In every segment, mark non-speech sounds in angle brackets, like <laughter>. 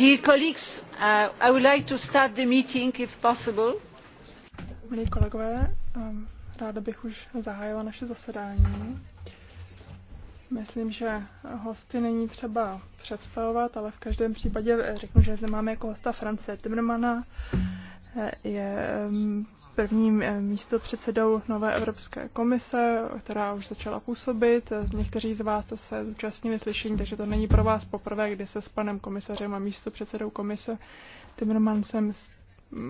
Dear colleagues, uh, I would like to start the meeting if possible. Milí kolegové, um, ráda bych už zahájila naše zasedání. Myslím, že hosty není třeba představovat, ale v každém případě řeknu, že zde máme jako hosta France Timmermana. Je um, prvním eh, místo předsedou Nové Evropské komise, která už začala působit. Někteří z vás to se zúčastnili slyšení, takže to není pro vás poprvé, kdy se s panem komisařem a místo předsedou komise Timmermansem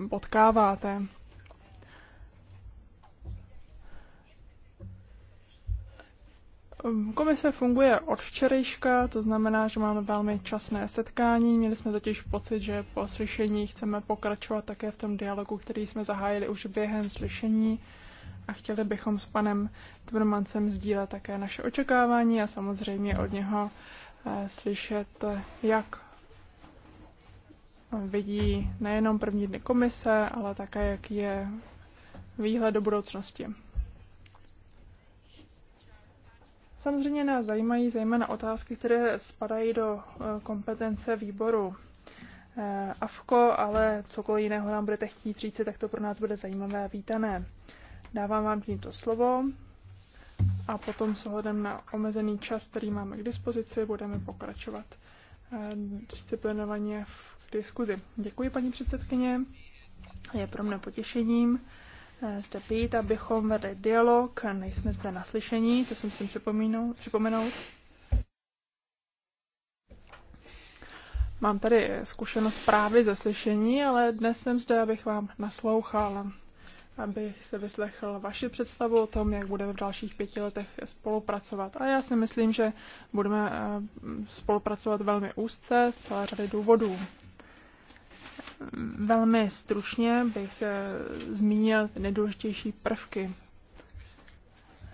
potkáváte. Komise funguje od včerejška, to znamená, že máme velmi časné setkání. Měli jsme totiž pocit, že po slyšení chceme pokračovat také v tom dialogu, který jsme zahájili už během slyšení a chtěli bychom s panem Tvrmancem sdílet také naše očekávání a samozřejmě od něho eh, slyšet, jak vidí nejenom první dny komise, ale také jak je výhled do budoucnosti. Samozřejmě nás zajímají zejména otázky, které spadají do eh, kompetence výboru eh, AFKO, ale cokoliv jiného nám budete chtít říct, tak to pro nás bude zajímavé a vítané. Dávám vám tímto slovo a potom s ohledem na omezený čas, který máme k dispozici, budeme pokračovat eh, disciplinovaně v diskuzi. Děkuji, paní předsedkyně. Je pro mne potěšením Eh, zde být, abychom vedli dialog. Nejsme zde na slyšení, to jsem si připomenout. Mám tady eh, zkušenost právě ze slyšení, ale dnes jsem zde, abych vám naslouchal, abych se vyslechl vaši představu o tom, jak budeme v dalších pěti letech spolupracovat. A já si myslím, že budeme eh, spolupracovat velmi úzce z celé řady důvodů. Velmi stručně bych eh, zmínil nejdůležitější prvky.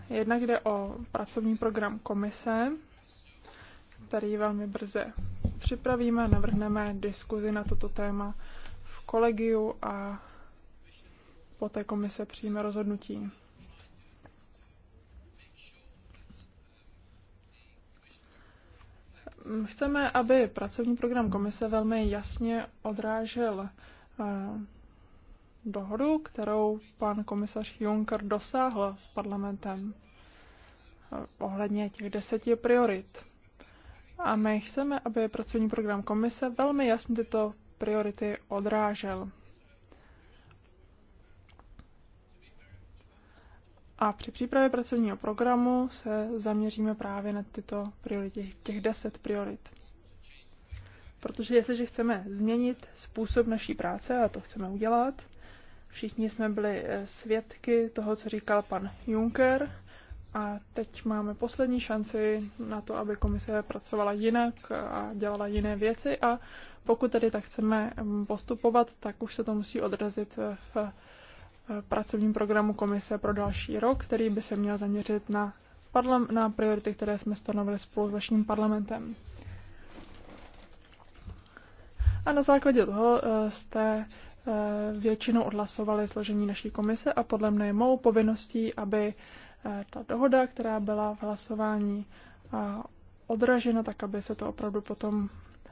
Jednak jde o pracovní program komise, který velmi brzy připravíme navrhneme diskuzi na toto téma v kolegiu a poté komise přijme rozhodnutí. Chceme, aby pracovní program komise velmi jasně odrážel eh, dohodu, kterou pan komisař Juncker dosáhl s parlamentem eh, ohledně těch deseti priorit. A my chceme, aby pracovní program komise velmi jasně tyto priority odrážel. A při přípravě pracovního programu se zaměříme právě na tyto priority, těch deset priorit. Protože jestliže chceme změnit způsob naší práce, a to chceme udělat, všichni jsme byli eh, svědky toho, co říkal pan Juncker, a teď máme poslední šanci na to, aby komise pracovala jinak a dělala jiné věci a pokud tedy tak chceme postupovat, tak už se to musí odrazit v pracovním programu komise pro další rok, který by se měl zaměřit na, na priority, které jsme stanovili spolu s vaším parlamentem. A na základě toho eh, jste eh, většinou odhlasovali složení naší komise a podle mne je mou povinností, aby eh, ta dohoda, která byla v hlasování odražena, tak aby se to opravdu potom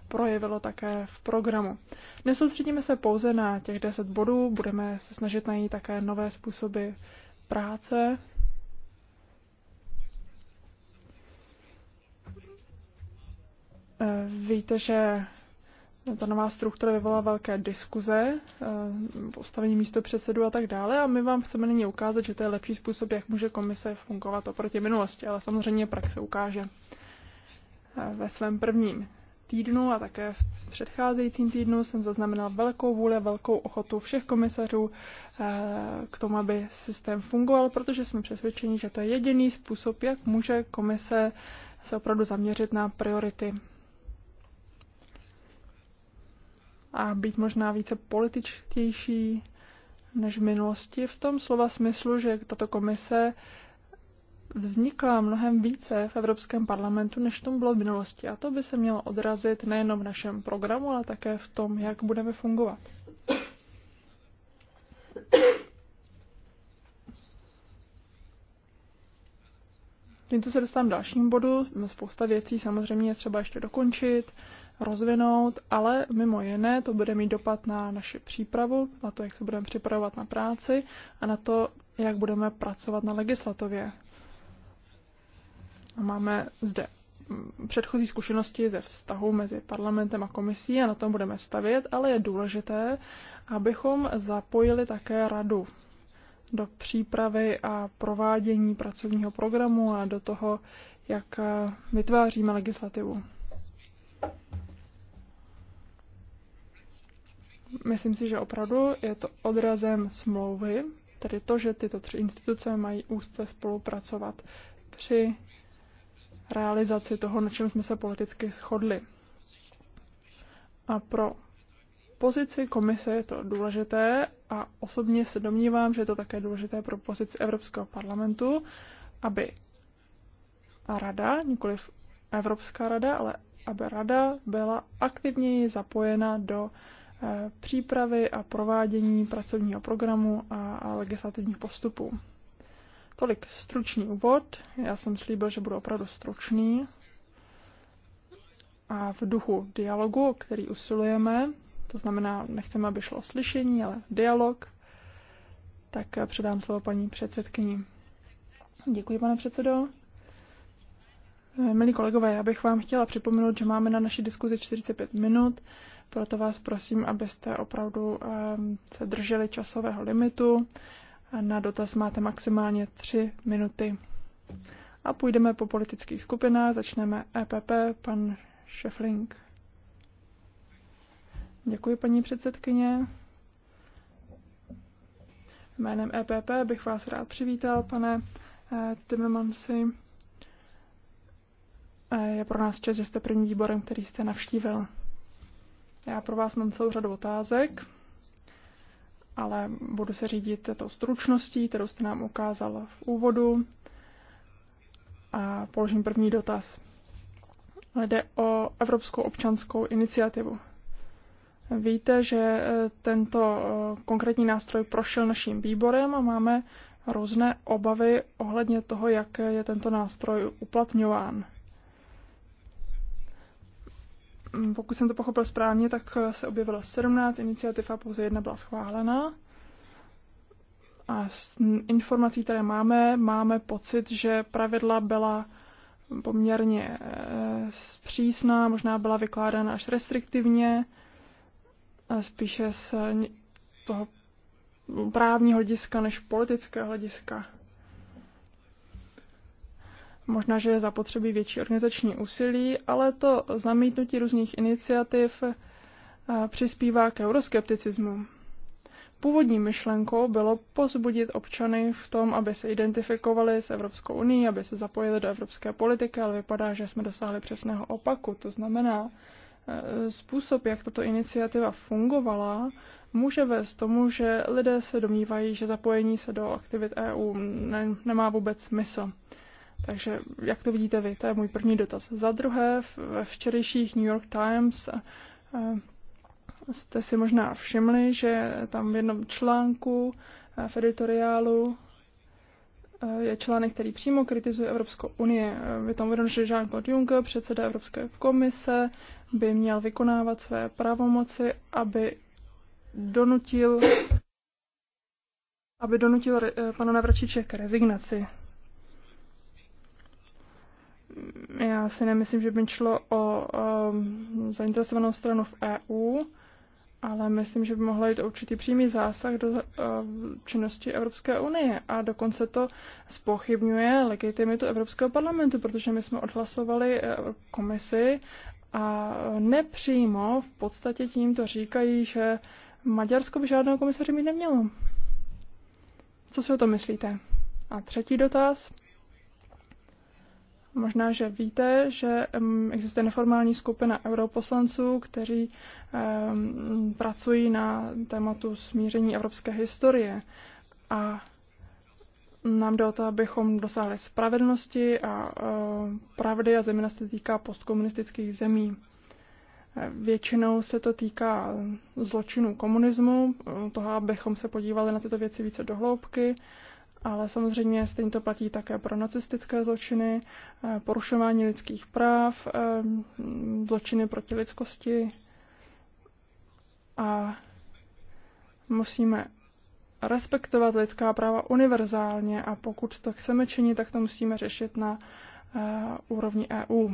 projevilo také v programu. Nesoustředíme se pouze na těch 10 bodů, budeme se snažit najít také nové způsoby práce. Eh, víte, že ta nová struktura vyvolá velké diskuze, eh, postavení místo předsedu a tak dále a my vám chceme nyní ukázat, že to je lepší způsob, jak může komise fungovat oproti minulosti, ale samozřejmě praxe ukáže. Eh, ve svém prvním týdnu a také v předcházejícím týdnu jsem zaznamenal velkou vůli, velkou ochotu všech komisařů eh, k tomu, aby systém fungoval, protože jsme přesvědčeni, že to je jediný způsob, jak může komise se opravdu zaměřit na priority a být možná více političtější než v minulosti v tom slova smyslu, že tato komise vznikla mnohem více v Evropském parlamentu, než tomu bylo v minulosti. A to by se mělo odrazit nejenom v našem programu, ale také v tom, jak budeme fungovat. Tímto se dostávám k dalšímu bodu. Spousta věcí samozřejmě je třeba ještě dokončit, rozvinout, ale mimo jiné to bude mít dopad na naši přípravu, na to, jak se budeme připravovat na práci a na to, jak budeme pracovat na legislativě. Máme zde mm, předchozí zkušenosti ze vztahu mezi parlamentem a komisí a na tom budeme stavět, ale je důležité, abychom zapojili také radu do přípravy a provádění pracovního programu a do toho, jak eh, vytváříme legislativu. Myslím si, že opravdu je to odrazem smlouvy, tedy to, že tyto tři instituce mají úzce spolupracovat při realizaci toho, na čem jsme se politicky shodli. A pro pozici komise je to důležité a osobně se domnívám, že je to také důležité pro pozici Evropského parlamentu, aby rada, nikoliv Evropská rada, ale aby rada byla aktivněji zapojena do eh, přípravy a provádění pracovního programu a legislativních postupů. Tolik stručný úvod. Já jsem slíbil, že budu opravdu stručný. A v duchu dialogu, který usilujeme, to znamená, nechceme, aby šlo slyšení, ale dialog, tak předám slovo paní předsedkyni. Děkuji, pane předsedo. Milí kolegové, já bych vám chtěla připomenout, že máme na naší diskuzi 45 minut, proto vás prosím, abyste opravdu ehm, se drželi časového limitu na dotaz máte maximálně tři minuty. A půjdeme po politických skupinách. Začneme EPP, pan Šefling. Děkuji, paní předsedkyně. Jménem EPP bych vás rád přivítal, pane eh, Timmermansi. Eh, je pro nás čest, že jste první výborem, který jste navštívil. Já pro vás mám celou řadu otázek ale budu se řídit tou stručností, kterou jste nám ukázal v úvodu a položím první dotaz. Jde o Evropskou občanskou iniciativu. Víte, že eh, tento eh, konkrétní nástroj prošel naším výborem a máme různé obavy ohledně toho, jak je tento nástroj uplatňován. Mm, pokud jsem to pochopil správně, tak eh, se objevilo 17 iniciativ a pouze jedna byla schválena. A z informací, které máme, máme pocit, že pravidla byla poměrně zpřísná, eh, možná byla vykládána až restriktivně, spíše z eh, toho právního hlediska než politického hlediska. Možná, že je zapotřebí větší organizační úsilí, ale to zamítnutí různých iniciativ eh, přispívá k euroskepticismu. Původní myšlenkou bylo pozbudit občany v tom, aby se identifikovali s Evropskou unii, aby se zapojili do evropské politiky, ale vypadá, že jsme dosáhli přesného opaku. To znamená, eh, způsob, jak tato iniciativa fungovala, může vést tomu, že lidé se domnívají, že zapojení se do aktivit EU ne, nemá vůbec smysl. Takže jak to vidíte vy? To je můj první dotaz. Za druhé, ve včerejších New York Times eh, jste si možná všimli, že tam v jednom článku eh, v editoriálu eh, je článek, který přímo kritizuje Evropskou unii. Je tam uvedeno, že Jean-Claude Juncker, předseda Evropské komise, by měl vykonávat své pravomoci, aby donutil aby donutil pana Navračiče k rezignaci já si nemyslím, že by šlo o o um, zainteresovanou stranu v EU, ale myslím, že by mohlo jít o určitý přímý zásah do o, uh, činnosti Evropské unie. A dokonce to spochybňuje legitimitu Evropského parlamentu, protože my jsme odhlasovali eh, komisi a nepřímo v podstatě tím to říkají, že Maďarsko by žádného komisaře mít nemělo. Co si o to myslíte? A třetí dotaz. Možná, že víte, že existuje neformální skupina europoslanců, kteří pracují na tématu smíření evropské historie. A nám jde o to, abychom dosáhli spravedlnosti a e, pravdy, a zejména se týká postkomunistických zemí. E, většinou se to týká zločinů komunismu, e, toho, abychom se podívali na tyto věci více dohloubky ale samozřejmě stejně to platí také pro nacistické zločiny, eh, porušování lidských práv, eh, zločiny proti lidskosti a musíme respektovat lidská práva univerzálně a pokud to chceme činit, tak to musíme řešit na eh, úrovni EU.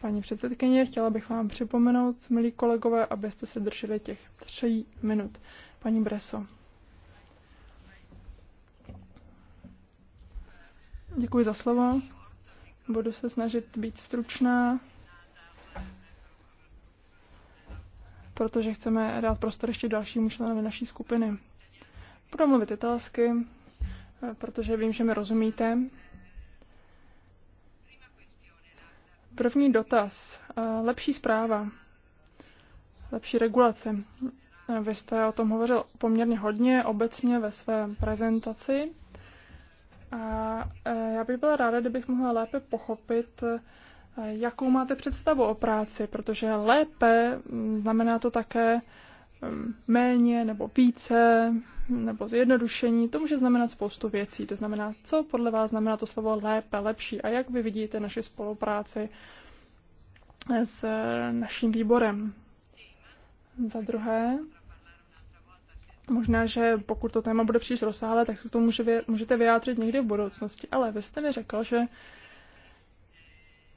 Paní předsedkyně, chtěla bych vám připomenout, milí kolegové, abyste se drželi těch tří minut. Paní Breso. Děkuji za slovo. Budu se snažit být stručná, protože chceme dát prostor ještě dalšímu členovi naší skupiny. Budu mluvit italsky, protože vím, že mi rozumíte. První dotaz. Lepší zpráva, lepší regulace. Vy jste o tom hovořil poměrně hodně obecně ve své prezentaci. A e, já bych byla ráda, kdybych mohla lépe pochopit, e, jakou máte představu o práci, protože lépe mm, znamená to také mm, méně nebo více nebo zjednodušení. To může znamenat spoustu věcí. To znamená, co podle vás znamená to slovo lépe, lepší a jak vy vidíte naši spolupráci e, s naším výborem. Za druhé, Možná, že pokud to téma bude příliš rozsáhlé, tak se k tomu můžete vyjádřit někdy v budoucnosti. Ale vy jste mi řekl, že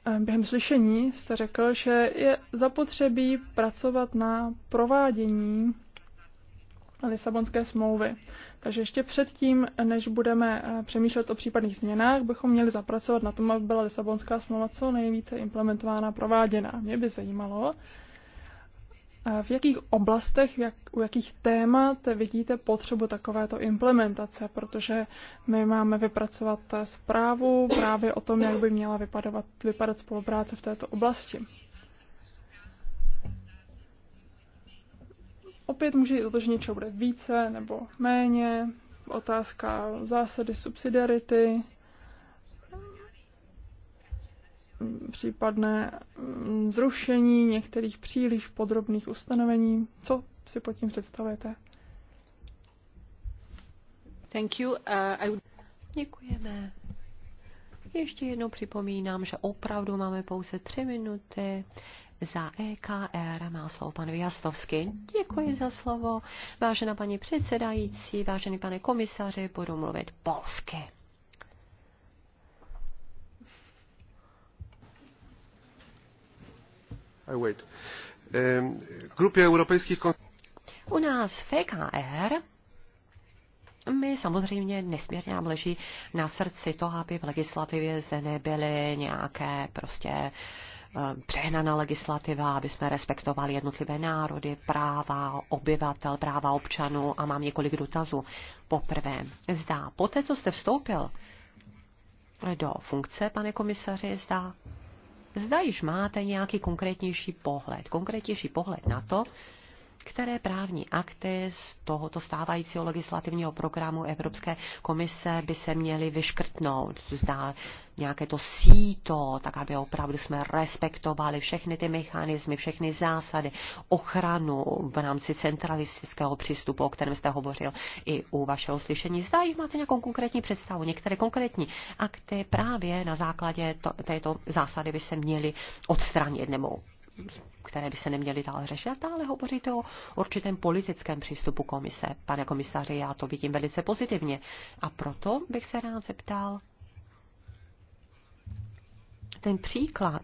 eh, během slyšení jste řekl, že je zapotřebí pracovat na provádění Lisabonské smlouvy. Takže ještě předtím, než budeme eh, přemýšlet o případných změnách, bychom měli zapracovat na tom, aby byla Lisabonská smlouva co nejvíce implementována, prováděna. Mě by zajímalo, v jakých oblastech, jak, u jakých témat vidíte potřebu takovéto implementace? Protože my máme vypracovat zprávu právě o tom, jak by měla vypadat, vypadat spolupráce v této oblasti. Opět může jít o to, že něčeho bude více nebo méně. Otázka zásady subsidiarity, případné mm, zrušení některých příliš podrobných ustanovení. Co si pod tím představujete? Thank you. Uh, I would... Děkujeme. Ještě jednou připomínám, že opravdu máme pouze tři minuty. Za EKR má slovo pan Vyjastovský. Děkuji za slovo. Vážená paní předsedající, vážený pane komisaři, budu mluvit polsky. U nás VKR my samozřejmě nesmírně nám leží na srdci to, aby v legislativě zde nebyly nějaké prostě eh, přehnaná legislativa, aby jsme respektovali jednotlivé národy, práva obyvatel, práva občanů a mám několik dotazů. Poprvé, zdá, poté, co jste vstoupil do funkce, pane komisaři, zdá, zda již máte nějaký konkrétnější pohled, konkrétnější pohled na to, které právní akty z tohoto stávajícího legislativního programu Evropské komise by se měly vyškrtnout. Zdá nějaké to síto, tak aby opravdu jsme respektovali všechny ty mechanismy, všechny zásady, ochranu v rámci centralistického přístupu, o kterém jste hovořil i u vašeho slyšení. Zda jich máte nějakou konkrétní představu, některé konkrétní akty právě na základě to, této zásady by se měly odstranit nebo které by se neměly dál řešit, ale hovoříte o určitém politickém přístupu komise. Pane komisaři, já to vidím velice pozitivně. A proto bych se rád zeptal, ten příklad,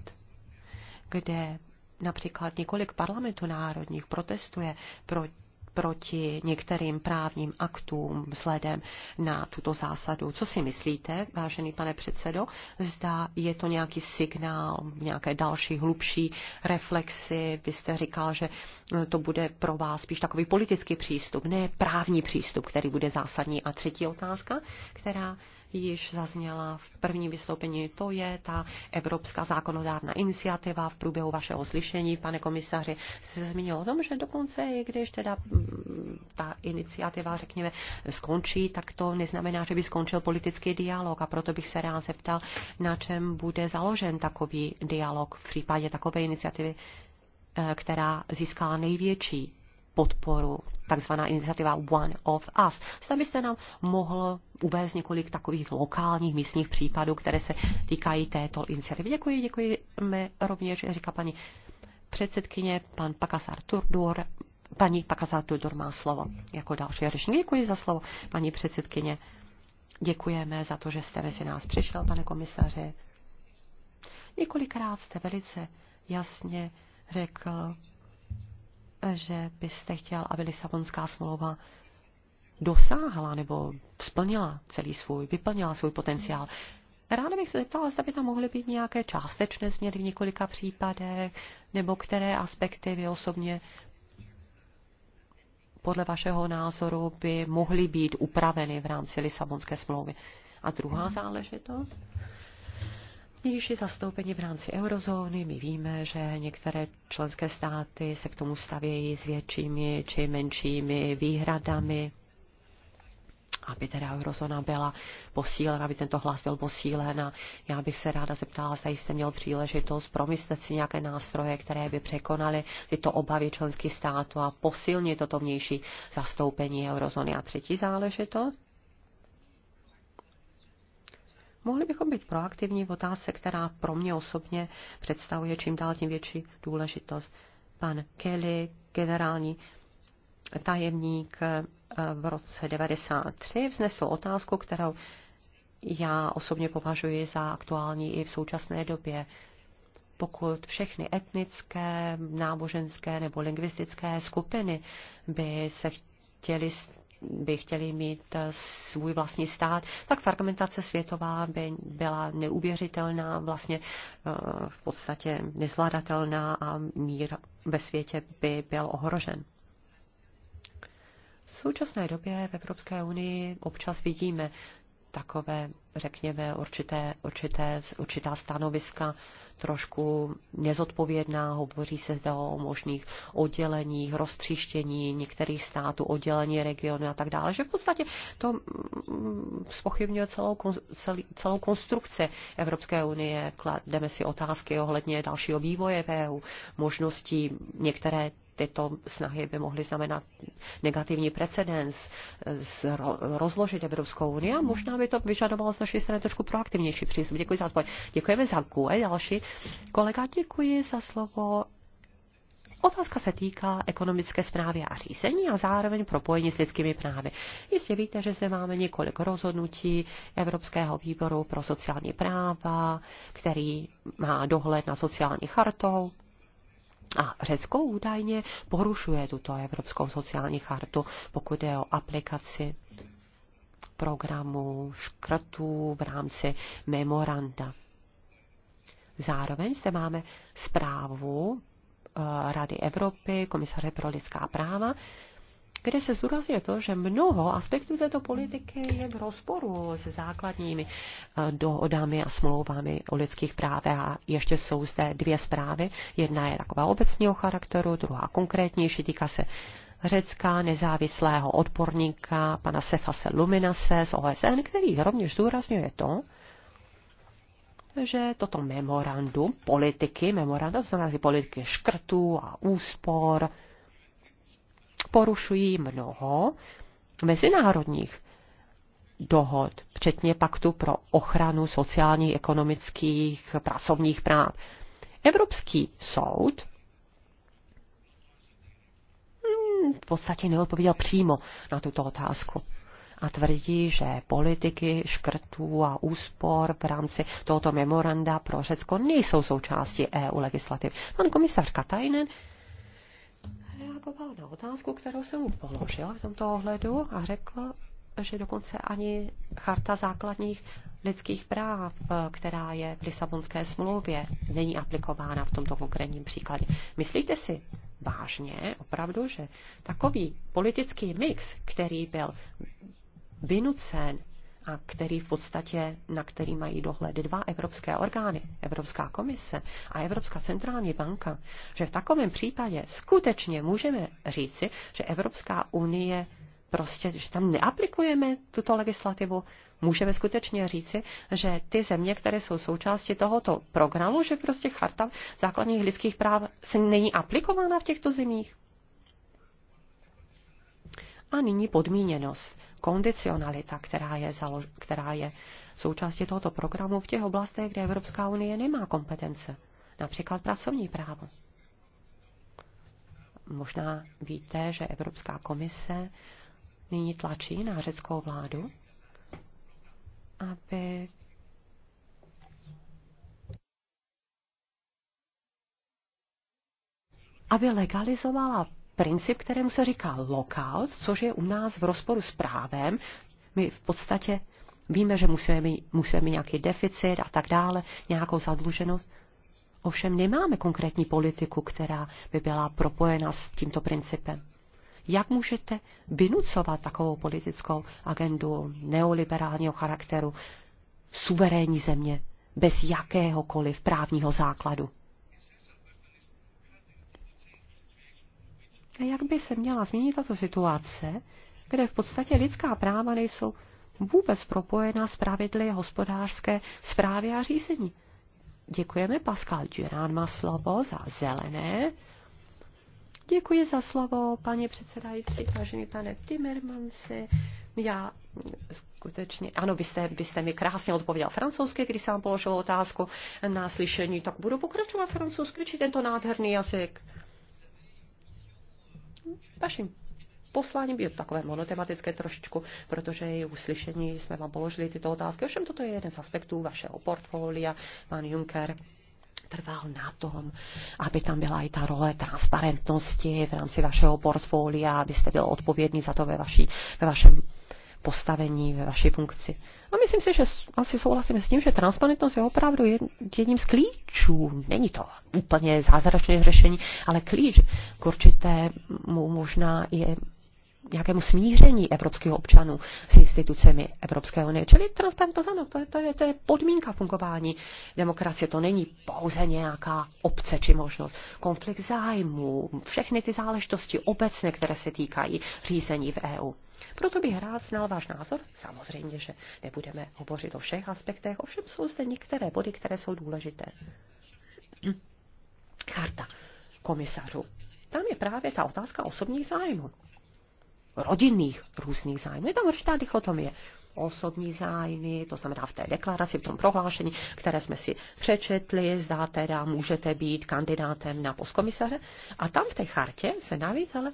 kde například několik parlamentů národních protestuje proti proti některým právním aktům vzhledem na tuto zásadu. Co si myslíte, vážený pane předsedo? Zda je to nějaký signál, nějaké další hlubší reflexy? Vy jste říkal, že to bude pro vás spíš takový politický přístup, ne právní přístup, který bude zásadní. A třetí otázka, která již zazněla v prvním vystoupení. To je ta Evropská zákonodárná iniciativa v průběhu vašeho slyšení, pane komisaři. Jste se zmínil o tom, že dokonce i když teda mm, ta iniciativa, řekněme, skončí, tak to neznamená, že by skončil politický dialog. A proto bych se rád zeptal, na čem bude založen takový dialog v případě takové iniciativy, eh, která získala největší podporu, takzvaná iniciativa One of Us. Zda byste nám mohl uvést několik takových lokálních místních případů, které se týkají této iniciativy. Děkuji, děkujeme rovněž, říká paní předsedkyně, pan Pakasar Turdur, paní Pakasar Turdur má slovo jako další řečník. Děkuji za slovo, paní předsedkyně. Děkujeme za to, že jste mezi nás přišel, pane komisaři. Několikrát jste velice jasně řekl, že byste chtěl, aby Lisabonská smlouva dosáhla nebo splnila celý svůj, vyplnila svůj potenciál. Ráda bych se zeptala, zda by tam mohly být nějaké částečné změny v několika případech, nebo které aspekty vy osobně podle vašeho názoru by mohly být upraveny v rámci Lisabonské smlouvy. A druhá záležitost, když je zastoupení v rámci eurozóny, my víme, že některé členské státy se k tomu stavějí s většími či menšími výhradami, aby teda eurozóna byla posílena, aby tento hlas byl posílen. A já bych se ráda zeptala, zda jste měl příležitost promyslet si nějaké nástroje, které by překonaly tyto obavy členských států a posilnit toto vnější zastoupení eurozóny. A třetí záležitost, Mohli bychom být proaktivní v otázce, která pro mě osobně představuje čím dál tím větší důležitost. Pan Kelly, generální tajemník eh, v roce 93, vznesl otázku, kterou já osobně považuji za aktuální i v současné době. Pokud všechny etnické, náboženské nebo lingvistické skupiny by se chtěly by chtěli mít eh, svůj vlastní stát, tak fragmentace světová by byla neuvěřitelná, vlastně eh, v podstatě nezvládatelná a mír ve světě by byl ohrožen. V současné době v Evropské unii občas vidíme takové, řekněme, určité, určité, určitá stanoviska trošku nezodpovědná. Hovoří se zde o možných odděleních, roztříštění některých států, oddělení regionu a tak dále, že v podstatě to mm, spochybňuje celou, celý, celou konstrukci Evropské unie. Klademe si otázky ohledně dalšího vývoje v EU, možností některé tyto snahy by mohly znamenat negativní precedens, rozložit Evropskou unii a možná by to vyžadovalo z naší strany trošku proaktivnější přístup. Děkuji za odpověď. Děkujeme za GUE, další kolega, děkuji za slovo. Otázka se týká ekonomické zprávy a řízení a zároveň propojení s lidskými právy. Jistě víte, že zde máme několik rozhodnutí Evropského výboru pro sociální práva, který má dohled na sociální chartou a Řecko údajně porušuje tuto Evropskou sociální chartu, pokud je o aplikaci programu škrtů v rámci memoranda. Zároveň zde máme zprávu eh, Rady Evropy, komisaře pro lidská práva, kde se zdůrazňuje to, že mnoho aspektů této politiky je v rozporu se základními eh, dohodami a smlouvami o lidských právech. A ještě jsou zde dvě zprávy. Jedna je taková obecního charakteru, druhá konkrétnější, týká se řecká nezávislého odporníka, pana Sefase Luminase z OSN, který rovněž zdůrazňuje to, že toto memorandum politiky, memorandum znamená politiky škrtů a úspor, porušují mnoho mezinárodních dohod, včetně paktu pro ochranu sociálních, ekonomických, pracovních práv. Evropský soud hm, v podstatě neodpověděl přímo na tuto otázku a tvrdí, že politiky škrtů a úspor v rámci tohoto memoranda pro Řecko nejsou součástí EU legislativy. Pan komisař Katajnen reagoval na otázku, kterou jsem mu položila v tomto ohledu a řekl, že dokonce ani charta základních lidských práv, která je v Lisabonské smlouvě, není aplikována v tomto konkrétním příkladě. Myslíte si vážně, opravdu, že takový politický mix, který byl vynucen a který v podstatě, na který mají dohled dva evropské orgány, Evropská komise a Evropská centrální banka, že v takovém případě skutečně můžeme říci, že Evropská unie prostě, že tam neaplikujeme tuto legislativu, můžeme skutečně říci, že ty země, které jsou součástí tohoto programu, že prostě charta základních lidských práv se není aplikována v těchto zemích. A nyní podmíněnost kondicionalita, která je, založ- která je součástí tohoto programu v těch oblastech, kde Evropská unie nemá kompetence, například pracovní právo. Možná víte, že Evropská komise nyní tlačí na řeckou vládu, aby aby legalizovala princip, kterému se říká lockout, což je u nás v rozporu s právem. My v podstatě víme, že musíme mít, musíme mít nějaký deficit a tak dále, nějakou zadluženost. Ovšem nemáme konkrétní politiku, která by byla propojena s tímto principem. Jak můžete vynucovat takovou politickou agendu neoliberálního charakteru suverénní země bez jakéhokoliv právního základu? jak by se měla změnit tato situace, kde v podstatě lidská práva nejsou vůbec propojená s pravidly hospodářské zprávy a řízení. Děkujeme, Pascal Durán má slovo za zelené. Děkuji za slovo, paní předsedající, vážený pane Timmermansi. Já skutečně, ano, vy jste, vy jste mi krásně odpověděl francouzsky, když jsem položil otázku na slyšení, tak budu pokračovat francouzsky, či tento nádherný jazyk vaším posláním je takové monotematické trošičku, protože i uslyšení jsme vám položili tyto otázky. Ovšem toto je jeden z aspektů vašeho portfolia, pan Juncker trval na tom, aby tam byla i ta role transparentnosti v rámci vašeho portfolia, abyste byl odpovědný za to ve, vaší, ve vašem postavení, ve vaší funkci. A myslím si, že asi souhlasím s tím, že transparentnost je opravdu jedním z klíčů. Není to úplně zázračné řešení, ale klíč k určitému možná je nějakému smíření evropských občanů s institucemi Evropské unie. Čili transparentnost, ano, to je, to, je, to je podmínka fungování demokracie. To není pouze nějaká obce či možnost. Konflikt zájmů, všechny ty záležitosti obecné, které se týkají řízení v EU. Proto bych rád znal váš názor. Samozřejmě, že nebudeme hovořit o všech aspektech, ovšem jsou zde některé body, které jsou důležité. Charta komisařů. Tam je právě ta otázka osobních zájmů. Rodinných různých zájmů. Je tam určitá dichotomie osobní zájmy, to znamená v té deklaraci, v tom prohlášení, které jsme si přečetli, zdá teda můžete být kandidátem na postkomisaře. A tam v té chartě se navíc ale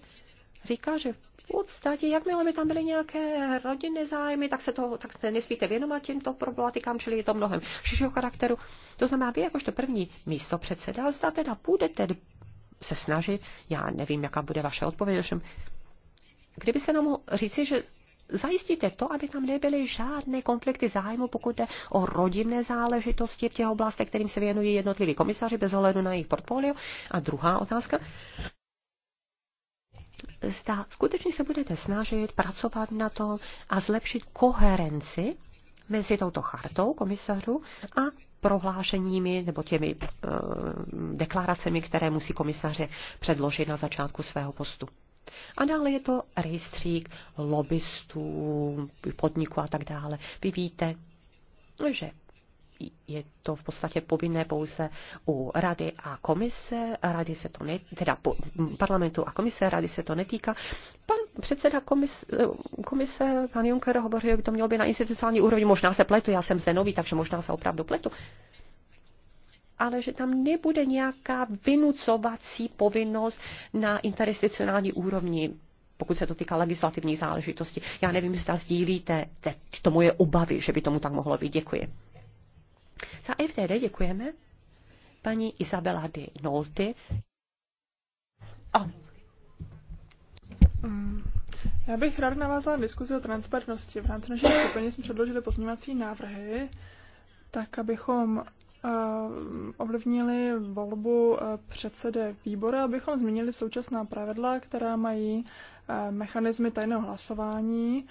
říká, že podstatě, jakmile by tam byly nějaké rodinné zájmy, tak se, toho, tak se nesmíte věnovat těmto problematikám, čili je to mnohem širšího charakteru. To znamená, vy jakožto první místo předseda, zda teda půjdete se snažit, já nevím, jaká bude vaše odpověď, všem, kdybyste nám mohl říci, že zajistíte to, aby tam nebyly žádné konflikty zájmu, pokud jde o rodinné záležitosti v těch oblastech, kterým se věnují jednotliví komisaři bez ohledu na jejich portfolio. A druhá otázka, zda skutečně se budete snažit pracovat na tom a zlepšit koherenci mezi touto chartou komisařů a prohlášeními nebo těmi e, deklaracemi, které musí komisaře předložit na začátku svého postu. A dále je to rejstřík lobbystů, podniků a tak dále. Vy víte, že je to v podstatě povinné pouze u rady a komise, rady se to ne, teda parlamentu a komise, rady se to netýká. Pan předseda komise, komise pan Juncker, hovoří, že by to mělo být na institucionální úrovni, možná se pletu, já jsem zde nový, takže možná se opravdu pletu ale že tam nebude nějaká vynucovací povinnost na interinstitucionální úrovni pokud se to týká legislativní záležitosti. Já nevím, zda sdílíte tyto moje obavy, že by tomu tak mohlo být. Děkuji. Za FDD děkujeme paní Izabela de Nolte. A. Mm, já bych rád navázala diskuzi o transparentnosti. V rámci naší skupiny jsme předložili pozměňovací návrhy, tak abychom eh, ovlivnili volbu eh, předsedy výboru, abychom změnili současná pravidla, která mají eh, mechanizmy tajného hlasování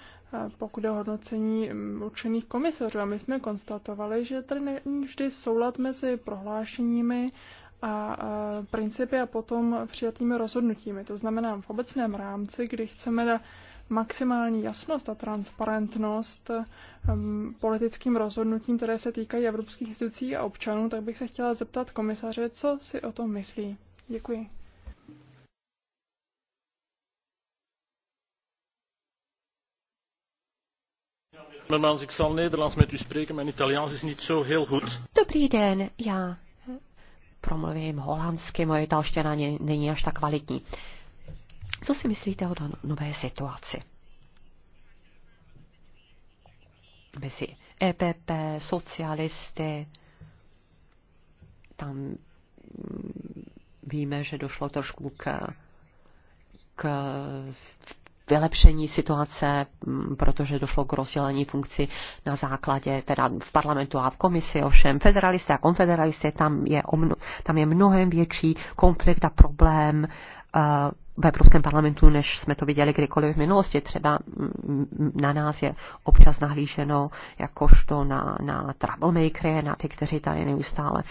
pokud je hodnocení mm, určených komisařů. A my jsme konstatovali, že tady není vždy soulad mezi prohlášeními a principy a potom přijatými rozhodnutími. To znamená v obecném rámci, kdy chceme dát maximální jasnost a transparentnost mm, politickým rozhodnutím, které se týkají evropských institucí a občanů, tak bych se chtěla zeptat komisaře, co si o tom myslí. Děkuji. Dobrý den, já promluvím holandsky, moje italština není až tak kvalitní. Co si myslíte o no- nové situaci? Mezi EPP, socialisty, tam mm, víme, že došlo trošku k, k vylepšení situace, mm, protože došlo k rozdělení funkci na základě, teda v parlamentu a v komisi, ovšem federalisté a konfederalisté, tam je, omno, tam je mnohem větší konflikt a problém uh, v Evropském parlamentu, než jsme to viděli kdykoliv v minulosti. Třeba mm, mm, na nás je občas nahlíženo jakožto na, na troublemakery, na ty, kteří tady neustále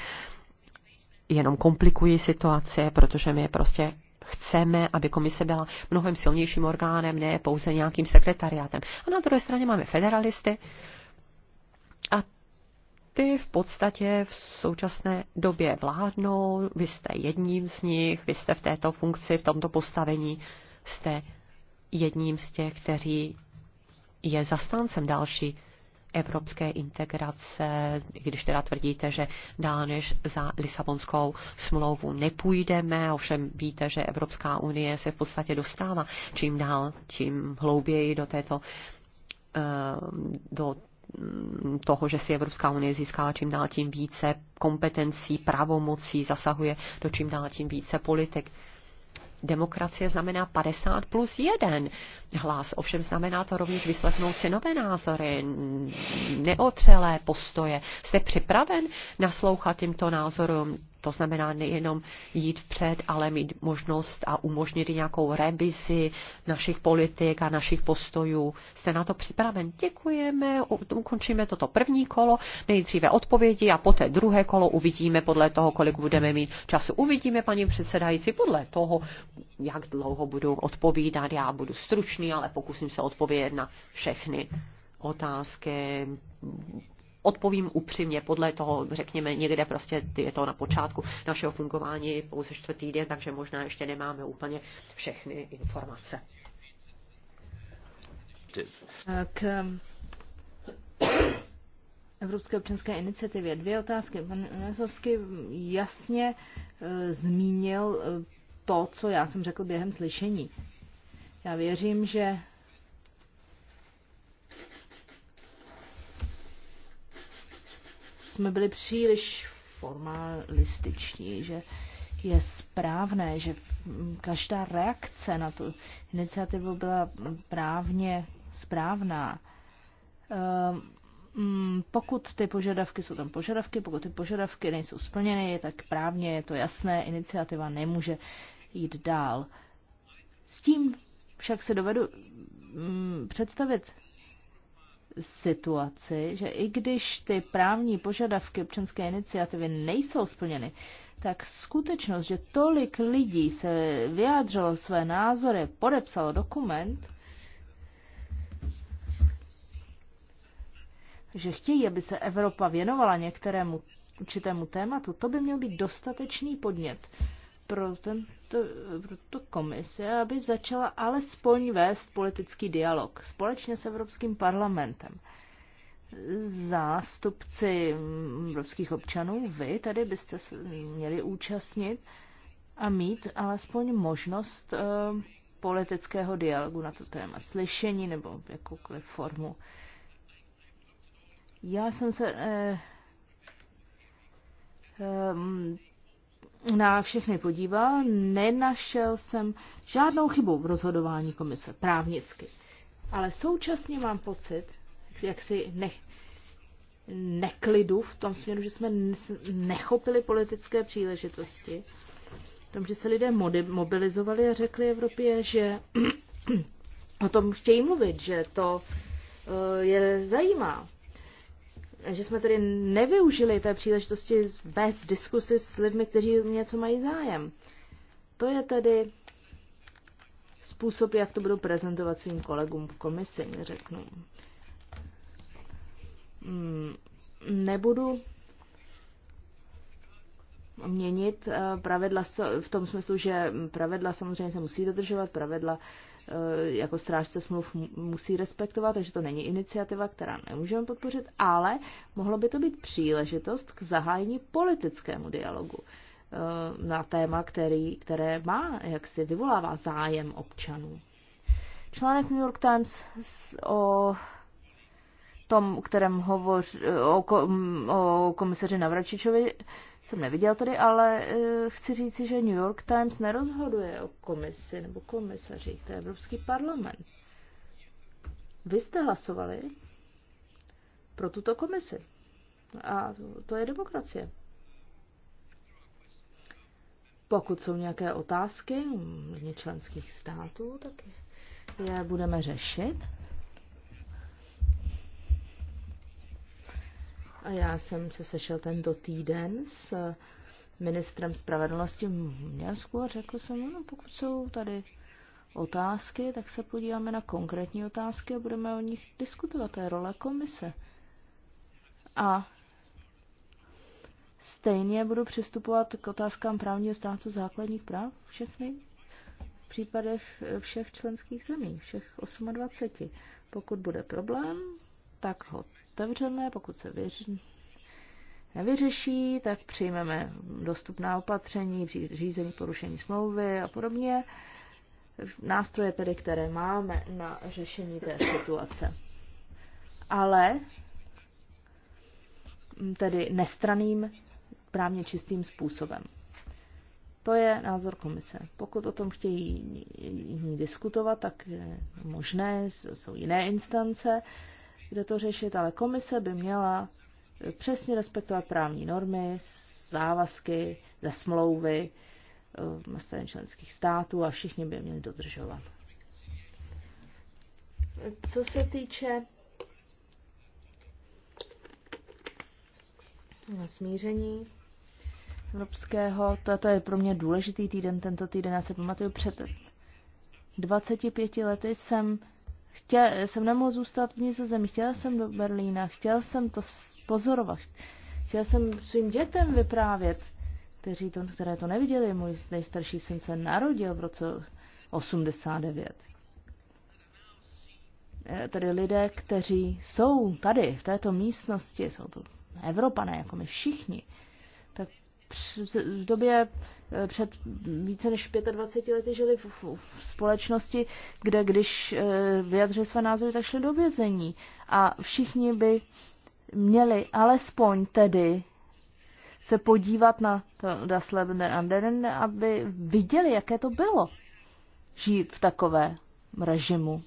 jenom komplikují situaci, protože my prostě chceme, aby komise byla mnohem silnějším orgánem, ne pouze nějakým sekretariátem. A na druhé straně máme federalisty a ty v podstatě v současné době vládnou, vy jste jedním z nich, vy jste v této funkci, v tomto postavení, jste jedním z těch, kteří je zastáncem další evropské integrace, i když teda tvrdíte, že dál než za Lisabonskou smlouvu nepůjdeme, ovšem víte, že Evropská unie se v podstatě dostává čím dál, tím hlouběji do této eh, do mm, toho, že si Evropská unie získává čím dál tím více kompetencí, pravomocí, zasahuje do čím dál tím více politik demokracie znamená 50 plus 1 hlas. Ovšem znamená to rovněž vyslechnout si nové názory, neotřelé postoje. Jste připraven naslouchat těmto názorům? To znamená nejenom jít vpřed, ale mít možnost a umožnit nějakou revizi našich politik a našich postojů. Jste na to připraven? Děkujeme, ukončíme toto první kolo, nejdříve odpovědi a poté druhé kolo uvidíme podle toho, kolik budeme mít času. Uvidíme, paní předsedající, podle toho, jak dlouho budu odpovídat. Já budu stručný, ale pokusím se odpovědět na všechny otázky odpovím upřímně, podle toho, řekněme, někde prostě je to na počátku našeho fungování pouze čtvrtý den, takže možná ještě nemáme úplně všechny informace. Tak, Evropské občanské iniciativě. Dvě otázky. Pan Nesovský jasně e, zmínil e, to, co já jsem řekl během slyšení. Já věřím, že jsme byli příliš formalističní, že je správné, že každá reakce na tu iniciativu byla právně správná. Ehm, mm, pokud ty požadavky jsou tam požadavky, pokud ty požadavky nejsou splněny, tak právně je to jasné, iniciativa nemůže jít dál. S tím však se dovedu mm, představit situaci, že i když ty právní požadavky občanské iniciativy nejsou splněny, tak skutečnost, že tolik lidí se vyjádřilo své názory, podepsalo dokument, že chtějí, aby se Evropa věnovala některému určitému tématu, to by měl být dostatečný podnět pro ten to, komise, aby začala alespoň vést politický dialog společně s Evropským parlamentem. Zástupci evropských občanů, vy tady byste se měli účastnit a mít alespoň možnost eh, politického dialogu na to téma, slyšení nebo jakoukoliv formu. Já jsem se eh, eh na všechny podíval, nenašel jsem žádnou chybu v rozhodování komise právnicky. Ale současně mám pocit, si ne, neklidu v tom směru, že jsme nechopili politické příležitosti, v tom, že se lidé mobilizovali a řekli Evropě, že <clears throat> o tom chtějí mluvit, že to eh, je zajímá že jsme tedy nevyužili té příležitosti vést diskusy s lidmi, kteří něco mají zájem. To je tedy způsob, jak to budu prezentovat svým kolegům v komisi, řeknu. Hmm, nebudu měnit eh, pravidla v tom smyslu, že pravidla samozřejmě se musí dodržovat, pravidla Eh, jako strážce smluv musí respektovat, takže to není iniciativa, která nemůžeme podpořit, ale mohlo by to být příležitost k zahájení politickému dialogu eh, na téma, který, které má, jak si vyvolává zájem občanů. Článek New York Times o tom, o kterém hovoř, o, o komisaři Navračičovi, jsem neviděl tady, ale e, chci říci, že New York Times nerozhoduje o komisi nebo komisařích, to je Evropský parlament. Vy jste hlasovali pro tuto komisi. A to je demokracie. Pokud jsou nějaké otázky členských států, tak je budeme řešit. A já jsem se sešel tento týden s eh, ministrem spravedlnosti v Měsku a řekl jsem, no pokud jsou tady otázky, tak se podíváme na konkrétní otázky a budeme o nich diskutovat. To je role komise. A stejně budu přistupovat k otázkám právního státu základních práv všechny v případech eh, všech členských zemí, všech 28. Pokud bude problém, tak ho otevřeme, pokud se věří nevyřeší, tak přijmeme dostupná opatření, řízení porušení smlouvy a podobně. Nástroje tedy, které máme na řešení té situace. Ale tedy nestraným, právně čistým způsobem. To je názor komise. Pokud o tom chtějí jiní diskutovat, tak je možné, jsou jiné instance, kde to řešit, ale komise by měla eh, přesně respektovat právní normy, závazky ze smlouvy eh, na straně členských států a všichni by měli dodržovat. Co se týče smíření evropského, to je pro mě důležitý týden, tento týden, já se pamatuju před 25 lety jsem Chtěl, jsem nemohl zůstat v Nizozemí, chtěl jsem do Berlína, chtěl jsem to pozorovat, chtěl jsem svým dětem vyprávět, kteří to, které to neviděli. Můj nejstarší syn se narodil v roce 89. E, tedy lidé, kteří jsou tady, v této místnosti, jsou to Evropané, jako my všichni, tak v době eh, před více než 25 lety žili v, v, v společnosti, kde když eh, vyjadřili své názory, tak šli do vězení. A všichni by měli alespoň tedy se podívat na Das Leben der anderen, aby viděli, jaké to bylo žít v takové režimu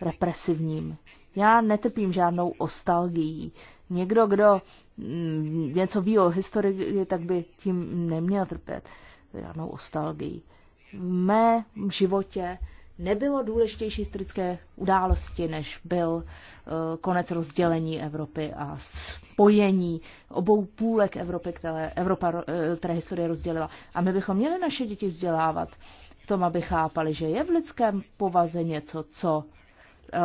represivním. Já netrpím žádnou ostalgií. Někdo, kdo Mm, něco ví o historii, tak by tím neměl trpět žádnou ostalgii. V mé životě nebylo důležitější historické události, než byl uh, konec rozdělení Evropy a spojení obou půlek Evropy, které, Evropa, uh, které historie rozdělila. A my bychom měli naše děti vzdělávat v tom, aby chápali, že je v lidském povaze něco, co Eh,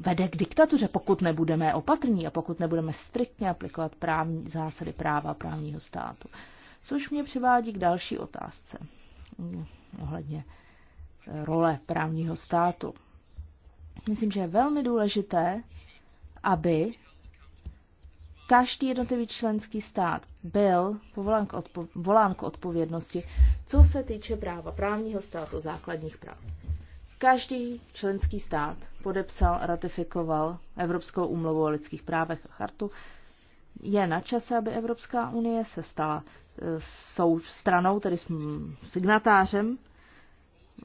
vede k diktatuře, pokud nebudeme opatrní a pokud nebudeme striktně aplikovat právní zásady práva právního státu. Což mě přivádí k další otázce mm, ohledně eh, role právního státu. Myslím, že je velmi důležité, aby každý jednotlivý členský stát byl povolán k, odpo- volán k odpovědnosti, co se týče práva právního státu, základních práv. Každý členský stát podepsal ratifikoval Evropskou úmluvu o lidských právech a chartu. Je na čase, aby Evropská unie se stala eh, sou stranou, tedy signatářem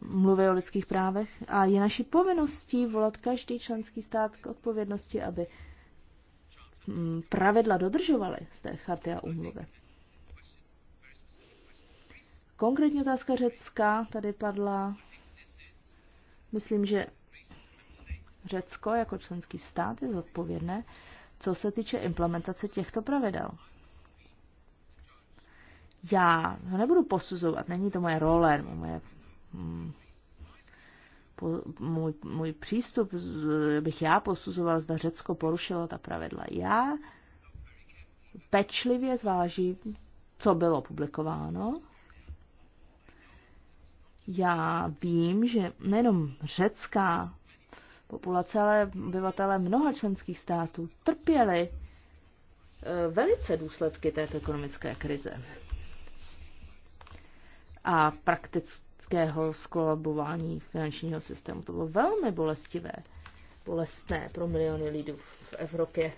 mluvy o lidských právech a je naší povinností volat každý členský stát k odpovědnosti, aby pravidla dodržovaly z té charty a úmluvy. Konkrétní otázka Řecka tady padla Myslím, že Řecko jako členský stát je zodpovědné, co se týče implementace těchto pravidel. Já ho nebudu posuzovat, není to moje role, moje, hmm, po, můj, můj přístup, bych já posuzoval, zda Řecko porušilo ta pravidla. Já pečlivě zvážím, co bylo publikováno, já vím, že nejenom řecká populace, ale obyvatele mnoha členských států trpěli eh, velice důsledky této ekonomické krize a praktického skolabování finančního systému. To bylo velmi bolestivé, bolestné pro miliony lidí v Evropě.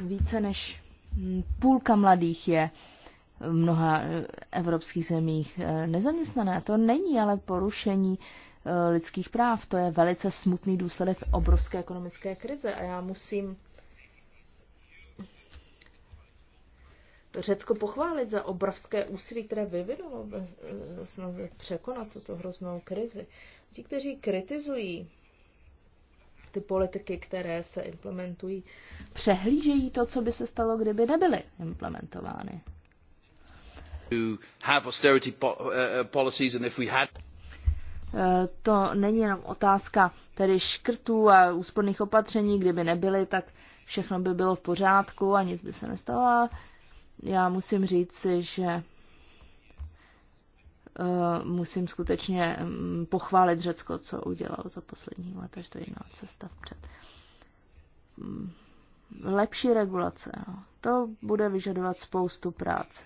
Více než půlka mladých je v mnoha evropských zemích eh, nezaměstnané. To není ale porušení eh, lidských práv. To je velice smutný důsledek obrovské ekonomické krize a já musím Řecko pochválit za obrovské úsilí, které vyvinulo snaze překonat tuto hroznou krizi. Ti, kteří kritizují ty politiky, které se implementují, přehlížejí to, co by se stalo, kdyby nebyly implementovány. To není jenom otázka tedy škrtů a úsporných opatření, kdyby nebyly, tak všechno by bylo v pořádku a nic by se nestalo. Já musím říct si, že eh, musím skutečně mm, pochválit Řecko, co udělalo za poslední let, až to je jiná cesta vpřed. Mm, lepší regulace, no. to bude vyžadovat spoustu práce.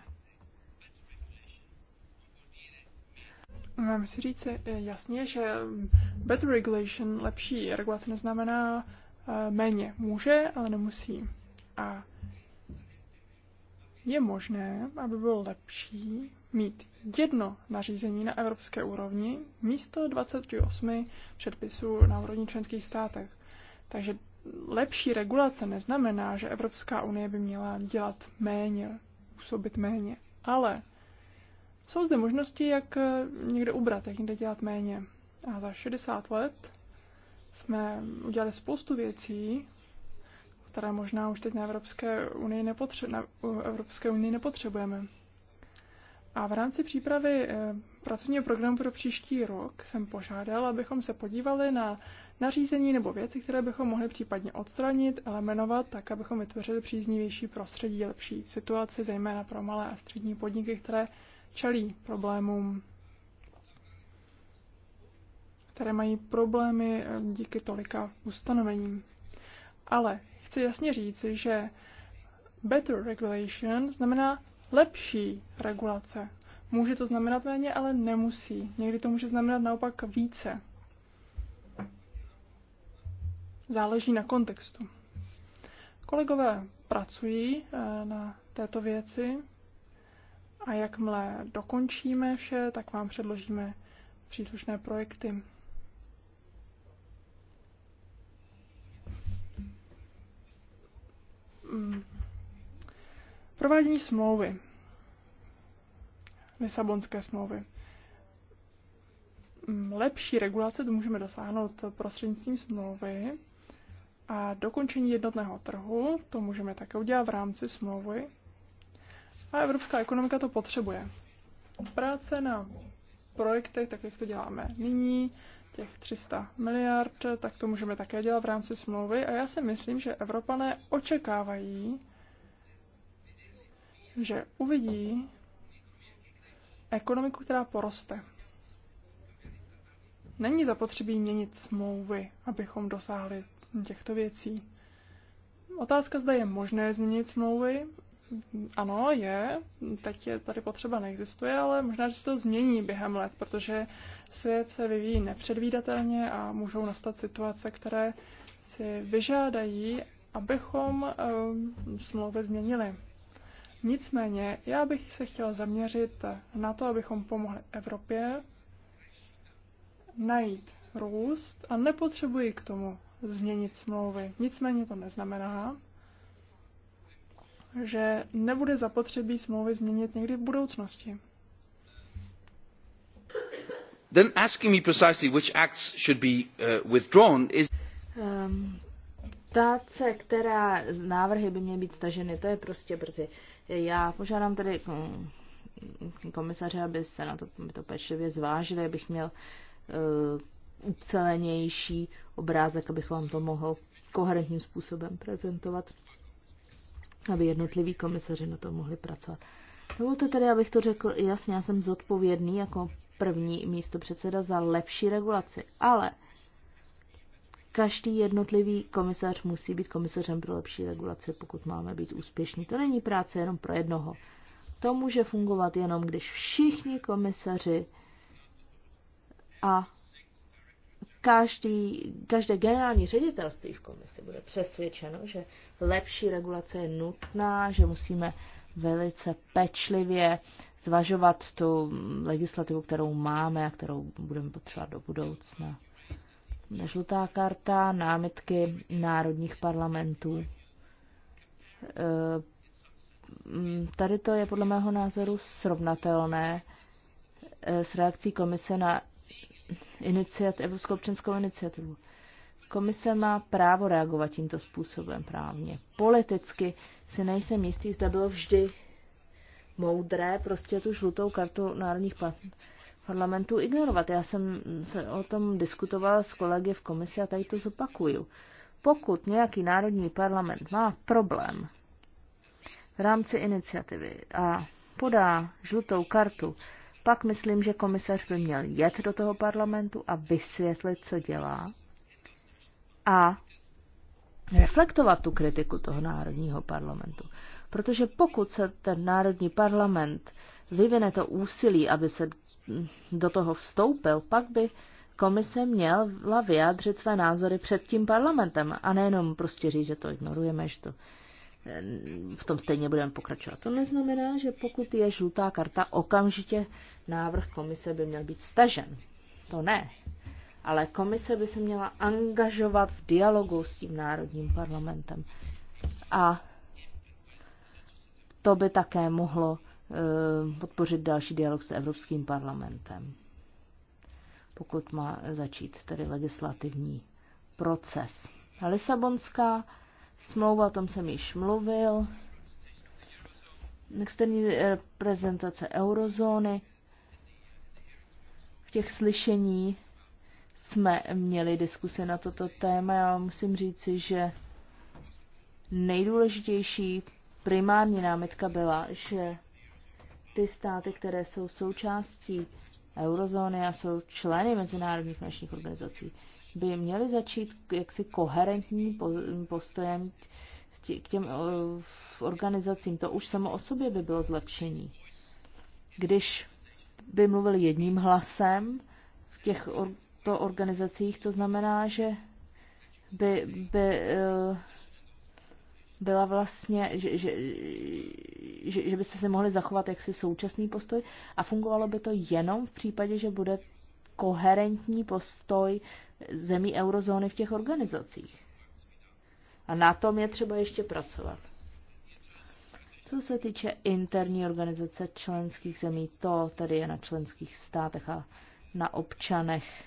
Mám si říct eh, jasně, že better regulation, lepší regulace neznamená eh, méně. Může, ale nemusí. A je možné, aby bylo lepší mít jedno nařízení na evropské úrovni místo 28 předpisů na úrovni členských státech. Takže lepší regulace neznamená, že Evropská unie by měla dělat méně, působit méně, ale jsou zde možnosti, jak eh, někde ubrat, jak někde dělat méně. A za 60 let jsme udělali spoustu věcí, které možná už teď na Evropské unii, nepotře- na Evropské unii nepotřebujeme. A v rámci přípravy eh, pracovního programu pro příští rok jsem požádal, abychom se podívali na nařízení nebo věci, které bychom mohli případně odstranit, eliminovat, tak abychom vytvořili příznivější prostředí, lepší situaci, zejména pro malé a střední podniky, které čelí problémům, které mají problémy eh, díky tolika ustanovením. Ale chci jasně říct, že better regulation znamená lepší regulace. Může to znamenat méně, ale nemusí. Někdy to může znamenat naopak více. Záleží na kontextu. Kolegové pracují eh, na této věci. A jakmile dokončíme vše, tak vám předložíme příslušné projekty. Hmm. Provádění smlouvy. Lisabonské smlouvy. Hmm, lepší regulace to můžeme dosáhnout prostřednictvím smlouvy a dokončení jednotného trhu to můžeme také udělat v rámci smlouvy a evropská ekonomika to potřebuje. Práce na projektech, tak jak to děláme nyní, těch 300 miliard, tak to můžeme také dělat v rámci smlouvy. A já si myslím, že Evropané očekávají, že uvidí ekonomiku, která poroste. Není zapotřebí měnit smlouvy, abychom dosáhli těchto věcí. Otázka zda je možné změnit smlouvy ano, je, teď je tady potřeba neexistuje, ale možná, že se to změní během let, protože svět se vyvíjí nepředvídatelně a můžou nastat situace, které si vyžádají, abychom um, smlouvy změnili. Nicméně, já bych se chtěla zaměřit na to, abychom pomohli Evropě najít růst a nepotřebují k tomu změnit smlouvy. Nicméně to neznamená, že nebude zapotřebí smlouvy změnit někdy v budoucnosti. Then asking me precisely which acts should be uh, withdrawn is um, ptát se, která návrhy by měly být staženy, to je prostě brzy. Já požádám tady mm, mm, komisaře, aby se na to, aby to pečlivě zvážili, abych měl uh, ucelenější obrázek, abych vám to mohl koherentním způsobem prezentovat aby jednotliví komisaři na to mohli pracovat. Dovolte tedy, abych to řekl jasně, já jsem zodpovědný jako první místo předseda za lepší regulaci, ale každý jednotlivý komisař musí být komisařem pro lepší regulaci, pokud máme být úspěšní. To není práce jenom pro jednoho. To může fungovat jenom, když všichni komisaři a Každý, každé generální ředitelství v komisi bude přesvědčeno, že lepší regulace je nutná, že musíme velice pečlivě zvažovat tu legislativu, kterou máme a kterou budeme potřebovat do budoucna. Žlutá karta, námitky národních parlamentů. Eh, tady to je podle mého názoru srovnatelné eh, s reakcí komise na iniciat, Evropskou občanskou iniciativu. Komise má právo reagovat tímto způsobem právně. Politicky si nejsem jistý, zda bylo vždy moudré prostě tu žlutou kartu národních parlamentů ignorovat. Já jsem se o tom diskutovala s kolegy v komisi a tady to zopakuju. Pokud nějaký národní parlament má problém v rámci iniciativy a podá žlutou kartu pak myslím, že komisař by měl jet do toho parlamentu a vysvětlit, co dělá a reflektovat tu kritiku toho národního parlamentu. Protože pokud se ten národní parlament vyvine to úsilí, aby se do toho vstoupil, pak by komise měla vyjádřit své názory před tím parlamentem a nejenom prostě říct, že to ignorujeme, že to v tom stejně budeme pokračovat. To neznamená, že pokud je žlutá karta, okamžitě návrh komise by měl být stažen. To ne. Ale komise by se měla angažovat v dialogu s tím národním parlamentem. A to by také mohlo eh, podpořit další dialog s Evropským parlamentem, pokud má začít tedy legislativní proces. Lisabonská Smlouva, o tom jsem již mluvil. Externí eh, reprezentace eurozóny. V těch slyšení jsme měli diskusi na toto téma. Já musím říci, že nejdůležitější primární námitka byla, že ty státy, které jsou součástí eurozóny a jsou členy mezinárodních finančních organizací, by měli začít jaksi koherentní postojem k těm organizacím. To už samo o sobě by bylo zlepšení. Když by mluvili jedním hlasem v těch to organizacích, to znamená, že by, by e, byla vlastně, že, že, že, že byste se mohli zachovat jaksi současný postoj a fungovalo by to jenom v případě, že bude koherentní postoj zemí eurozóny v těch organizacích. A na tom je třeba ještě pracovat. Co se týče interní organizace členských zemí, to tady je na členských státech a na občanech.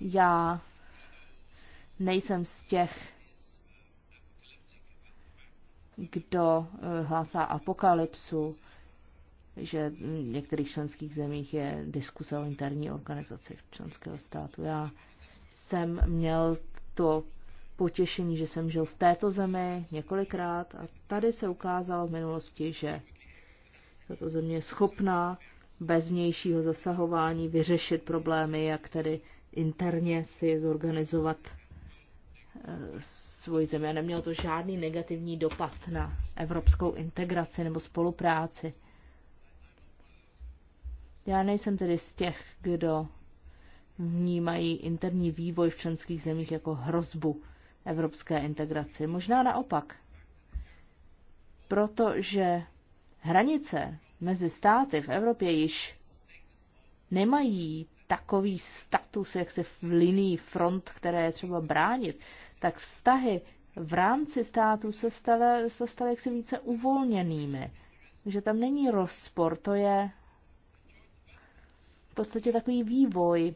Já nejsem z těch, kdo eh, hlásá apokalypsu že v některých členských zemích je diskuse o interní organizaci členského státu. Já jsem měl to potěšení, že jsem žil v této zemi několikrát a tady se ukázalo v minulosti, že tato země je schopná bez vnějšího zasahování vyřešit problémy, jak tedy interně si zorganizovat eh, svoji zemi. A nemělo to žádný negativní dopad na evropskou integraci nebo spolupráci. Já nejsem tedy z těch, kdo vnímají interní vývoj v členských zemích jako hrozbu evropské integraci. Možná naopak. Protože hranice mezi státy v Evropě již nemají takový status, jak se v linii front, které je třeba bránit, tak vztahy v rámci státu se staly, se staly jaksi více uvolněnými. Že tam není rozpor, to je v podstatě takový vývoj,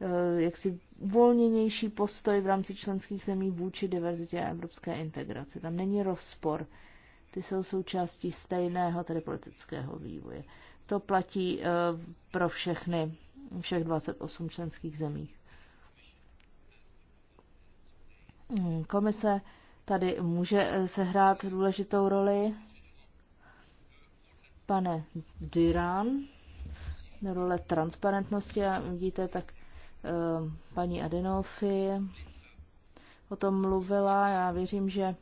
eh, jaksi volněnější postoj v rámci členských zemí vůči diverzitě a evropské integraci. Tam není rozpor. Ty jsou součástí stejného, tedy politického vývoje. To platí eh, pro všechny, všech 28 členských zemí. Hmm, komise tady může eh, sehrát důležitou roli pane Duran, role transparentnosti a vidíte, tak eh, paní Adenolfi o tom mluvila. Já věřím, že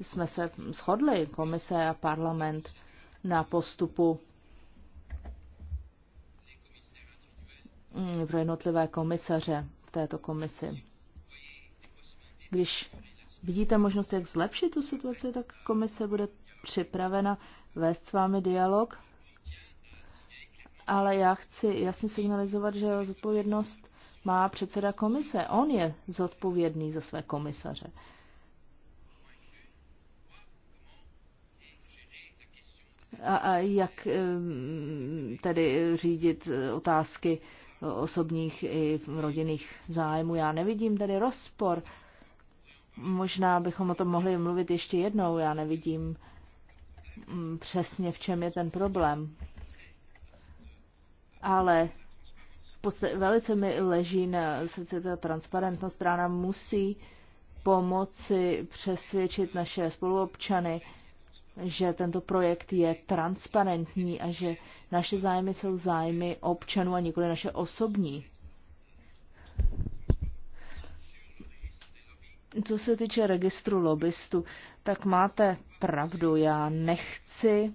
jsme se shodli, komise a parlament, na postupu mm, pro jednotlivé komisaře v této komisi. Když vidíte možnost, jak zlepšit tu situaci, tak komise bude připravena vést s vámi dialog, ale já chci jasně signalizovat, že zodpovědnost má předseda komise. On je zodpovědný za své komisaře. A, a jak tedy řídit otázky osobních i rodinných zájmů. Já nevidím tady rozpor. Možná bychom o tom mohli mluvit ještě jednou. Já nevidím Mm, přesně, v čem je ten problém. Ale v podstatě velice mi leží na srdci ta transparentnost, která nám musí pomoci přesvědčit naše spoluobčany, že tento projekt je transparentní a že naše zájmy jsou zájmy občanů a nikoli naše osobní. Co se týče registru lobbystů, tak máte pravdu, já nechci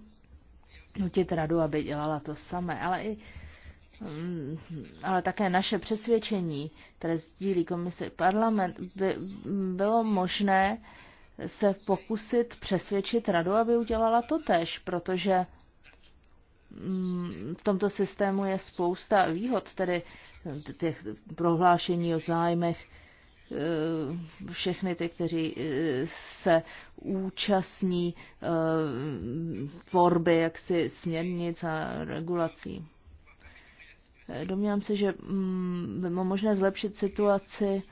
nutit radu, aby dělala to samé, ale i mm, ale také naše přesvědčení, které sdílí komise parlament, by bylo možné se pokusit přesvědčit radu, aby udělala to tež, protože mm, v tomto systému je spousta výhod, tedy těch prohlášení o zájmech, Eh, všechny ty, kteří eh, se účastní eh, tvorby jaksi směrnic a regulací. Domnívám se, že mm, by bylo možné zlepšit situaci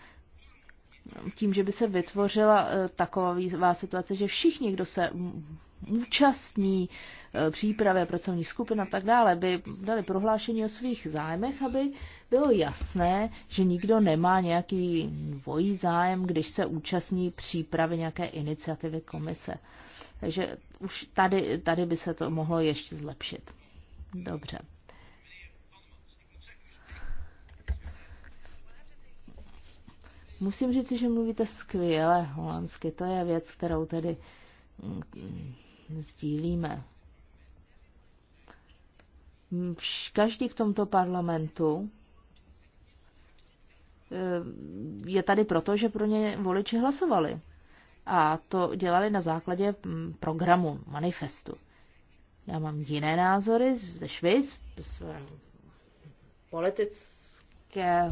tím, že by se vytvořila eh, taková situace, že všichni, kdo se účastní eh, přípravy pracovní skupin a tak dále, by dali prohlášení o svých zájmech, aby bylo jasné, že nikdo nemá nějaký dvojí zájem, když se účastní přípravy nějaké iniciativy komise. Takže už tady, tady by se to mohlo ještě zlepšit. Dobře. Musím říct, že mluvíte skvěle holandsky. To je věc, kterou tedy mm, mm, sdílíme. Každý v tomto parlamentu eh, je tady proto, že pro ně voliči hlasovali. A to dělali na základě mm, programu, manifestu. Já mám jiné názory ze Švýc, z politické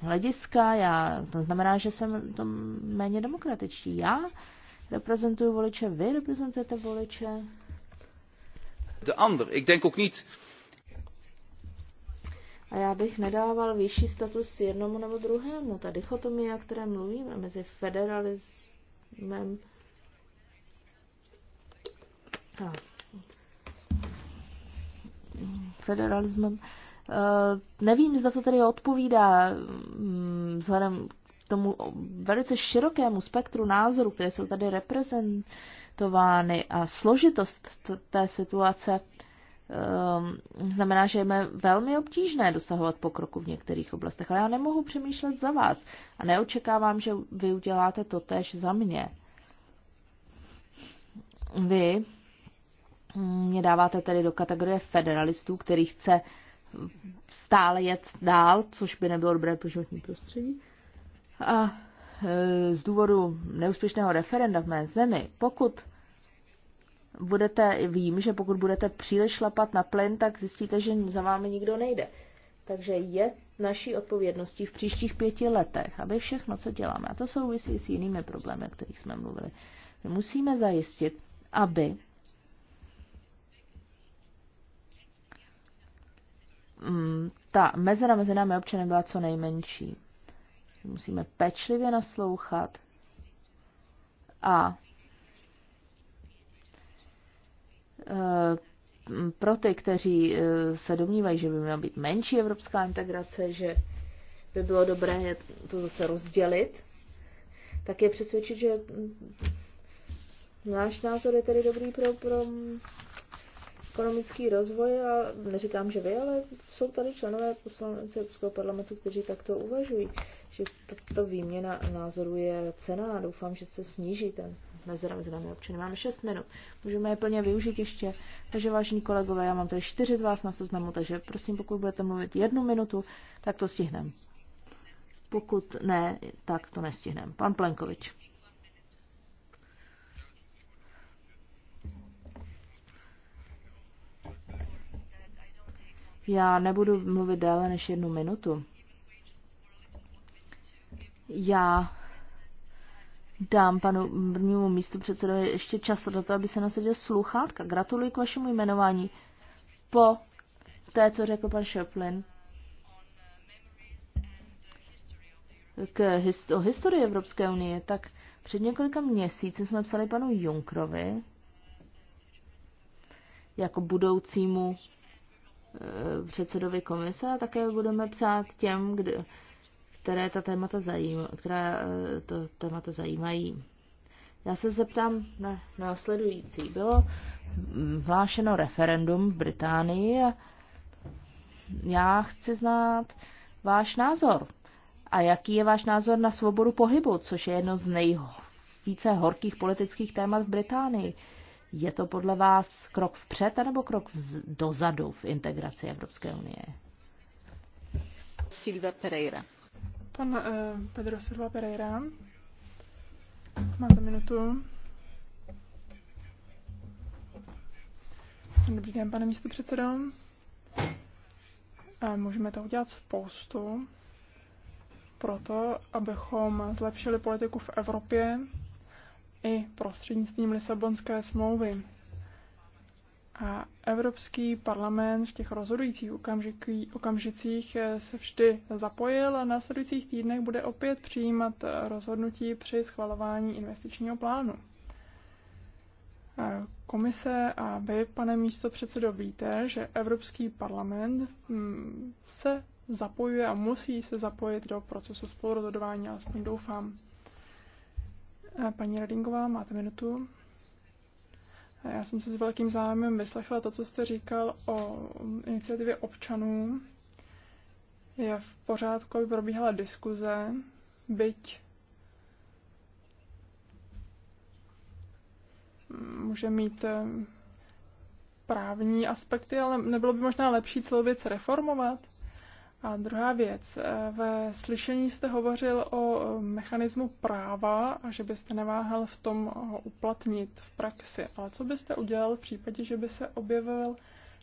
hlediska, já, to znamená, že jsem to méně demokratičtí. Já reprezentuju voliče, vy reprezentujete voliče. De ander, ik denk ook niet. A já bych nedával vyšší status jednomu nebo druhému. Ta dichotomie, o které mluvíme, mezi federalismem a federalismem, Eh, nevím, zda to tedy odpovídá mm, vzhledem k tomu velice širokému spektru názorů, které jsou tady reprezentovány a složitost té situace eh, znamená, že je velmi obtížné dosahovat pokroku v některých oblastech, ale já nemohu přemýšlet za vás a neočekávám, že vy uděláte to tež za mě. Vy mě dáváte tedy do kategorie federalistů, který chce uh, stále jet dál, což by nebylo dobré pro životní prostředí. A e, z důvodu neúspěšného referenda v mé zemi, pokud budete, vím, že pokud budete příliš šlapat na plyn, tak zjistíte, že za vámi nikdo nejde. Takže je naší odpovědností v příštích pěti letech, aby všechno, co děláme, a to souvisí s jinými problémy, o kterých jsme mluvili, musíme zajistit, aby Mm, ta mezera mezi námi občany byla co nejmenší. Musíme pečlivě naslouchat a eh, pro ty, kteří eh, se domnívají, že by měla být menší evropská integrace, že by bylo dobré to zase rozdělit, tak je přesvědčit, že mm, náš názor je tedy dobrý pro, pro ekonomický rozvoj a neříkám, že vy, ale jsou tady členové poslanci Evropského parlamentu, kteří takto uvažují, že tato výměna názoru je cená a doufám, že se sníží ten mezera mezi námi občany. Máme 6 minut, můžeme je plně využít ještě. Takže vážení kolegové, já mám tady čtyři z vás na seznamu, takže prosím, pokud budete mluvit jednu minutu, tak to stihneme. Pokud ne, tak to nestihneme. Pan Plenkovič. Já nebudu mluvit déle než jednu minutu. Já dám panu prvnímu místu předsedovi ještě čas na to, aby se nasadil sluchátka. Gratuluji k vašemu jmenování. Po té, co řekl pan Šoplin, k hist- o historii Evropské unie, tak před několika měsíci jsme psali panu Junkrovi jako budoucímu Eh, předsedovi komise a také budeme psát těm, kde, které ta témata zajíma, které eh, to témata zajímají. Já se zeptám na následující. Bylo vlášeno mm, referendum v Británii a já chci znát váš názor. A jaký je váš názor na svobodu pohybu, což je jedno z nejvíce horkých politických témat v Británii? Je to podle vás krok vpřed nebo krok vz, dozadu v integraci Evropské unie? Silva Pereira. Pan uh, Pedro Silva Pereira. Máte minutu. Dobrý den, pane místo předsedo. Eh, můžeme to udělat spoustu proto, abychom zlepšili politiku v Evropě i prostřednictvím Lisabonské smlouvy. A Evropský parlament v těch rozhodujících okamžicích eh, se vždy zapojil a v následujících týdnech bude opět přijímat eh, rozhodnutí při schvalování investičního plánu. Eh, komise a vy, pane místo předsedo, víte, že Evropský parlament mm, se zapojuje a musí se zapojit do procesu spolurozhodování, alespoň doufám. Paní Radingová, máte minutu. Já jsem se s velkým zájmem vyslechla to, co jste říkal o iniciativě občanů. Je v pořádku, aby probíhala diskuze, byť může mít eh, právní aspekty, ale nebylo by možná lepší celou věc reformovat? A druhá věc. Eh, ve slyšení jste hovořil o eh, mechanismu práva a že byste neváhal v tom ho uplatnit v praxi. Ale co byste udělal v případě, že by se objevil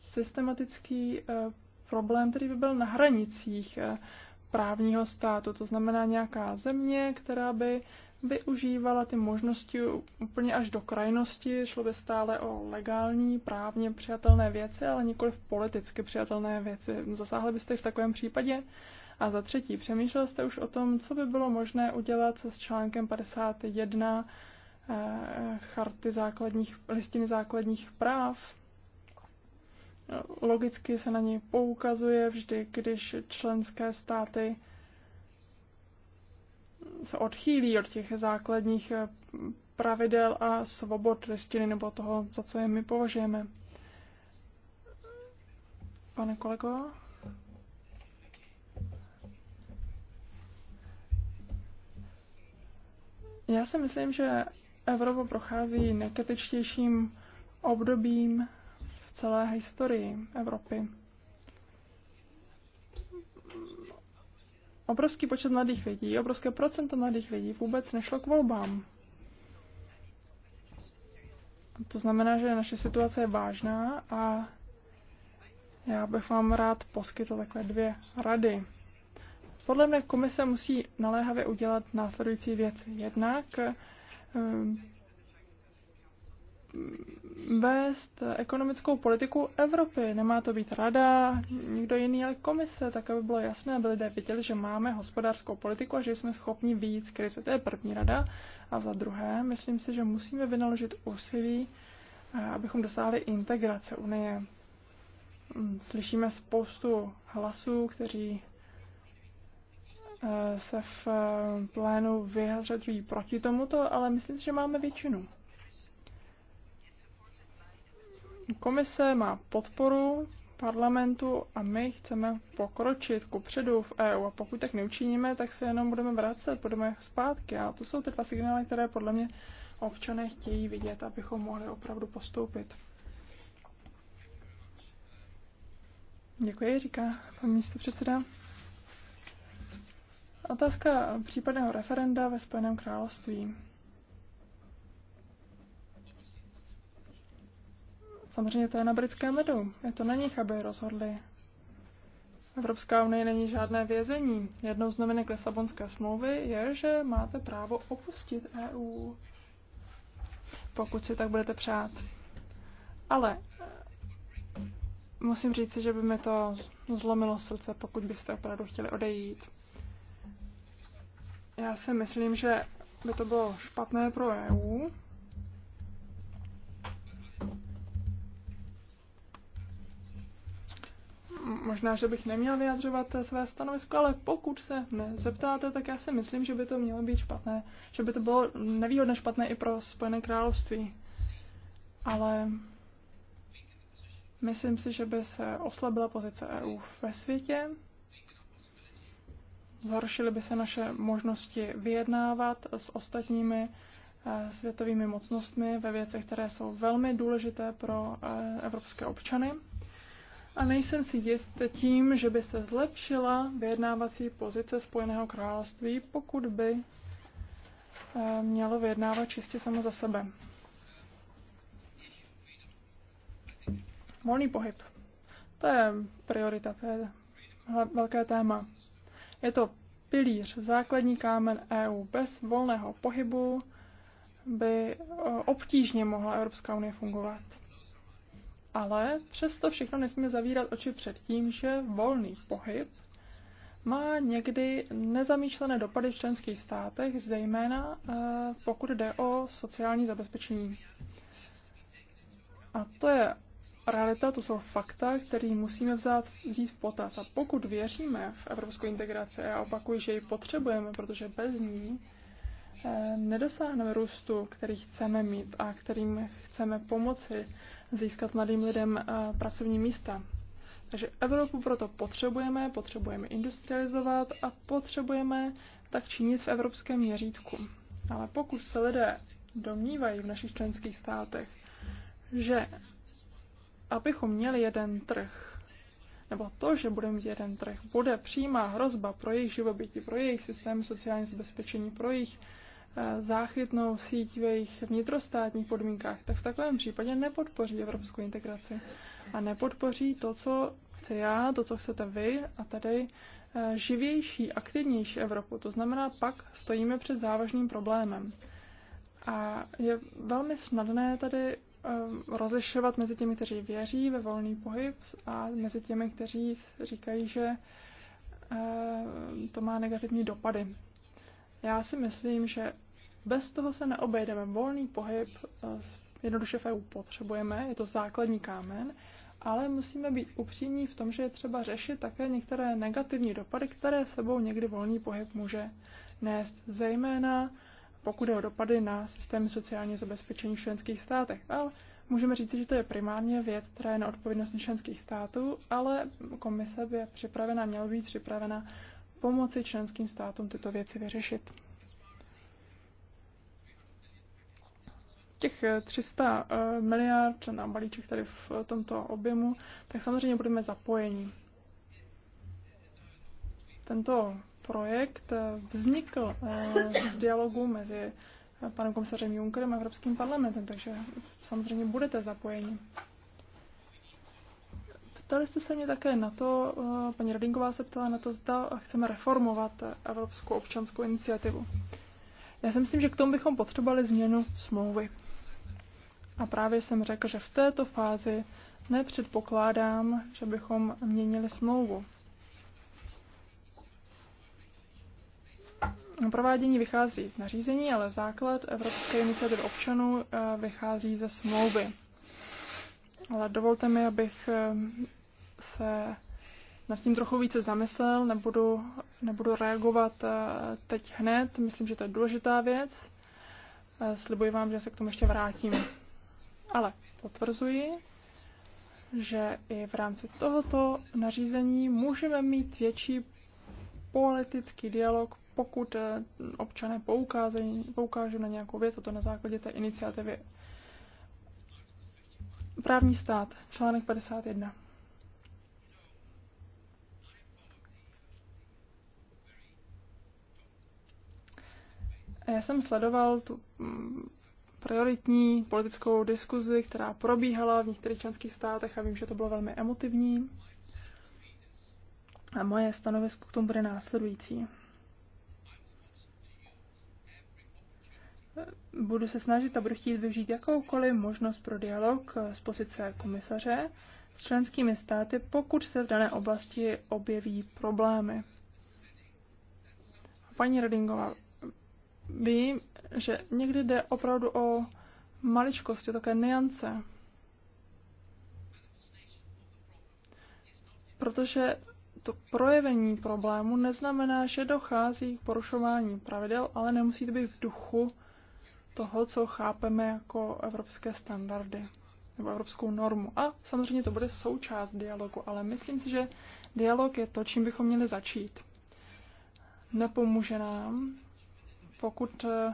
systematický eh, problém, který by byl na hranicích právního státu, to znamená nějaká země, která by využívala ty možnosti úplně až do krajnosti. Šlo by stále o legální, právně přijatelné věci, ale nikoli v politicky přijatelné věci. Zasáhli byste v takovém případě? A za třetí, přemýšlel jste už o tom, co by bylo možné udělat s článkem 51 eh, charty základních, listiny základních práv? Logicky se na něj poukazuje vždy, když členské státy se odchýlí od těch základních eh, pravidel a svobod listiny nebo toho, za co je my považujeme. Pane kolego? Já si myslím, že Evropa prochází nejkritičtějším obdobím v celé historii Evropy. obrovský počet mladých lidí, obrovské procento mladých lidí vůbec nešlo k volbám. To znamená, že naše situace je vážná a já bych vám rád poskytl takové dvě rady. Podle mě komise musí naléhavě udělat následující věci. Jednak ehm, vést ekonomickou politiku Evropy. Nemá to být rada, nikdo jiný, ale komise, tak aby bylo jasné, aby lidé viděli, že máme hospodářskou politiku a že jsme schopni víc. z krize. To je první rada. A za druhé, myslím si, že musíme vynaložit úsilí, eh, abychom dosáhli integrace Unie. Mm, slyšíme spoustu hlasů, kteří eh, se v eh, plénu vyhařují proti tomuto, ale myslím si, že máme většinu. Komise má podporu parlamentu a my chceme pokročit ku předu v EU a pokud tak neučiníme, tak se jenom budeme vracet, budeme zpátky a to jsou ty dva signály, které podle mě občané chtějí vidět, abychom mohli opravdu postoupit. Děkuji, říká pan místo předseda. Otázka případného referenda ve Spojeném království. Samozřejmě to je na britském ledu. Je to na nich, aby rozhodli. Evropská unie není žádné vězení. Jednou z novinek Lisabonské smlouvy je, že máte právo opustit EU, pokud si tak budete přát. Ale eh, musím říct, že by mi to zlomilo srdce, pokud byste opravdu chtěli odejít. Já si myslím, že by to bylo špatné pro EU, možná, že bych neměl vyjadřovat své stanovisko, ale pokud se mne zeptáte, tak já si myslím, že by to mělo být špatné, že by to bylo nevýhodné špatné i pro Spojené království. Ale myslím si, že by se oslabila pozice EU ve světě, zhoršily by se naše možnosti vyjednávat s ostatními eh, světovými mocnostmi ve věcech, které jsou velmi důležité pro eh, evropské občany a nejsem si jist tím, že by se zlepšila vyjednávací pozice Spojeného království, pokud by eh, mělo vyjednávat čistě samo za sebe. Volný pohyb. To je priorita, to je velké téma. Je to pilíř, základní kámen EU. Bez volného pohybu by eh, obtížně mohla Evropská unie fungovat ale přesto všechno nesmíme zavírat oči před tím, že volný pohyb má někdy nezamýšlené dopady v členských státech, zejména eh, pokud jde o sociální zabezpečení. A to je realita, to jsou fakta, které musíme vzát, vzít v potaz. A pokud věříme v evropskou integraci, a opakuju, že ji potřebujeme, protože bez ní eh, nedosáhneme růstu, který chceme mít a kterým chceme pomoci získat mladým lidem eh, pracovní místa. Takže Evropu proto potřebujeme, potřebujeme industrializovat a potřebujeme tak činit v evropském měřítku. Ale pokud se lidé domnívají v našich členských státech, že abychom měli jeden trh, nebo to, že budeme mít jeden trh, bude přímá hrozba pro jejich živobytí, pro jejich systém sociální zabezpečení, pro jejich záchytnou síť ve jejich vnitrostátních podmínkách, tak v takovém případě nepodpoří evropskou integraci a nepodpoří to, co chci já, to, co chcete vy a tady e, živější, aktivnější Evropu. To znamená, pak stojíme před závažným problémem. A je velmi snadné tady e, rozlišovat mezi těmi, kteří věří ve volný pohyb a mezi těmi, kteří říkají, že e, to má negativní dopady. Já si myslím, že bez toho se neobejdeme. Volný pohyb eh, jednoduše fajn e potřebujeme, je to základní kámen, ale musíme být upřímní v tom, že je třeba řešit také některé negativní dopady, které sebou někdy volný pohyb může nést, zejména pokud je o dopady na systém sociálního zabezpečení v členských státech. Ale můžeme říct, že to je primárně věc, která je na odpovědnost členských států, ale komise by je připravena, měla být připravena pomoci členským státům tyto věci vyřešit. těch 300 eh, eh, miliard na balíček tady v eh, tomto objemu, tak samozřejmě budeme zapojeni. Tento projekt vznikl z dialogu mezi panem komisařem Junckerem a Evropským parlamentem, takže samozřejmě budete zapojeni. Ptali jste se mě také na to, paní Radinková se ptala na to, zda chceme reformovat Evropskou občanskou iniciativu. Já si myslím, že k tomu bychom potřebovali změnu smlouvy. A právě jsem řekl, že v této fázi nepředpokládám, že bychom měnili smlouvu. Provádění vychází z nařízení, ale základ Evropské iniciativy občanů eh, vychází ze smlouvy. Ale dovolte mi, abych eh, se nad tím trochu více zamyslel, nebudu, nebudu reagovat eh, teď hned, myslím, že to je důležitá věc. Slibuji vám, že se k tomu ještě vrátím. Ale potvrzuji, že i v rámci tohoto nařízení můžeme mít větší politický dialog, pokud eh, občané poukážou na nějakou věc, a to na základě té iniciativy. Právní stát, článek 51. Já jsem sledoval tu mm, prioritní politickou diskuzi, která probíhala v některých členských státech a vím, že to bylo velmi emotivní. A moje stanovisko k tomu bude následující. Budu se snažit a budu chtít využít jakoukoliv možnost pro dialog z pozice komisaře s členskými státy, pokud se v dané oblasti objeví problémy. Paní Redingová vím, že někdy jde opravdu o maličkosti, také niance. Protože to projevení problému neznamená, že dochází k porušování pravidel, ale nemusí to být v duchu toho, co chápeme jako evropské standardy nebo evropskou normu. A samozřejmě to bude součást dialogu, ale myslím si, že dialog je to, čím bychom měli začít. Nepomůže nám, pokud eh,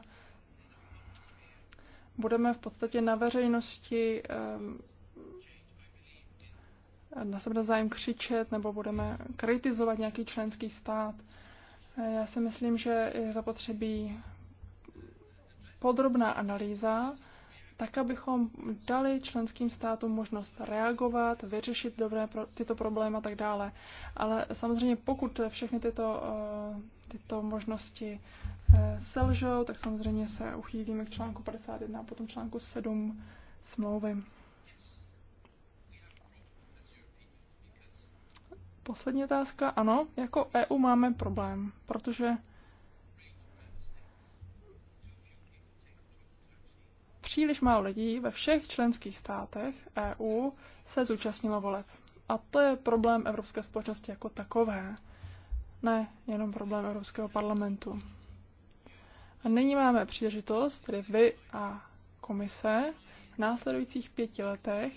budeme v podstatě na veřejnosti eh, na sebe zájem křičet nebo budeme kritizovat nějaký členský stát. Eh, já si myslím, že je zapotřebí podrobná analýza, tak abychom dali členským státům možnost reagovat, vyřešit dobré pro, tyto problémy a tak dále. Ale samozřejmě pokud všechny tyto uh, tyto možnosti eh, selžou, tak samozřejmě se uchýlíme k článku 51 a potom článku 7 smlouvy. Poslední otázka. Ano, jako EU máme problém, protože příliš málo lidí ve všech členských státech EU se zúčastnilo voleb. A to je problém evropské společnosti jako takové ne jenom problém Evropského parlamentu. A nyní máme příležitost, tedy vy a komise, v následujících pěti letech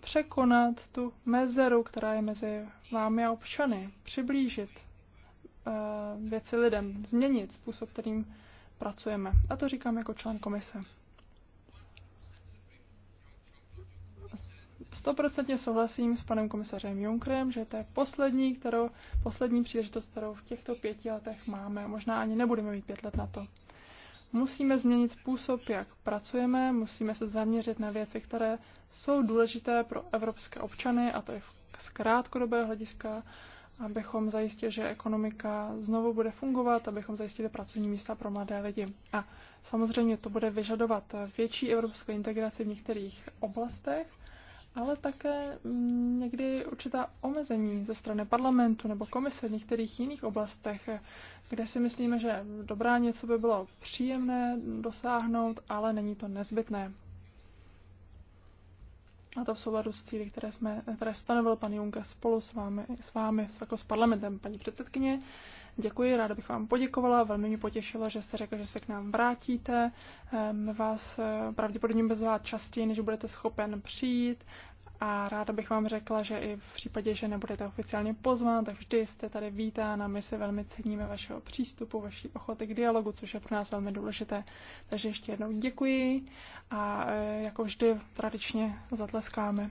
překonat tu mezeru, která je mezi vámi a občany, přiblížit eh, věci lidem, změnit způsob, kterým pracujeme. A to říkám jako člen komise. Stoprocentně souhlasím s panem komisařem Junkrem, že to je poslední, kterou, poslední příležitost, kterou v těchto pěti letech máme. Možná ani nebudeme mít pět let na to. Musíme změnit způsob, jak pracujeme, musíme se zaměřit na věci, které jsou důležité pro evropské občany, a to je z krátkodobého hlediska, abychom zajistili, že ekonomika znovu bude fungovat, abychom zajistili pracovní místa pro mladé lidi. A samozřejmě to bude vyžadovat větší evropskou integraci v některých oblastech, ale také mm, někdy určitá omezení ze strany parlamentu nebo komise v některých jiných oblastech, kde si myslíme, že dobrá něco by bylo příjemné dosáhnout, ale není to nezbytné. A to v souladu s cíly, které, jsme, které stanovil pan Juncker spolu s vámi, s vámi jako s parlamentem, paní předsedkyně. Děkuji, ráda bych vám poděkovala, velmi mě potěšilo, že jste řekl, že se k nám vrátíte. My ehm, vás eh, pravděpodobně bez vás častěji, než budete schopen přijít. A ráda bych vám řekla, že i v případě, že nebudete oficiálně pozván, tak vždy jste tady vítán a my si velmi ceníme vašeho přístupu, vaší ochoty k dialogu, což je pro nás velmi důležité. Takže ještě jednou děkuji a eh, jako vždy tradičně zatleskáme.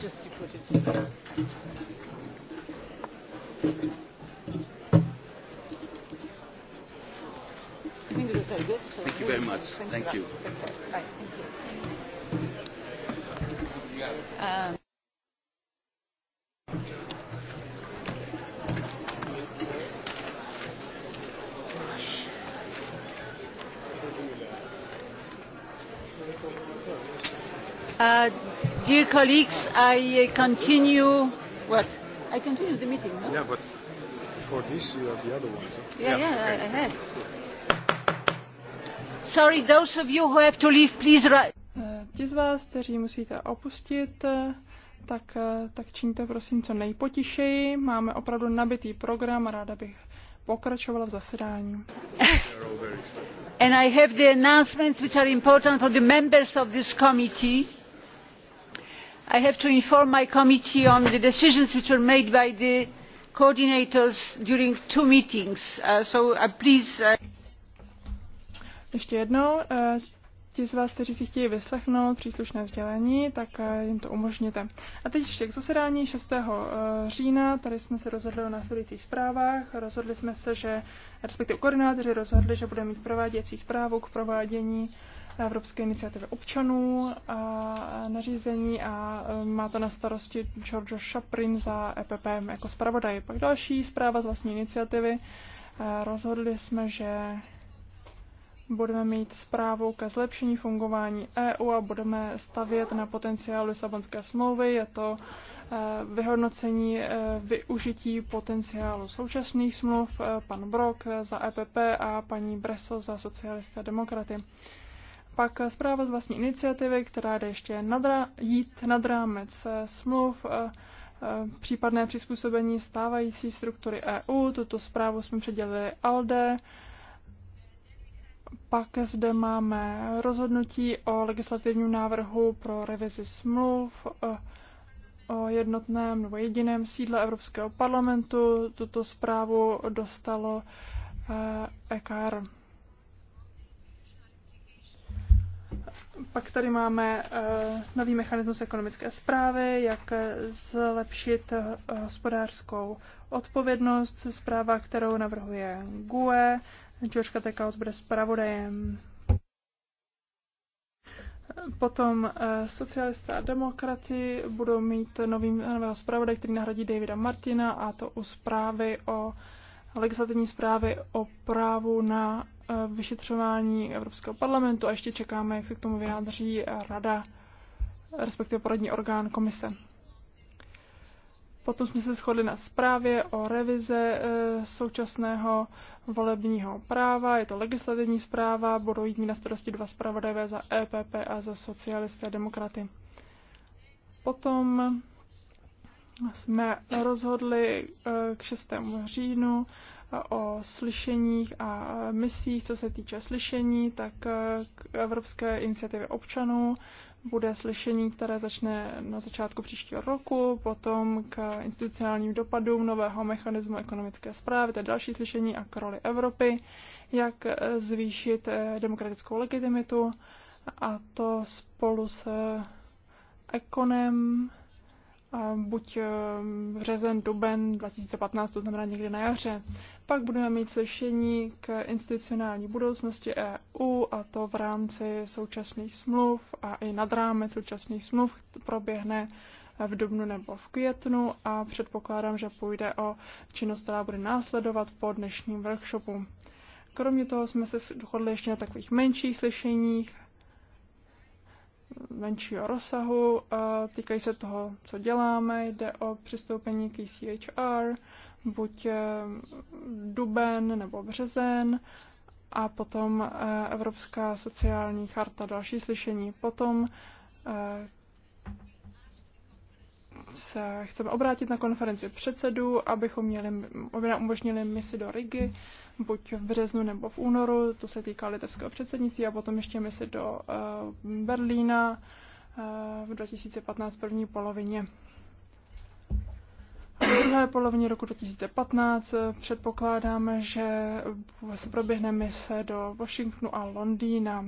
just you put Thank you very much. Thank you. Thank you. Um, Dear colleagues, I continue. What? I continue the meeting. No? Yeah, but for this you have the other ones. Huh? Yeah, yeah, yeah okay. I have. Sorry, those of you who have to leave, please. Eh, ti z vás, kteří musíte opustit, eh, tak, eh, tak čiňte prosím co nejpotišeji. Máme opravdu nabitý program a ráda bych pokračovala v zasedání. And I have the announcements which are important for the members of this committee i have to inform my committee on the decisions which were made by the coordinators during two meetings uh, so uh, please uh, ještě jednou ti z vás, kteří si chtějí vyslechnout příslušné sdělení, tak jim to umožněte. A teď ještě k zasedání 6. října. Tady jsme se rozhodli o následujících zprávách. Rozhodli jsme se, že, respektive koordinátoři rozhodli, že budeme mít prováděcí zprávu k provádění Evropské iniciativy občanů a nařízení a e, má to na starosti George Shaprin za EPP jako zpravodaj. Pak další zpráva z vlastní iniciativy. E, rozhodli jsme, že budeme mít zprávu ke zlepšení fungování EU a budeme stavět na potenciál Lisabonské smlouvy. Je to e, vyhodnocení využití potenciálu současných smluv, pan Brok za EPP a paní Breso za socialisté demokraty. Pak zpráva z vlastní iniciativy, která jde ještě nadra- jít nad rámec eh, smluv, eh, eh, případné přizpůsobení stávající struktury EU. Tuto zprávu jsme předělili ALDE. Pak zde máme rozhodnutí o legislativním návrhu pro revizi smluv, o jednotném nebo jediném sídle Evropského parlamentu. Tuto zprávu dostalo EKR. E Pak tady máme eh, nový mechanismus ekonomické zprávy, jak zlepšit eh, hospodářskou odpovědnost. Zpráva, kterou navrhuje GUE. George Katekaus bude zpravodajem. Potom eh, socialista a demokrati budou mít nový, nového zpravodaje, který nahradí Davida Martina, a to u zprávy o legislativní zprávy o právu na Eh, vyšetřování Evropského parlamentu a ještě čekáme, jak se k tomu vyjádří eh, rada, respektive poradní orgán komise. Potom jsme se shodli na zprávě o revize eh, současného volebního práva. Je to legislativní zpráva, budou jít mít na starosti dva zpravodajové za EPP a za socialisté demokraty. Potom jsme rozhodli k 6. říjnu o slyšeních a misích, co se týče slyšení, tak k Evropské iniciativě občanů bude slyšení, které začne na začátku příštího roku, potom k institucionálním dopadům nového mechanismu ekonomické zprávy, to je další slyšení a k roli Evropy, jak zvýšit eh, demokratickou legitimitu a to spolu s Ekonem buď eh, březen, duben 2015, to znamená někdy na jaře. Pak budeme mít slyšení k institucionální budoucnosti EU a to v rámci současných smluv a i nad rámec současných smluv proběhne v dubnu nebo v květnu a předpokládám, že půjde o činnost, která bude následovat po dnešním workshopu. Kromě toho jsme se dohodli ještě na takových menších slyšeních, menšího rozsahu, týkají se toho, co děláme, jde o přistoupení k ECHR, buď e, duben nebo březen, a potom e, Evropská sociální charta, další slyšení, potom e, se chceme obrátit na konferenci předsedů, abychom měli, aby nám umožnili misi do Rigi, buď v březnu nebo v únoru, to se týká litevského předsednictví, a potom ještě misi do uh, Berlína uh, v 2015 první polovině. A v druhé polovině roku 2015 eh, předpokládáme, že se proběhne mise do Washingtonu a Londýna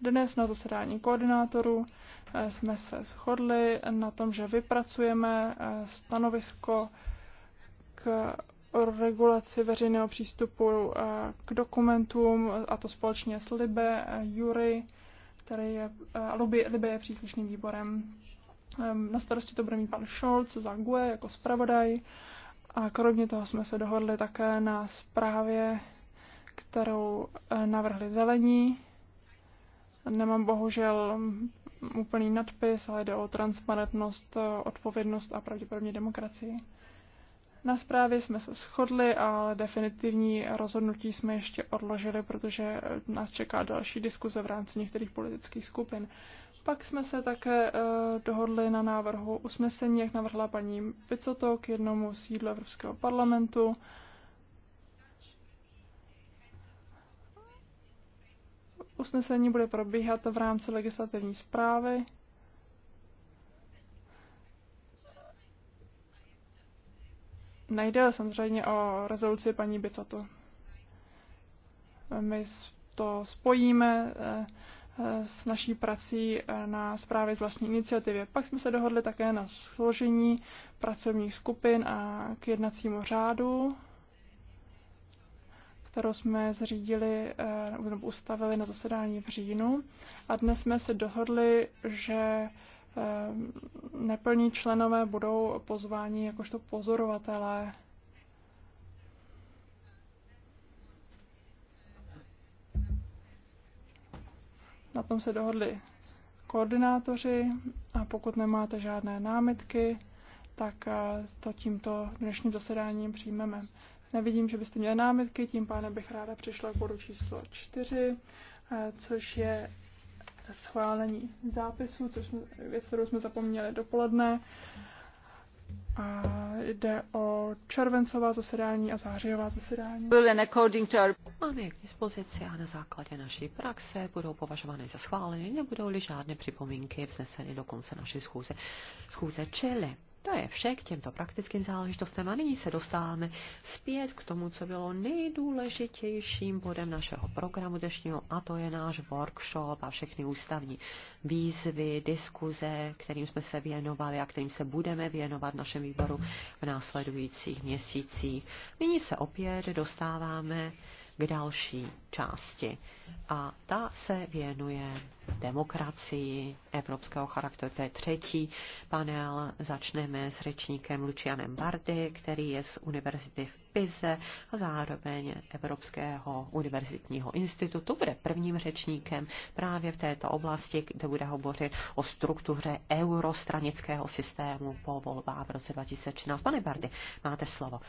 dnes na zasedání koordinátorů eh, jsme se shodli na tom, že vypracujeme eh, stanovisko k regulaci veřejného přístupu eh, k dokumentům, a to společně s Libe, Jury, který je, Libe, Libe je příslušným výborem. Ehm, na starosti to bude mít pan Scholz za GUE jako zpravodaj a kromě toho jsme se dohodli také na zprávě, kterou navrhli zelení Nemám bohužel úplný nadpis, ale jde o transparentnost, odpovědnost a pravděpodobně demokracii. Na zprávě jsme se shodli, ale definitivní rozhodnutí jsme ještě odložili, protože nás čeká další diskuze v rámci některých politických skupin. Pak jsme se také uh, dohodli na návrhu usnesení, jak navrhla paní Picoto k jednomu sídlu Evropského parlamentu. Uh, Usnesení bude probíhat v rámci legislativní zprávy. Nejde samozřejmě o rezoluci paní Bicatu. My to spojíme eh, eh, s naší prací eh, na zprávě z vlastní iniciativy. Pak jsme se dohodli také na složení pracovních skupin a k jednacímu řádu kterou jsme zřídili eh, nebo ustavili na zasedání v říjnu. A dnes jsme se dohodli, že eh, neplní členové budou pozváni jakožto pozorovatelé. Na tom se dohodli koordinátoři a pokud nemáte žádné námitky, tak eh, to tímto dnešním zasedáním přijmeme. Nevidím, že byste měli námitky, tím pádem bych ráda přišla k bodu číslo 4, eh, což je schválení zápisu, což jsme, věc, kterou jsme zapomněli dopoledne. A jde o červencová zasedání a zářijová zasedání. Máme je k dispozici a na základě naší praxe budou považovány za schváleny, nebudou-li žádné připomínky vzneseny do konce naší schůze. Schůze čili to je vše k těmto praktickým záležitostem a nyní se dostáváme zpět k tomu, co bylo nejdůležitějším bodem našeho programu dnešního a to je náš workshop a všechny ústavní výzvy, diskuze, kterým jsme se věnovali a kterým se budeme věnovat v našem výboru v následujících měsících. Nyní se opět dostáváme k další části. A ta se věnuje demokracii evropského charakteru. To je třetí panel. Začneme s řečníkem Lucianem Bardy, který je z univerzity v Pize a zároveň Evropského univerzitního institutu. Bude prvním řečníkem právě v této oblasti, kde bude hovořit o struktuře eurostranického systému po volbách v roce 2013. Pane Bardy, máte slovo.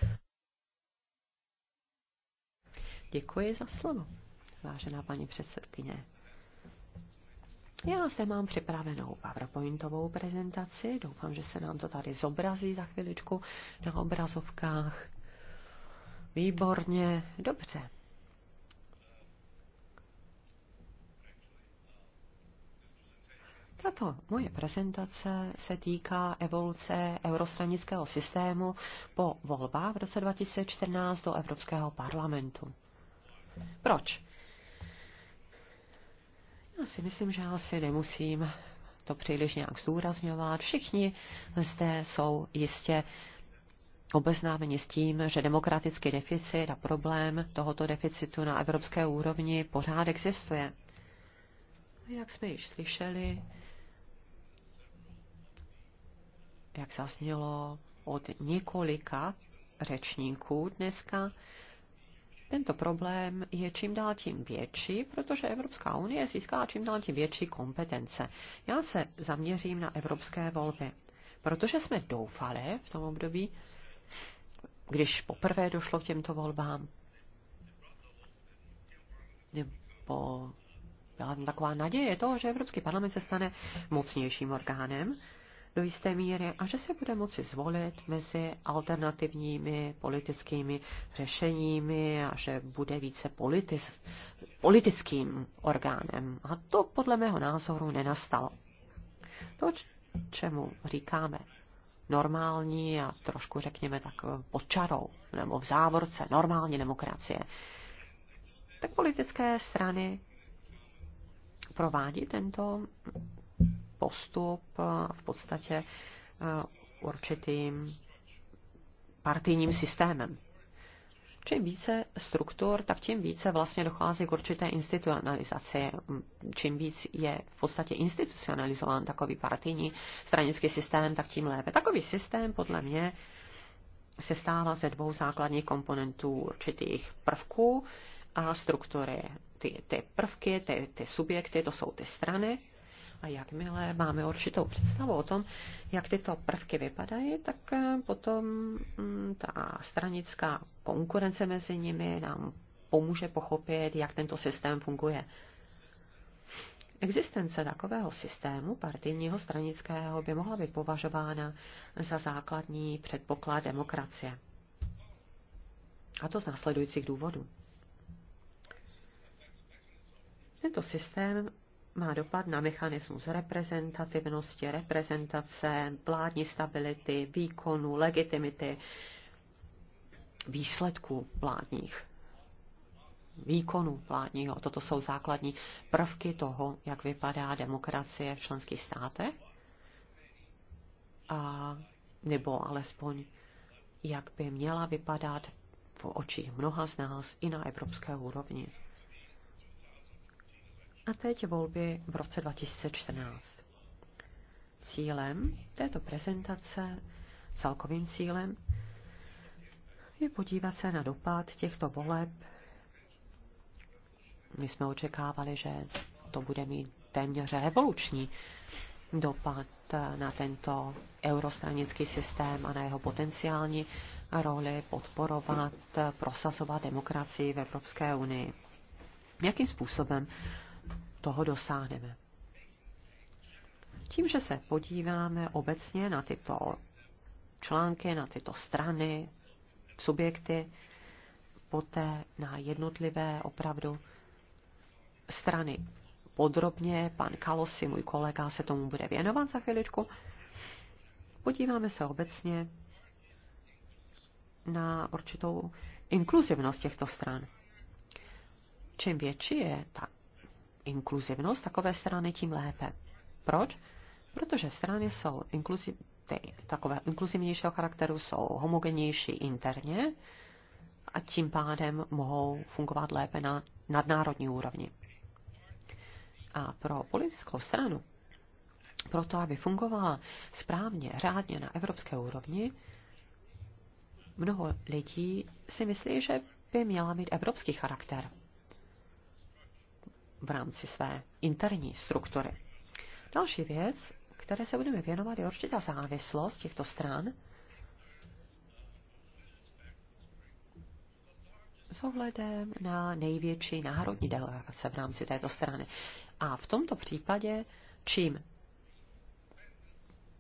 Děkuji za slovo, vážená paní předsedkyně. Já se mám připravenou PowerPointovou prezentaci. Doufám, že se nám to tady zobrazí za chviličku na obrazovkách. Výborně, dobře. Tato moje prezentace se týká evoluce eurostranického systému po volbách v roce 2014 do Evropského parlamentu. Proč? Já si myslím, že asi nemusím to příliš nějak zdůrazňovat. Všichni zde jsou jistě obeznámeni s tím, že demokratický deficit a problém tohoto deficitu na evropské úrovni pořád existuje. Jak jsme již slyšeli, jak zaznělo od několika řečníků dneska, tento problém je čím dál tím větší, protože Evropská unie získá čím dál tím větší kompetence. Já se zaměřím na evropské volby, protože jsme doufali v tom období, když poprvé došlo k těmto volbám, nebo byla tam taková naděje toho, že Evropský parlament se stane mocnějším orgánem, do jisté míry a že se bude moci zvolit mezi alternativními politickými řešeními a že bude více politis, politickým orgánem. A to podle mého názoru nenastalo. To, čemu říkáme normální a trošku řekněme tak pod čarou nebo v závorce normální demokracie, tak politické strany provádí tento postup v podstatě e, určitým partijním systémem. Čím více struktur, tak tím více vlastně dochází k určité institucionalizaci. Čím víc je v podstatě institucionalizován takový partijní stranický systém, tak tím lépe. Takový systém podle mě se stává ze dvou základních komponentů určitých prvků a struktury. Ty, ty prvky, ty, ty subjekty, to jsou ty strany a jakmile máme určitou představu o tom, jak tyto prvky vypadají, tak eh, potom mm, ta stranická konkurence mezi nimi nám pomůže pochopit, jak tento systém funguje. Existence takového systému partijního stranického by mohla být považována za základní předpoklad demokracie. A to z následujících důvodů. Tento systém má dopad na mechanismus reprezentativnosti, reprezentace, vládní stability, výkonu, legitimity, výsledků vládních výkonu vládního. Toto jsou základní prvky toho, jak vypadá demokracie v členských státech, a, nebo alespoň jak by měla vypadat v očích mnoha z nás i na evropské úrovni. A teď volby v roce 2014. Cílem této prezentace, celkovým cílem, je podívat se na dopad těchto voleb. My jsme očekávali, že to bude mít téměř revoluční dopad na tento eurostranický systém a na jeho potenciální roli podporovat, prosazovat demokracii v Evropské unii. Jakým způsobem toho dosáhneme. Tím, že se podíváme obecně na tyto články, na tyto strany, subjekty, poté na jednotlivé opravdu strany podrobně. Pan Kalosi, můj kolega, se tomu bude věnovat za chviličku. Podíváme se obecně na určitou inkluzivnost těchto stran. Čím větší je ta inkluzivnost takové strany, tím lépe. Proč? Protože strany jsou inkluziv, ty, takové inkluzivnějšího charakteru, jsou homogenější interně a tím pádem mohou fungovat lépe na nadnárodní úrovni. A pro politickou stranu, proto aby fungovala správně, řádně na evropské úrovni, mnoho lidí si myslí, že by měla mít evropský charakter v rámci své interní struktury. Další věc, které se budeme věnovat, je určitá závislost těchto stran s ohledem na největší národní delegace v rámci této strany. A v tomto případě, čím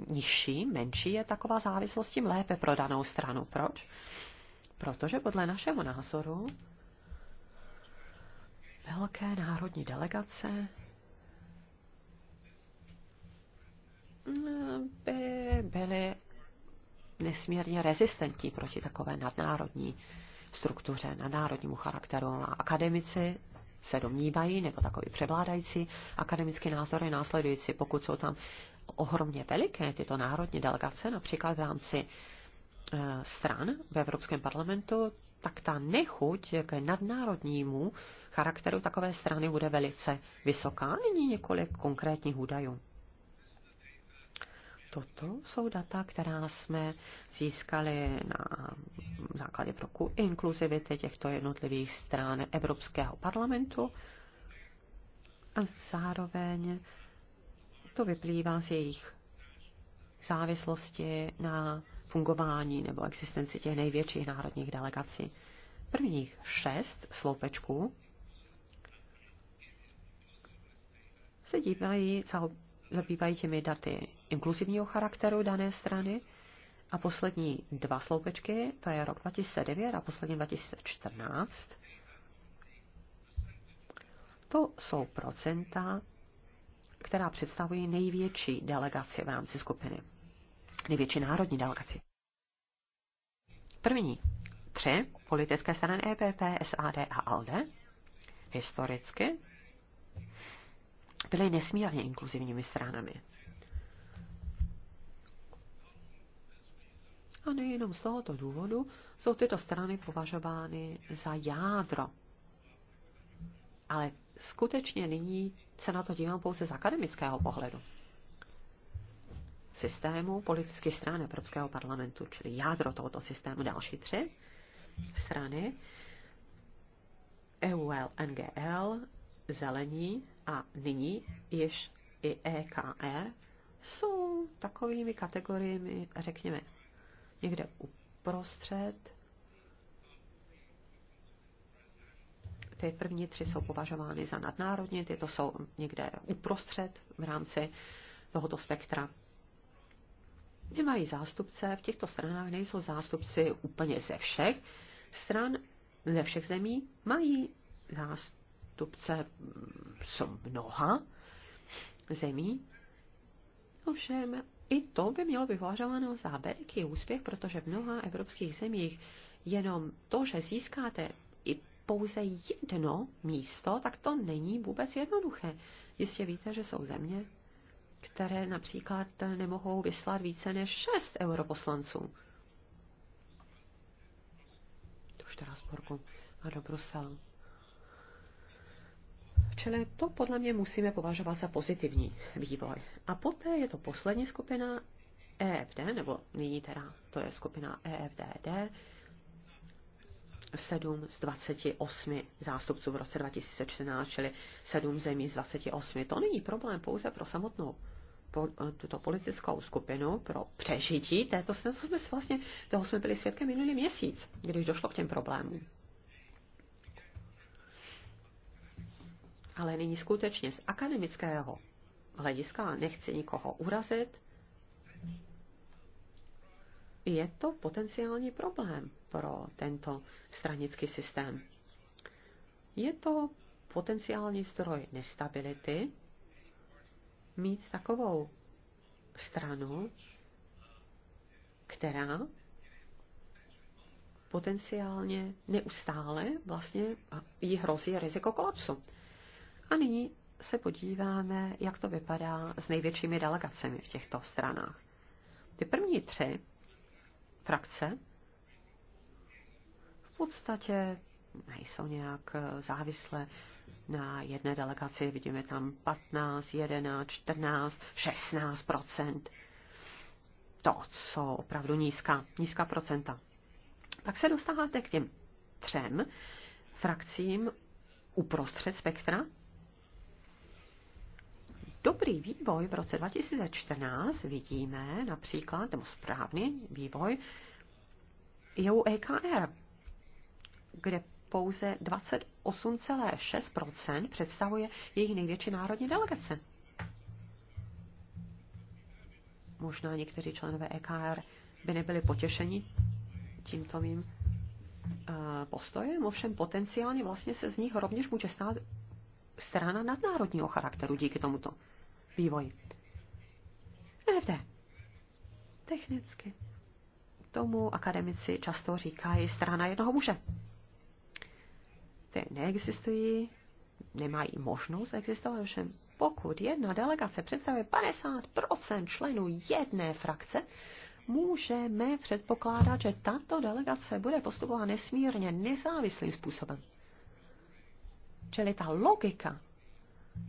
nižší, menší je taková závislost, tím lépe pro danou stranu. Proč? Protože podle našeho názoru velké národní delegace by byly nesmírně rezistentní proti takové nadnárodní struktuře, nadnárodnímu charakteru. A akademici se domnívají, nebo takový převládající akademický názor je následující, pokud jsou tam ohromně veliké tyto národní delegace, například v rámci eh, stran v Evropském parlamentu, tak ta nechuť k nadnárodnímu charakteru takové strany bude velice vysoká. Nyní několik konkrétních údajů. Toto jsou data, která jsme získali na základě proku inkluzivity těchto jednotlivých stran Evropského parlamentu a zároveň to vyplývá z jejich závislosti na fungování nebo existenci těch největších národních delegací. Prvních šest sloupečků se dívají, zabývají těmi daty inkluzivního charakteru dané strany. A poslední dva sloupečky, to je rok 2009 a poslední 2014, to jsou procenta, která představují největší delegaci v rámci skupiny. Největší národní delegaci. První tři politické strany EPP, SAD a ALDE historicky byly nesmírně inkluzivními stranami. A nejenom z tohoto důvodu jsou tyto strany považovány za jádro. Ale skutečně nyní se na to dívám pouze z akademického pohledu. Systému politických stran Evropského parlamentu, čili jádro tohoto systému, další tři strany, EUL, NGL, Zelení a nyní již i EKR jsou takovými kategoriemi, řekněme, někde uprostřed. Ty první tři jsou považovány za nadnárodní, tyto jsou někde uprostřed v rámci tohoto spektra. Nemají zástupce, v těchto stranách nejsou zástupci úplně ze všech stran, ze všech zemí, mají zástupce zástupce mm, jsou mnoha zemí. Ovšem, i to by mělo vyvažovanou za veliký úspěch, protože v mnoha evropských zemích jenom to, že získáte i pouze jedno místo, tak to není vůbec jednoduché. Jistě víte, že jsou země, které například nemohou vyslat více než šest europoslanců. Už teda sporku. a do Bruselu. Čili to podle mě musíme považovat za pozitivní vývoj. A poté je to poslední skupina EFD, nebo nyní teda to je skupina EFDD, 7 z 28 zástupců v roce 2014, čili 7 zemí z 28. To není problém pouze pro samotnou po, tuto politickou skupinu pro přežití této jsme, to jsme vlastně, toho jsme byli svědkem minulý měsíc, když došlo k těm problémům. ale nyní skutečně z akademického hlediska, nechci nikoho urazit, je to potenciální problém pro tento stranický systém. Je to potenciální zdroj nestability mít takovou stranu, která potenciálně neustále vlastně jí hrozí riziko kolapsu. A nyní se podíváme, jak to vypadá s největšími delegacemi v těchto stranách. Ty první tři frakce v podstatě nejsou nějak eh, závislé na jedné delegaci. Vidíme tam 15, 11, 14, 16 To jsou opravdu nízká, nízká procenta. Tak se dostáváte k těm třem frakcím uprostřed spektra, dobrý vývoj v roce 2014 vidíme například, nebo správný vývoj, je u EKR, kde pouze 28,6 představuje jejich největší národní delegace. Možná někteří členové EKR by nebyli potěšeni tímto mým eh, postojem, ovšem potenciálně vlastně se z nich rovněž může stát strana nadnárodního charakteru díky tomuto vývoj. NFT. Technicky. Tomu akademici často říkají strana jednoho muže. Ty neexistují, nemají možnost existovat, že pokud jedna delegace představuje 50% členů jedné frakce, můžeme předpokládat, že tato delegace bude postupovat nesmírně nezávislým způsobem. Čili ta logika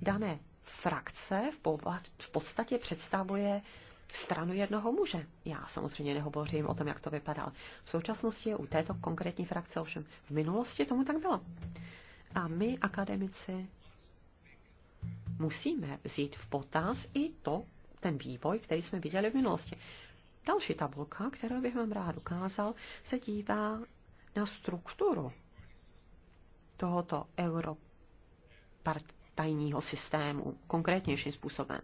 dané frakce v, povad, v podstatě představuje stranu jednoho muže. Já samozřejmě nehovořím o tom, jak to vypadá. V současnosti u této konkrétní frakce ovšem v minulosti tomu tak bylo. A my, akademici, musíme vzít v potaz i to, ten vývoj, který jsme viděli v minulosti. Další tabulka, kterou bych vám rád ukázal, se dívá na strukturu tohoto euro tajního systému konkrétnějším způsobem.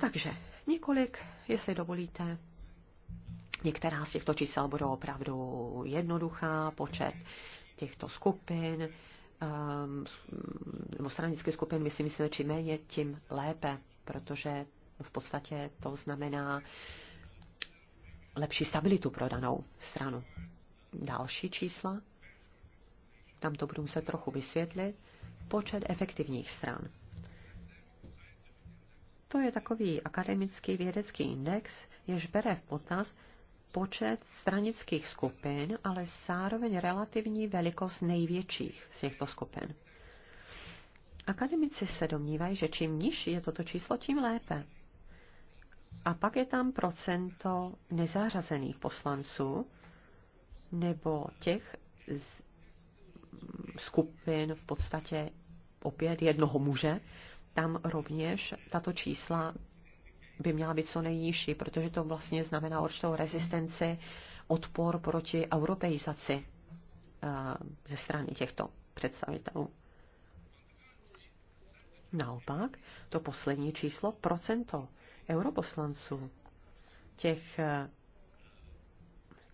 Takže několik, jestli dovolíte, některá z těchto čísel budou opravdu jednoduchá, počet těchto skupin, ehm, nebo stranických skupin, my si myslíme, čím méně, tím lépe, protože v podstatě to znamená lepší stabilitu pro danou stranu. Další čísla tam to budu muset trochu vysvětlit, počet efektivních stran. To je takový akademický vědecký index, jež bere v potaz počet stranických skupin, ale zároveň relativní velikost největších z těchto skupin. Akademici se domnívají, že čím nižší je toto číslo, tím lépe. A pak je tam procento nezařazených poslanců nebo těch skupin v podstatě opět jednoho muže, tam rovněž tato čísla by měla být co nejnižší, protože to vlastně znamená určitou rezistenci, odpor proti europeizaci eh, ze strany těchto představitelů. Naopak, to poslední číslo, procento europoslanců, těch eh,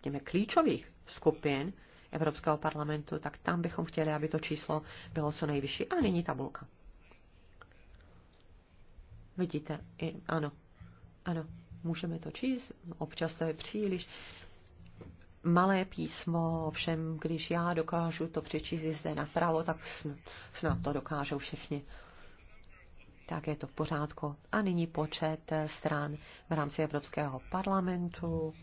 těmi klíčových skupin, Evropského parlamentu, tak tam bychom chtěli, aby to číslo bylo co nejvyšší. A nyní tabulka. Vidíte, i, ano, ano, můžeme to číst, občas to je příliš malé písmo, ovšem, když já dokážu to přečíst zde napravo, tak snad, snad to dokážou všichni. Tak je to v pořádku. A nyní počet stran v rámci Evropského parlamentu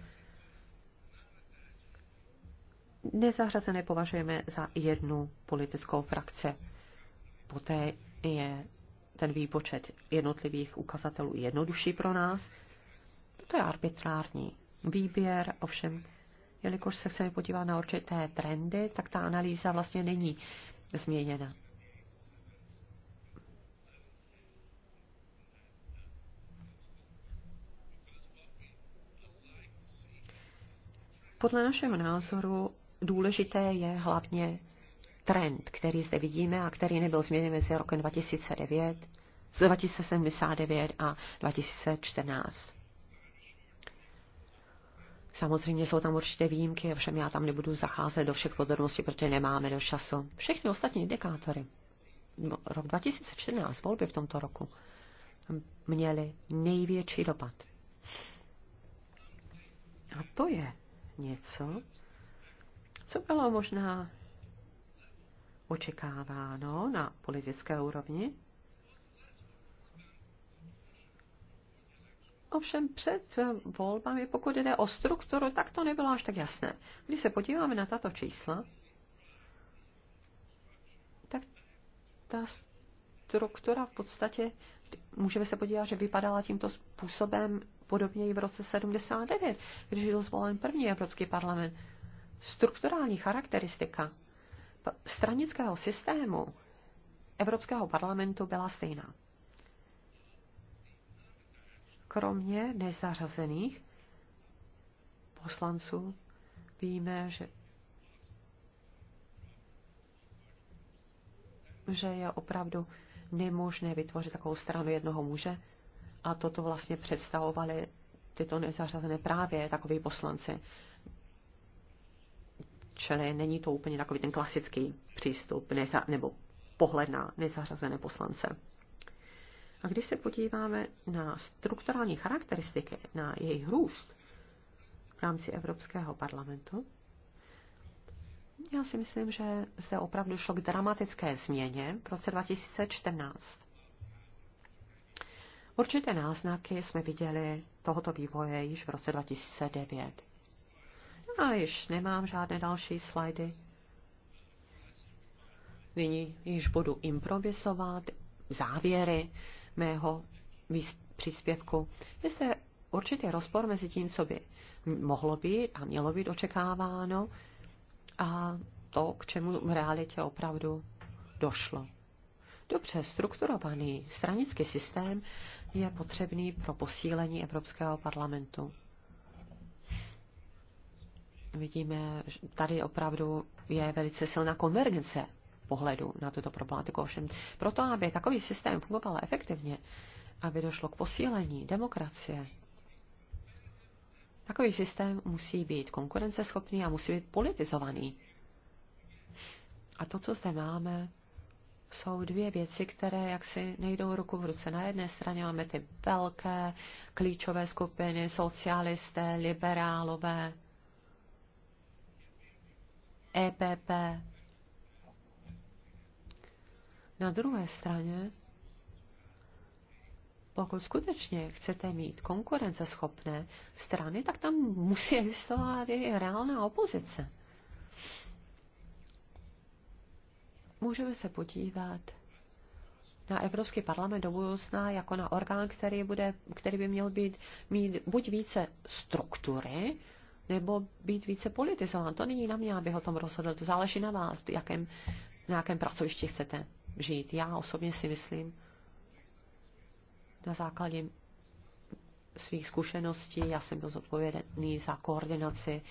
nezařazené považujeme za jednu politickou frakci. Poté je ten výpočet jednotlivých ukazatelů jednodušší pro nás. To je arbitrární výběr, ovšem, jelikož se chceme podívat na určité trendy, tak ta analýza vlastně není změněna. Podle našeho názoru důležité je hlavně trend, který zde vidíme a který nebyl změněn mezi rokem 2009, 2079 a 2014. Samozřejmě jsou tam určitě výjimky, ovšem já tam nebudu zacházet do všech podrobností, protože nemáme do času. Všechny ostatní indikátory. Rok 2014, volby v tomto roku, měly největší dopad. A to je něco, co bylo možná očekáváno na politické úrovni. Ovšem před volbami, pokud jde o strukturu, tak to nebylo až tak jasné. Když se podíváme na tato čísla, tak ta struktura v podstatě, můžeme se podívat, že vypadala tímto způsobem podobně i v roce 79, když byl zvolen první Evropský parlament strukturální charakteristika stranického systému Evropského parlamentu byla stejná. Kromě nezařazených poslanců víme, že že je opravdu nemožné vytvořit takovou stranu jednoho muže. A toto vlastně představovali tyto nezařazené právě takový poslanci. Čili není to úplně takový ten klasický přístup neza, nebo pohled na nezařazené poslance. A když se podíváme na strukturální charakteristiky, na jejich růst v rámci Evropského parlamentu, já si myslím, že zde opravdu šlo k dramatické změně v roce 2014. Určité náznaky jsme viděli tohoto vývoje již v roce 2009. A již nemám žádné další slajdy. Nyní již budu improvisovat závěry mého příspěvku. Je zde určitý rozpor mezi tím, co by mohlo být a mělo být očekáváno a to, k čemu v realitě opravdu došlo. Dobře strukturovaný stranický systém je potřebný pro posílení Evropského parlamentu. Vidíme, že tady opravdu je velice silná konvergence pohledu na tuto problematiku. Ovšem, proto, aby takový systém fungoval efektivně, aby došlo k posílení demokracie, takový systém musí být konkurenceschopný a musí být politizovaný. A to, co zde máme, jsou dvě věci, které jaksi nejdou ruku v ruce. Na jedné straně máme ty velké klíčové skupiny, socialisté, liberálové, EPP. Na druhé straně, pokud skutečně chcete mít konkurenceschopné strany, tak tam musí existovat i reálná opozice. Můžeme se podívat na Evropský parlament do budoucna jako na orgán, který, bude, který by měl být, mít buď více struktury, nebo být více politizován. To není na mě, aby o tom rozhodl. To záleží na vás, jakém, na jakém pracovišti chcete žít. Já osobně si myslím, na základě svých zkušeností, já jsem byl zodpovědný za koordinaci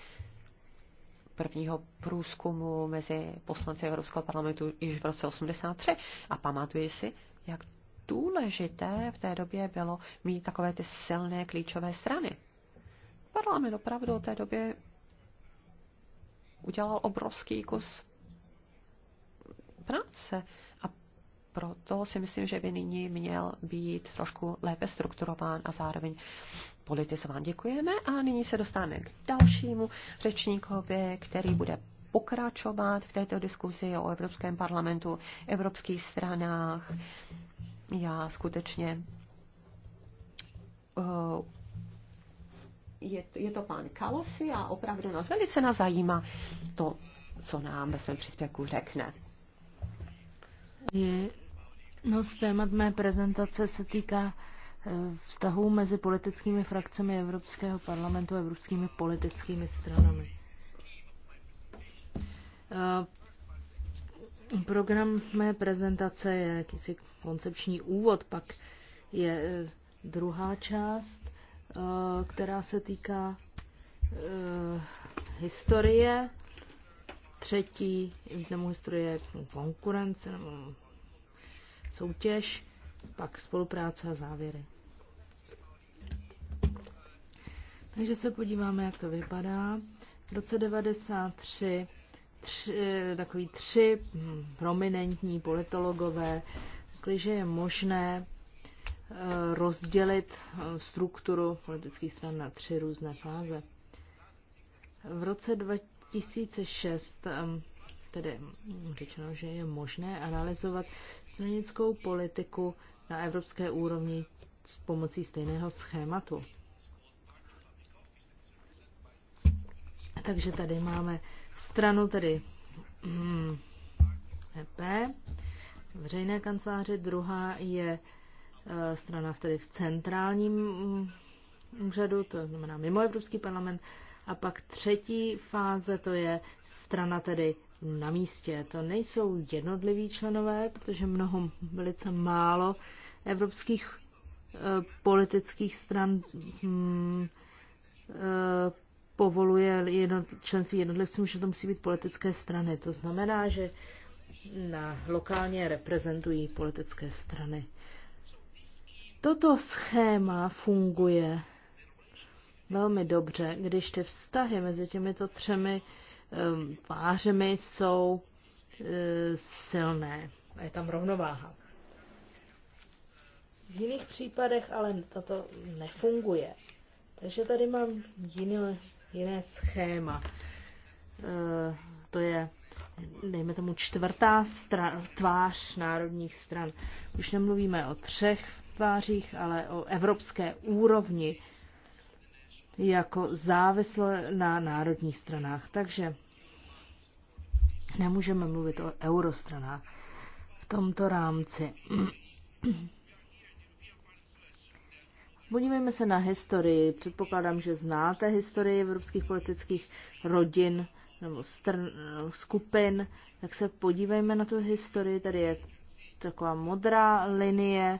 prvního průzkumu mezi poslanci Evropského parlamentu již v roce 83 a pamatuji si, jak důležité v té době bylo mít takové ty silné klíčové strany. Parlament opravdu od té době udělal obrovský kus práce a proto si myslím, že by nyní měl být trošku lépe strukturován a zároveň politizován. Děkujeme a nyní se dostáváme k dalšímu řečníkovi, který bude pokračovat v této diskuzi o Evropském parlamentu, evropských stranách. Já skutečně eh, je, je to pán Kalosi a opravdu nás velice nás zajímá to, co nám ve svém příspěvku řekne. no, z témat mé prezentace se týká eh, vztahů mezi politickými frakcemi Evropského parlamentu a evropskými politickými stranami. Eh, program mé prezentace je jakýsi koncepční úvod, pak je eh, druhá část Eh, která se týká eh, historie. Třetí významu historie konkurence nebo soutěž, pak spolupráce a závěry. Takže se podíváme, jak to vypadá. V roce 93 tři, eh, takový tři hm, prominentní politologové řekli, že je možné Eh, rozdělit eh, strukturu politických stran na tři různé fáze. V roce 2006 tedy řečeno, že je možné analyzovat stranickou politiku na evropské úrovni s pomocí stejného schématu. Takže tady máme stranu tedy EP, hm, veřejné kanceláře, druhá je v eh, tedy v centrálním mm, úřadu, to znamená mimo Evropský parlament. A pak třetí fáze, to je strana tedy na místě. To nejsou jednotliví členové, protože mnoho, velice málo evropských eh, politických stran mm, eh, povoluje jednot, členství jednotlivcům, že to musí být politické strany. To znamená, že na lokálně reprezentují politické strany. Toto schéma funguje velmi dobře, když ty vztahy mezi těmito třemi pářemi jsou e, silné a je tam rovnováha. V jiných případech ale toto nefunguje. Takže tady mám jiné, jiné schéma. E, to je, dejme tomu, čtvrtá stran, tvář národních stran. Už nemluvíme o třech tvářích, ale o evropské úrovni jako závislé na národních stranách. Takže nemůžeme mluvit o eurostranách v tomto rámci. Podívejme se na historii. Předpokládám, že znáte historii evropských politických rodin nebo strn, skupin. Tak se podívejme na tu historii. Tady je taková modrá linie,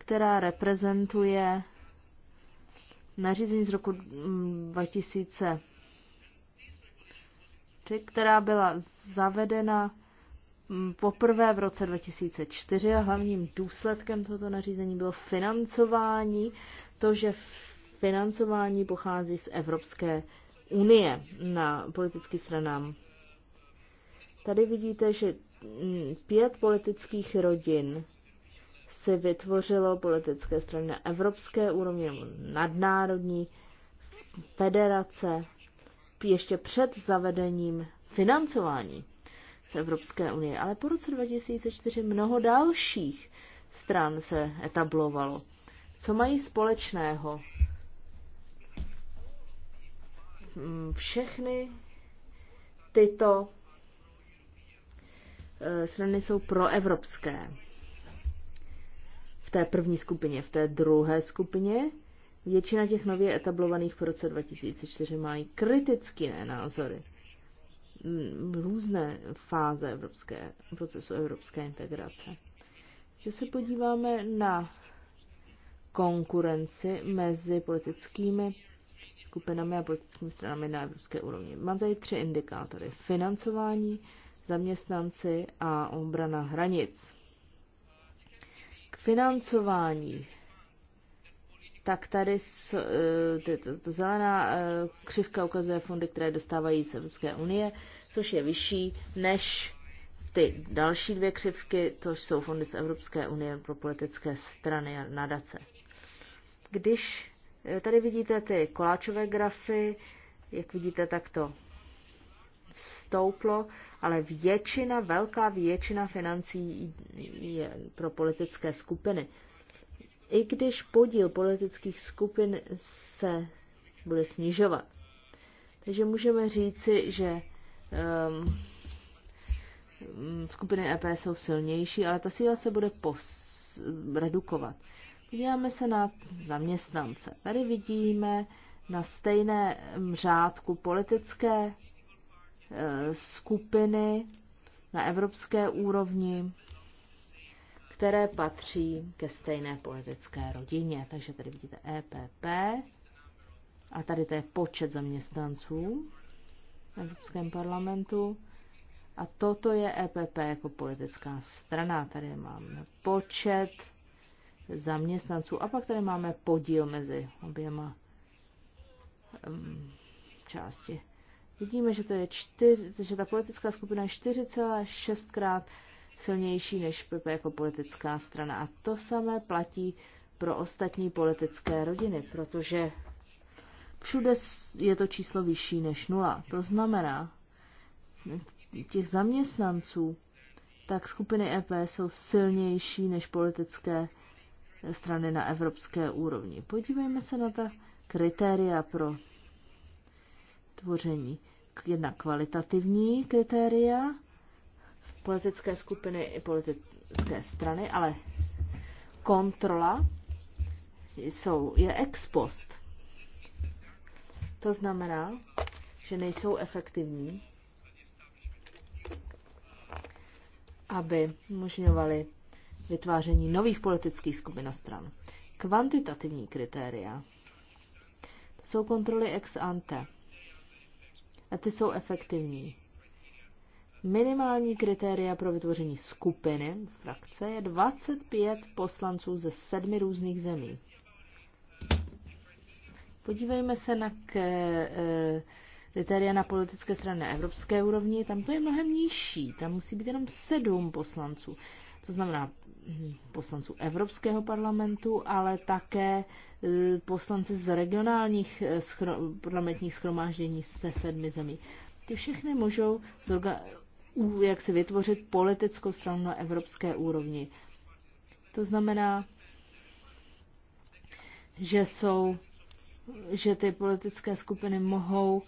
která reprezentuje nařízení z roku 2000, mm, která byla zavedena mm, poprvé v roce 2004 a hlavním důsledkem tohoto nařízení bylo financování, to, že financování pochází z Evropské unie na politických stranám. Tady vidíte, že mm, pět politických rodin si vytvořilo politické strany na evropské úrovni nebo nadnárodní federace ještě před zavedením financování z Evropské unie. Ale po roce 2004 mnoho dalších stran se etablovalo. Co mají společného? Mm, všechny tyto e, strany jsou proevropské v té první skupině, v té druhé skupině. Většina těch nově etablovaných po roce 2004 mají kritické názory. Mm, různé fáze evropské, procesu evropské integrace. Že se podíváme na konkurenci mezi politickými skupinami a politickými stranami na evropské úrovni. Mám tady tři indikátory. Financování, zaměstnanci a obrana hranic. Financování. Tak tady eh, zelená eh, křivka ukazuje fondy, které dostávají z Evropské unie, což je vyšší než ty další dvě křivky, což jsou fondy z Evropské unie pro politické strany a nadace. Když eh, tady vidíte ty koláčové grafy, jak vidíte, tak to stouplo, ale většina, velká většina financí je pro politické skupiny. I když podíl politických skupin se bude snižovat. Takže můžeme říci, že um, skupiny EP jsou silnější, ale ta síla se bude pos- redukovat. Podíváme se na zaměstnance. Tady vidíme na stejné řádku politické Eh, skupiny na evropské úrovni, které patří ke stejné politické rodině. Takže tady vidíte EPP a tady to je počet zaměstnanců v Evropském parlamentu. A toto je EPP jako politická strana. Tady máme počet zaměstnanců a pak tady máme podíl mezi oběma um, části. Vidíme, že, to je čtyř, že ta politická skupina je 4,6 krát silnější než PP jako politická strana. A to samé platí pro ostatní politické rodiny, protože všude je to číslo vyšší než nula. To znamená, těch zaměstnanců, tak skupiny EP jsou silnější než politické strany na evropské úrovni. Podívejme se na ta kritéria pro tvoření jedna kvalitativní kritéria politické skupiny i politické strany, ale kontrola jsou, je ex post. To znamená, že nejsou efektivní, aby umožňovali vytváření nových politických skupin a stran. Kvantitativní kritéria to jsou kontroly ex ante a ty jsou efektivní. Minimální kritéria pro vytvoření skupiny, frakce, je 25 poslanců ze sedmi různých zemí. Podívejme se na e, kritéria na politické straně na evropské úrovni, tam to je mnohem nižší, tam musí být jenom sedm poslanců to znamená hm, poslanců Evropského parlamentu, ale také hm, poslanci z regionálních eh, schro- parlamentních schromáždění se sedmi zemí. Ty všechny můžou zorga- jak si vytvořit politickou stranu na evropské úrovni. To znamená, že jsou, že ty politické skupiny mohou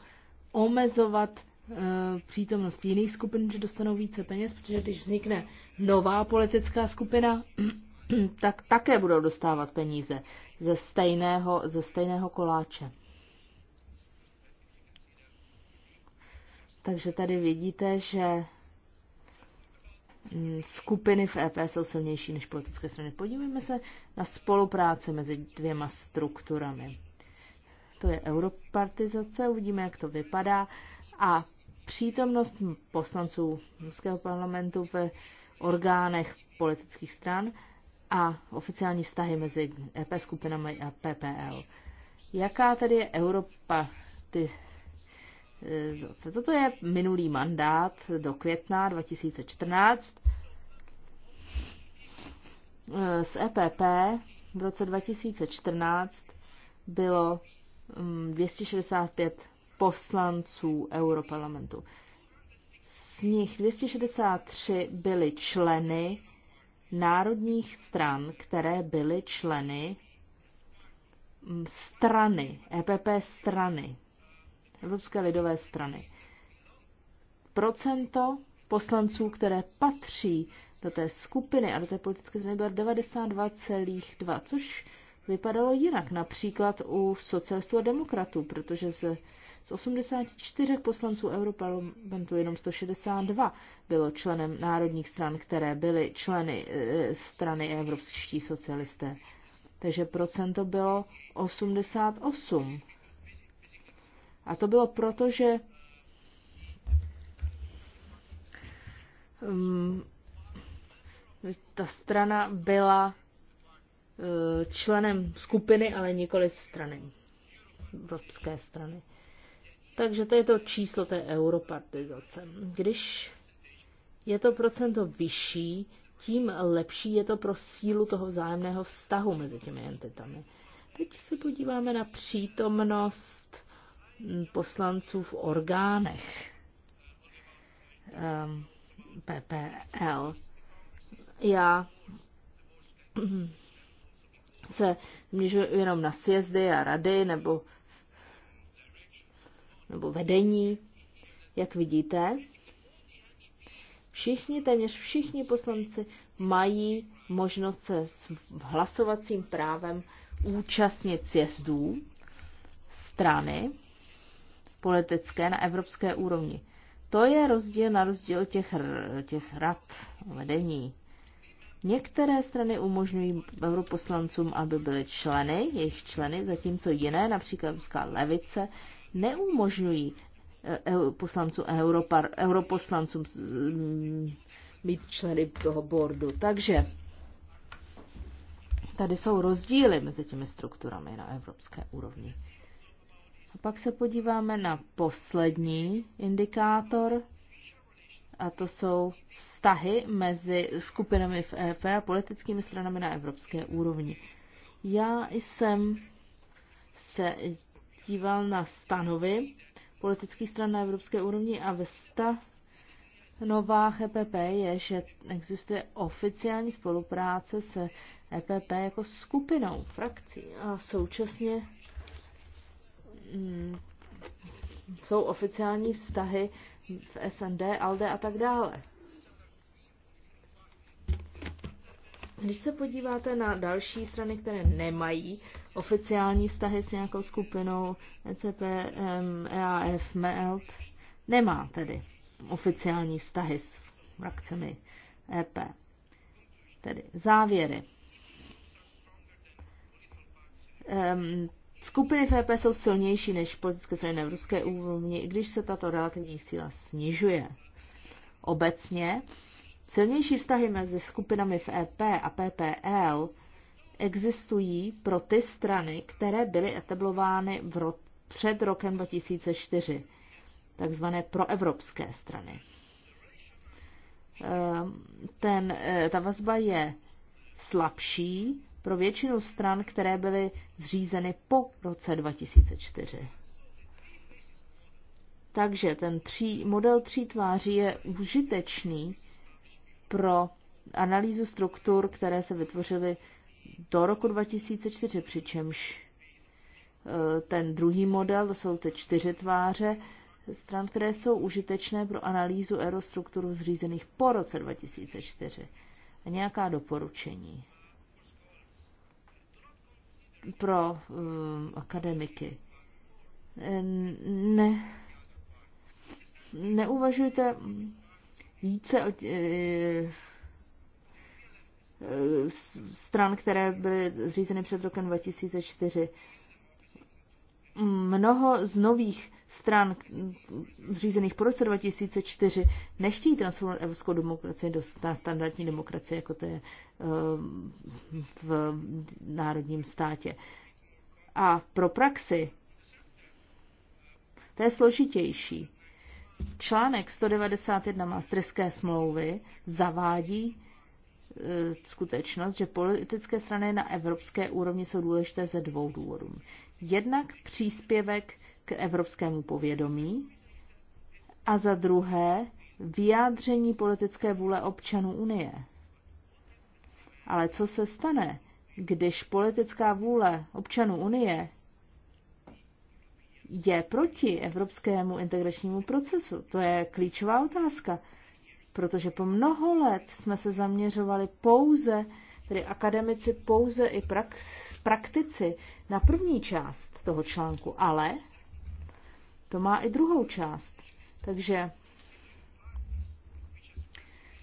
omezovat Eh, přítomnost jiných skupin, že dostanou více peněz, protože když vznikne nová politická skupina, <clears throat> tak také budou dostávat peníze ze stejného, ze stejného koláče. Takže tady vidíte, že mm, skupiny v EP jsou silnější než politické strany. Podívejme se na spolupráci mezi dvěma strukturami. To je europartizace, uvidíme, jak to vypadá. A Přítomnost poslanců Ruského parlamentu ve orgánech politických stran a oficiální vztahy mezi EP skupinami a PPL. Jaká tedy je Europa? Ty, e, toto je minulý mandát do května 2014 e, z EPP v roce 2014 bylo 265 mm, poslanců Europarlamentu. Z nich 263 byly členy národních stran, které byly členy mm, strany, EPP strany, Evropské lidové strany. Procento poslanců, které patří do té skupiny a do té politické strany, bylo 92,2, což vypadalo jinak, například u socialistů a demokratů, protože z z 84 poslanců Europarlamentu jenom 162 bylo členem národních stran, které byly členy e, strany Evropští socialisté. Takže procento bylo 88. A to bylo proto, že um, ta strana byla e, členem skupiny, ale nikoli strany, evropské strany. Takže to je to číslo té europartizace. Když je to procento vyšší, tím lepší je to pro sílu toho vzájemného vztahu mezi těmi entitami. Teď se podíváme na přítomnost poslanců v orgánech um, ehm, PPL. Já se měžu jenom na sjezdy a rady nebo nebo vedení. Jak vidíte, všichni, téměř všichni poslanci mají možnost se s hlasovacím právem účastnit sjezdů strany politické na evropské úrovni. To je rozdíl na rozdíl těch, těch rad vedení. Některé strany umožňují europoslancům, aby byly členy, jejich členy, zatímco jiné, například Evropská levice, neumožňují eh, eh, poslancům Europar, europoslancům mm, být členy toho boardu. Takže tady jsou rozdíly mezi těmi strukturami na evropské úrovni. A pak se podíváme na poslední indikátor, a to jsou vztahy mezi skupinami v EP a politickými stranami na evropské úrovni. Já jsem se díval na stanovy politických stran na evropské úrovni a ve stanovách EPP je, že existuje oficiální spolupráce se EPP jako skupinou, frakcí a současně mm, jsou oficiální vztahy v SND, ALDE a tak dále. Když se podíváte na další strany, které nemají oficiální vztahy s nějakou skupinou ECP, EAF, MELT. Nemá tedy oficiální vztahy s frakcemi EP. Tedy závěry. Um, skupiny v EP jsou silnější než politické strany na evropské úrovni, i když se tato relativní síla snižuje. Obecně silnější vztahy mezi skupinami v EP a PPL existují pro ty strany, které byly etablovány v ro- před rokem 2004, takzvané proevropské strany. Ehm, ten, eh, ta vazba je slabší pro většinu stran, které byly zřízeny po roce 2004. Takže ten tří, model tří tváří je užitečný pro analýzu struktur, které se vytvořily do roku 2004, přičemž eh, ten druhý model, to jsou ty čtyři tváře stran, které jsou užitečné pro analýzu aerostrukturu zřízených po roce 2004. A nějaká doporučení pro um, akademiky. Ne, neuvažujte více o, e, Eh, stran, které byly zřízeny před rokem 2004. Mnoho z nových stran zřízených po roce 2004 nechtějí transformovat evropskou demokracii do standardní demokracie, jako to je eh, v národním státě. A pro praxi to je složitější. Článek 191 Maastrichtské smlouvy zavádí Eh, skutečnost, že politické strany na evropské úrovni jsou důležité ze dvou důvodů. Jednak příspěvek k evropskému povědomí a za druhé vyjádření politické vůle občanů Unie. Ale co se stane, když politická vůle občanů Unie je proti evropskému integračnímu procesu? To je klíčová otázka protože po mnoho let jsme se zaměřovali pouze, tedy akademici pouze i prax, praktici na první část toho článku, ale to má i druhou část. Takže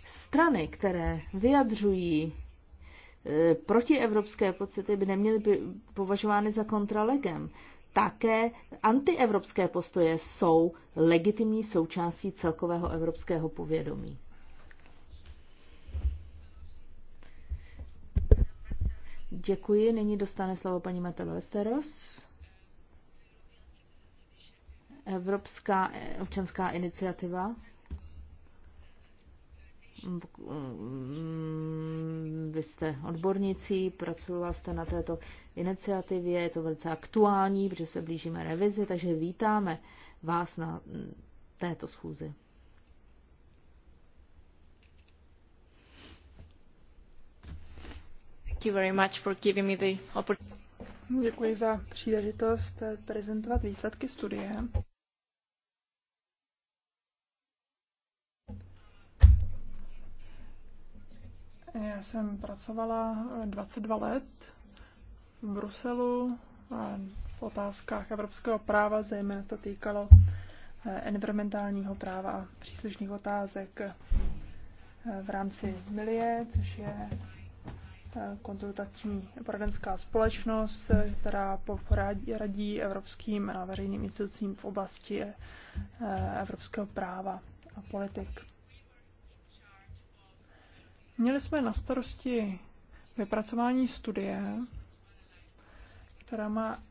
strany, které vyjadřují e, protievropské pocity, by neměly být považovány za kontralegem také antievropské postoje jsou legitimní součástí celkového evropského povědomí. Děkuji. Nyní dostane slovo paní Mata Westeros. Evropská občanská iniciativa. Mm, vy jste odbornicí, pracovala jste na této iniciativě, je to velice aktuální, protože se blížíme revizi, takže vítáme vás na mm, této schůzi. Děkuji za příležitost prezentovat výsledky studie. Já jsem pracovala 22 let v Bruselu a v otázkách evropského práva, zejména to týkalo eh, environmentálního práva a příslušných otázek eh, v rámci Milie, což je eh, konzultační poradenská společnost, která poradí evropským a veřejným institucím v oblasti evropského práva a politik. Měli jsme na starosti vypracování studie, která má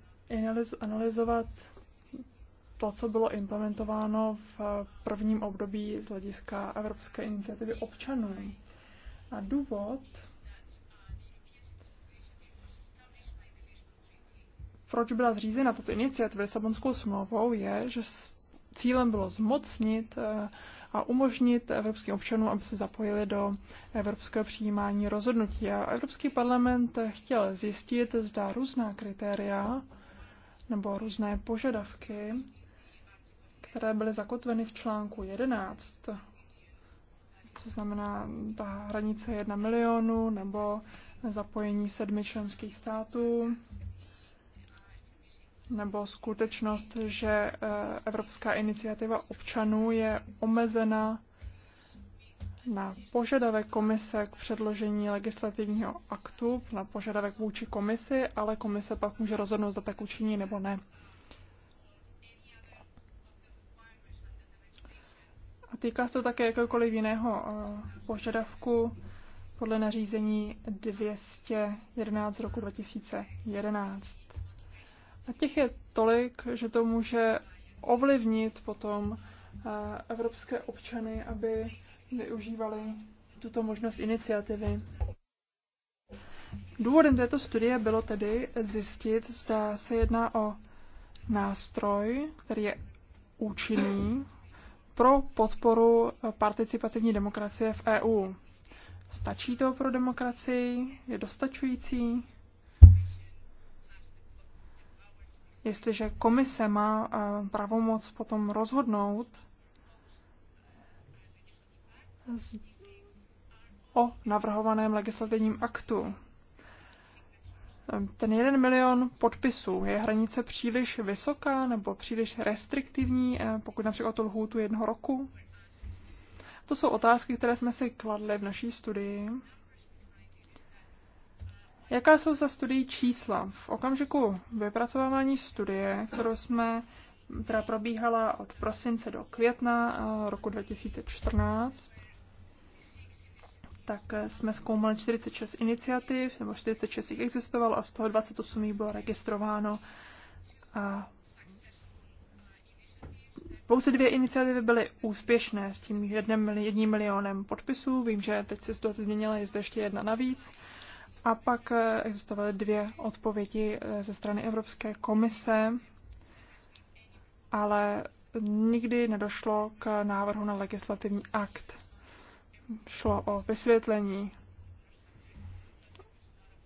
analyzovat to, co bylo implementováno v prvním období z hlediska Evropské iniciativy občanů. A důvod, proč byla zřízena tato iniciativa Lisabonskou smlouvou, je, že cílem bylo zmocnit eh, a umožnit evropským občanům, aby se zapojili do evropského přijímání rozhodnutí. A Evropský parlament chtěl zjistit, zda různá kritéria nebo různé požadavky, které byly zakotveny v článku 11, to znamená ta hranice 1 milionu nebo zapojení sedmi členských států, nebo skutečnost, že eh, Evropská iniciativa občanů je omezena na požadavek komise k předložení legislativního aktu, na požadavek vůči komisi, ale komise pak může rozhodnout, zda tak učiní nebo ne. A týká se to také jakéhokoliv jiného eh, požadavku podle nařízení 211 z roku 2011. A těch je tolik, že to může ovlivnit potom eh, evropské občany, aby využívali tuto možnost iniciativy. Důvodem této studie bylo tedy zjistit, zda se jedná o nástroj, který je účinný pro podporu participativní demokracie v EU. Stačí to pro demokracii? Je dostačující? Jestliže komise má eh, pravomoc potom rozhodnout o navrhovaném legislativním aktu. Ehm, ten jeden milion podpisů, je hranice příliš vysoká nebo příliš restriktivní, eh, pokud například to lhůtu jednoho roku? To jsou otázky, které jsme si kladli v naší studii Jaká jsou za studií čísla? V okamžiku vypracování studie, kterou jsme která probíhala od prosince do května eh, roku 2014, tak eh, jsme zkoumali 46 iniciativ, nebo 46 jich existovalo a z toho 28 jich bylo registrováno. A pouze dvě iniciativy byly úspěšné s tím jedním, milionem podpisů. Vím, že teď se situace změnila, je zde ještě jedna navíc. A pak eh, existovaly dvě odpovědi eh, ze strany Evropské komise, ale nikdy nedošlo k návrhu na legislativní akt. Šlo o vysvětlení.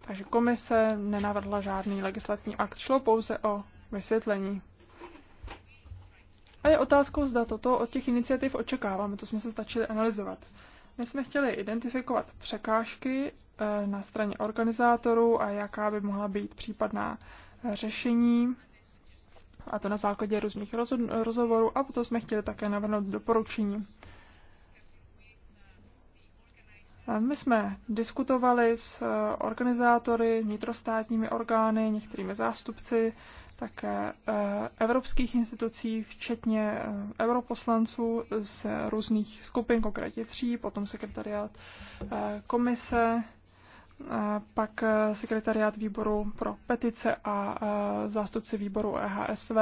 Takže komise nenavrhla žádný legislativní akt, šlo pouze o vysvětlení. A je otázkou, zda toto od těch iniciativ očekáváme, to jsme se stačili analyzovat. My jsme chtěli identifikovat překážky eh, na straně organizátorů a jaká by mohla být případná eh, řešení, a to na základě různých rozhovorů, a potom jsme chtěli také navrhnout doporučení. Eh, my jsme diskutovali s organizátory, vnitrostátními orgány, některými zástupci také eh, evropských institucí, včetně eh, europoslanců z různých skupin, konkrétně tří, potom sekretariát eh, komise, pak sekretariát výboru pro petice a zástupci výboru EHSV.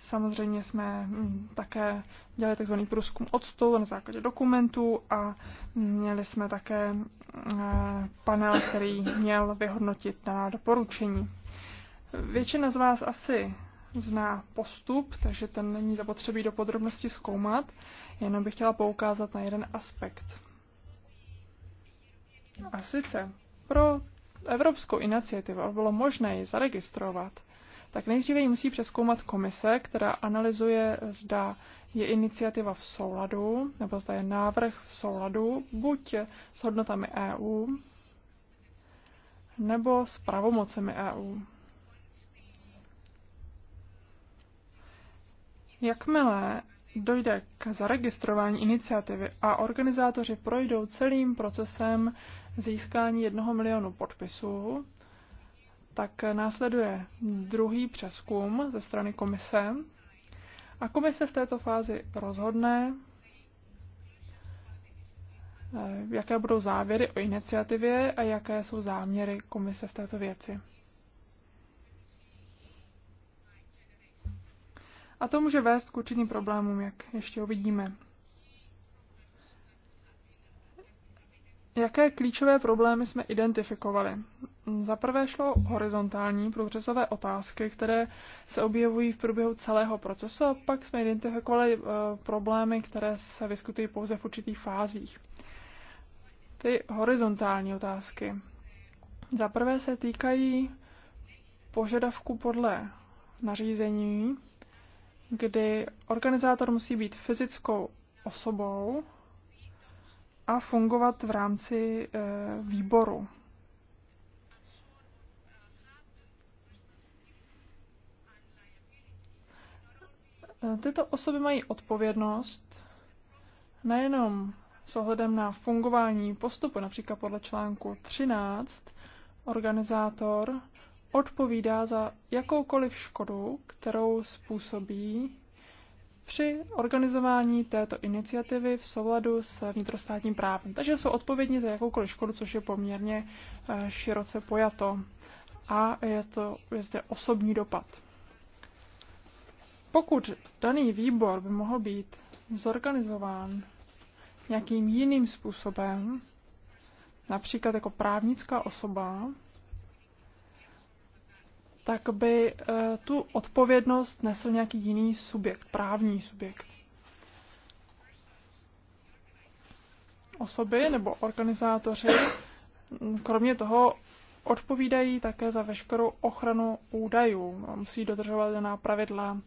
Samozřejmě jsme hm, také dělali tzv. průzkum od stolu na základě dokumentů a měli jsme také panel, který měl vyhodnotit na doporučení. Většina z vás asi zná postup, takže ten není zapotřebí do podrobnosti zkoumat, jenom bych chtěla poukázat na jeden aspekt. A sice pro evropskou iniciativu, aby bylo možné ji zaregistrovat, tak nejdříve ji musí přeskoumat komise, která analyzuje, zda je iniciativa v souladu, nebo zda je návrh v souladu, buď s hodnotami EU, nebo s pravomocemi EU. Jakmile dojde k zaregistrování iniciativy a organizátoři projdou celým procesem získání jednoho milionu podpisů, tak následuje druhý přeskum ze strany komise. A komise v této fázi rozhodne, eh, jaké budou závěry o iniciativě a jaké jsou záměry komise v této věci. A to může vést k určitým problémům, jak ještě uvidíme. Jaké klíčové problémy jsme identifikovali? Za prvé šlo horizontální průřezové otázky, které se objevují v průběhu celého procesu a pak jsme identifikovali eh, problémy, které se vyskutují pouze v určitých fázích. Ty horizontální otázky. Za prvé se týkají požadavku podle nařízení kdy organizátor musí být fyzickou osobou a fungovat v rámci e, výboru. E, tyto osoby mají odpovědnost nejenom s ohledem na fungování postupu, například podle článku 13, organizátor odpovídá za jakoukoliv škodu, kterou způsobí při organizování této iniciativy v souladu s vnitrostátním právem. Takže jsou odpovědní za jakoukoliv škodu, což je poměrně eh, široce pojato. A je, to, je zde osobní dopad. Pokud daný výbor by mohl být zorganizován nějakým jiným způsobem, například jako právnická osoba, tak by eh, tu odpovědnost nesl nějaký jiný subjekt, právní subjekt. Osoby nebo organizátoři mm, kromě toho odpovídají také za veškerou ochranu údajů. Musí dodržovat daná pravidla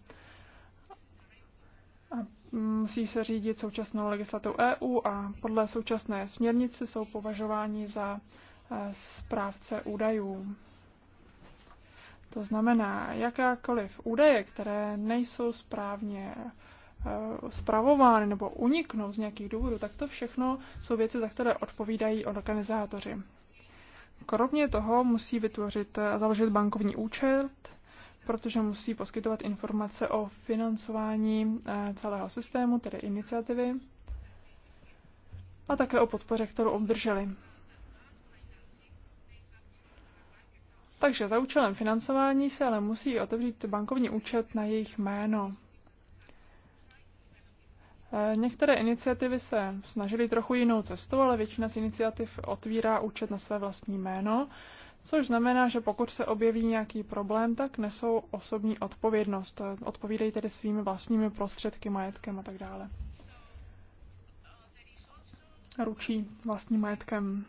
a musí se řídit současnou legislativou EU a podle současné směrnice jsou považováni za eh, správce údajů. To znamená, jakákoliv údaje, které nejsou správně zpravovány eh, nebo uniknou z nějakých důvodů, tak to všechno jsou věci, za které odpovídají organizátoři. Kromě toho musí vytvořit a eh, založit bankovní účet, protože musí poskytovat informace o financování eh, celého systému, tedy iniciativy, a také o podpoře, kterou obdrželi. Takže za účelem financování se ale musí otevřít bankovní účet na jejich jméno. E, některé iniciativy se snažily trochu jinou cestou, ale většina z iniciativ otvírá účet na své vlastní jméno, což znamená, že pokud se objeví nějaký problém, tak nesou osobní odpovědnost. E, odpovídají tedy svými vlastními prostředky, majetkem a tak dále. Ručí vlastním majetkem.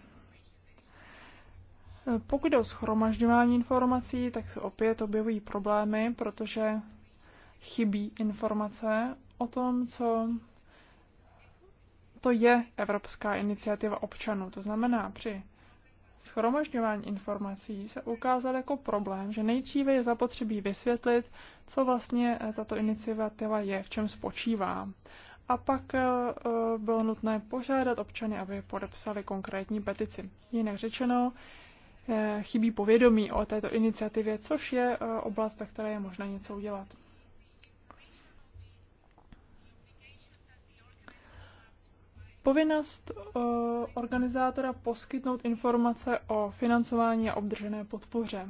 Pokud jde o schromažďování informací, tak se opět objevují problémy, protože chybí informace o tom, co to je Evropská iniciativa občanů. To znamená, při schromažďování informací se ukázal jako problém, že nejdříve je zapotřebí vysvětlit, co vlastně eh, tato iniciativa je, v čem spočívá. A pak eh, bylo nutné požádat občany, aby podepsali konkrétní petici. Jinak řečeno, Eh, chybí povědomí o této iniciativě, což je eh, oblast, ve které je možné něco udělat. Povinnost eh, organizátora poskytnout informace o financování a obdržené podpoře.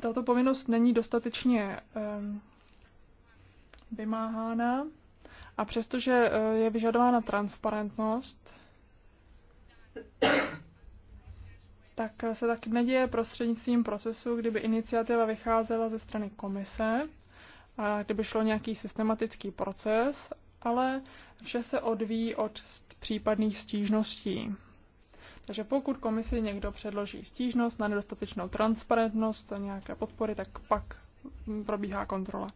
Tato povinnost není dostatečně ehm, vymáhána a přestože je vyžadována transparentnost, tak se tak neděje prostřednictvím procesu, kdyby iniciativa vycházela ze strany komise, a kdyby šlo nějaký systematický proces, ale vše se odvíjí od případných stížností. Takže pokud komisi někdo předloží stížnost na nedostatečnou transparentnost a nějaké podpory, tak pak probíhá kontrola.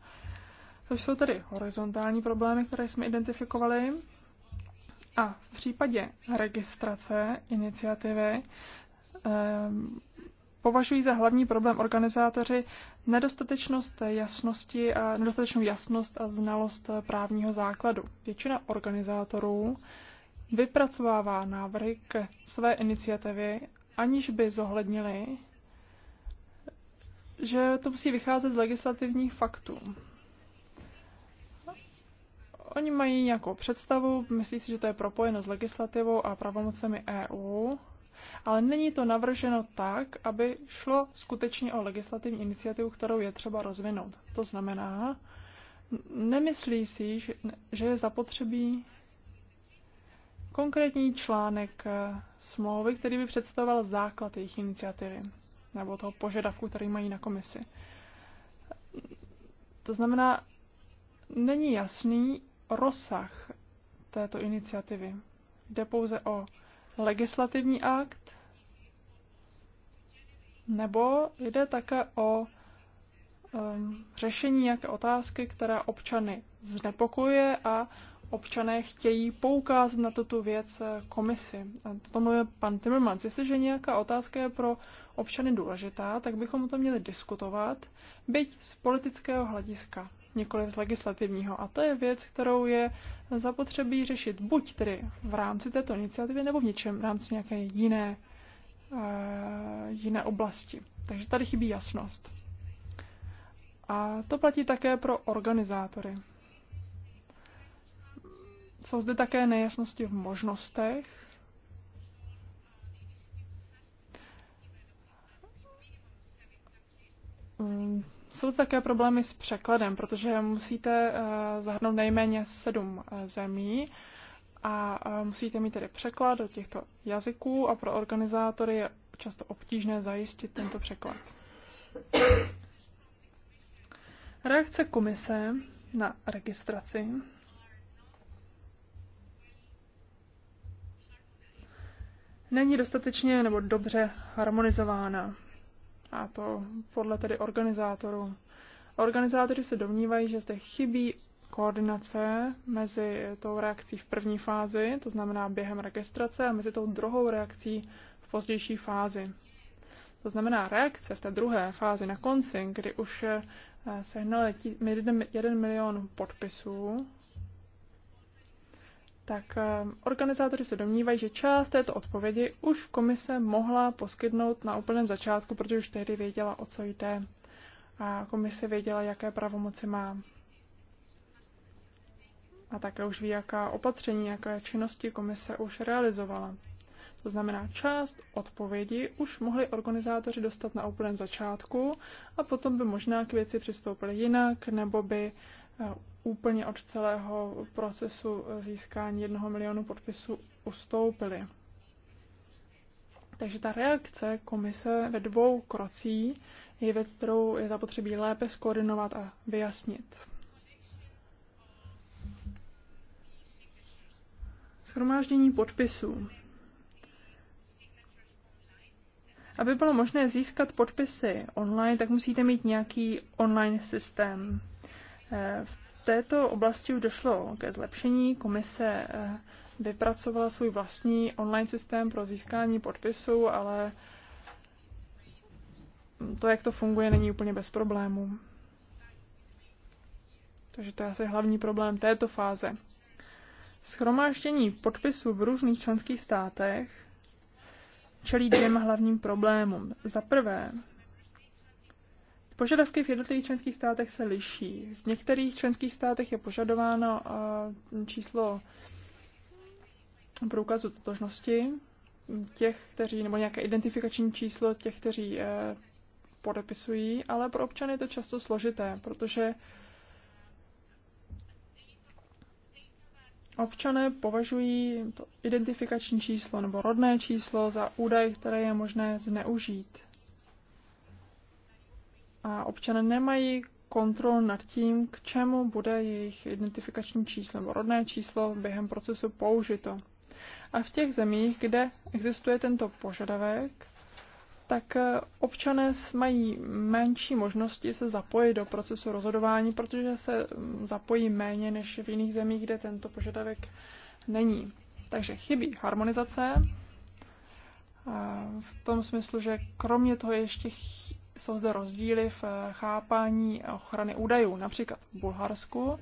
Což jsou tedy horizontální problémy, které jsme identifikovali. A v případě registrace iniciativy Ehm, považují za hlavní problém organizátoři nedostatečnost jasnosti a nedostatečnou jasnost a znalost právního základu. Většina organizátorů vypracovává návrhy k své iniciativě, aniž by zohlednili, že to musí vycházet z legislativních faktů. Oni mají nějakou představu, myslí si, že to je propojeno s legislativou a pravomocemi EU, ale není to navrženo tak, aby šlo skutečně o legislativní iniciativu, kterou je třeba rozvinout. To znamená, nemyslí si, že je zapotřebí konkrétní článek eh, smlouvy, který by představoval základ jejich iniciativy nebo toho požadavku, který mají na komisi. To znamená, není jasný rozsah této iniciativy. Jde pouze o legislativní akt, nebo jde také o um, řešení nějaké otázky, která občany znepokojuje a občané chtějí poukázat na tuto věc komisi. A to je pan Timmermans. Jestliže nějaká otázka je pro občany důležitá, tak bychom o tom měli diskutovat, byť z politického hlediska nikoli z legislativního. A to je věc, kterou je zapotřebí řešit buď tedy v rámci této iniciativy, nebo v něčem v rámci nějaké jiné, uh, jiné oblasti. Takže tady chybí jasnost. A to platí také pro organizátory. Jsou zde také nejasnosti v možnostech. Mm. Jsou také problémy s překladem, protože musíte eh, zahrnout nejméně sedm eh, zemí a eh, musíte mít tedy překlad do těchto jazyků a pro organizátory je často obtížné zajistit tento překlad. Reakce komise na registraci není dostatečně nebo dobře harmonizována. A to podle tedy organizátorů. Organizátoři se domnívají, že zde chybí koordinace mezi tou reakcí v první fázi, to znamená během registrace, a mezi tou druhou reakcí v pozdější fázi. To znamená reakce v té druhé fázi na konci, kdy už eh, sehnal jeden milion podpisů tak ehm, organizátoři se domnívají, že část této odpovědi už komise mohla poskytnout na úplném začátku, protože už tehdy věděla, o co jde. A komise věděla, jaké pravomoci má. A také už ví, jaká opatření, jaké činnosti komise už realizovala. To znamená, část odpovědi už mohli organizátoři dostat na úplném začátku a potom by možná k věci přistoupili jinak, nebo by eh, úplně od celého procesu získání jednoho milionu podpisů ustoupili. Takže ta reakce komise ve dvou krocí je věc, kterou je zapotřebí lépe skoordinovat a vyjasnit. Shromáždění podpisů. Aby bylo možné získat podpisy online, tak musíte mít nějaký online systém. Eh, v této oblasti už došlo ke zlepšení. Komise eh, vypracovala svůj vlastní online systém pro získání podpisů, ale to, jak to funguje, není úplně bez problémů. Takže to je asi hlavní problém této fáze. Schromáždění podpisů v různých členských státech čelí dvěma hlavním problémům. Za prvé, Požadavky v jednotlivých členských státech se liší. V některých členských státech je požadováno eh, číslo průkazu totožnosti těch, kteří, nebo nějaké identifikační číslo těch, kteří eh, podepisují, ale pro občany je to často složité, protože Občané považují to identifikační číslo nebo rodné číslo za údaj, které je možné zneužít a občané nemají kontrol nad tím, k čemu bude jejich identifikační číslo nebo rodné číslo během procesu použito. A v těch zemích, kde existuje tento požadavek, tak eh, občané mají menší možnosti se zapojit do procesu rozhodování, protože se mm, zapojí méně než v jiných zemích, kde tento požadavek není. Takže chybí harmonizace v tom smyslu, že kromě toho ještě jsou zde rozdíly v eh, chápání ochrany údajů. Například v Bulharsku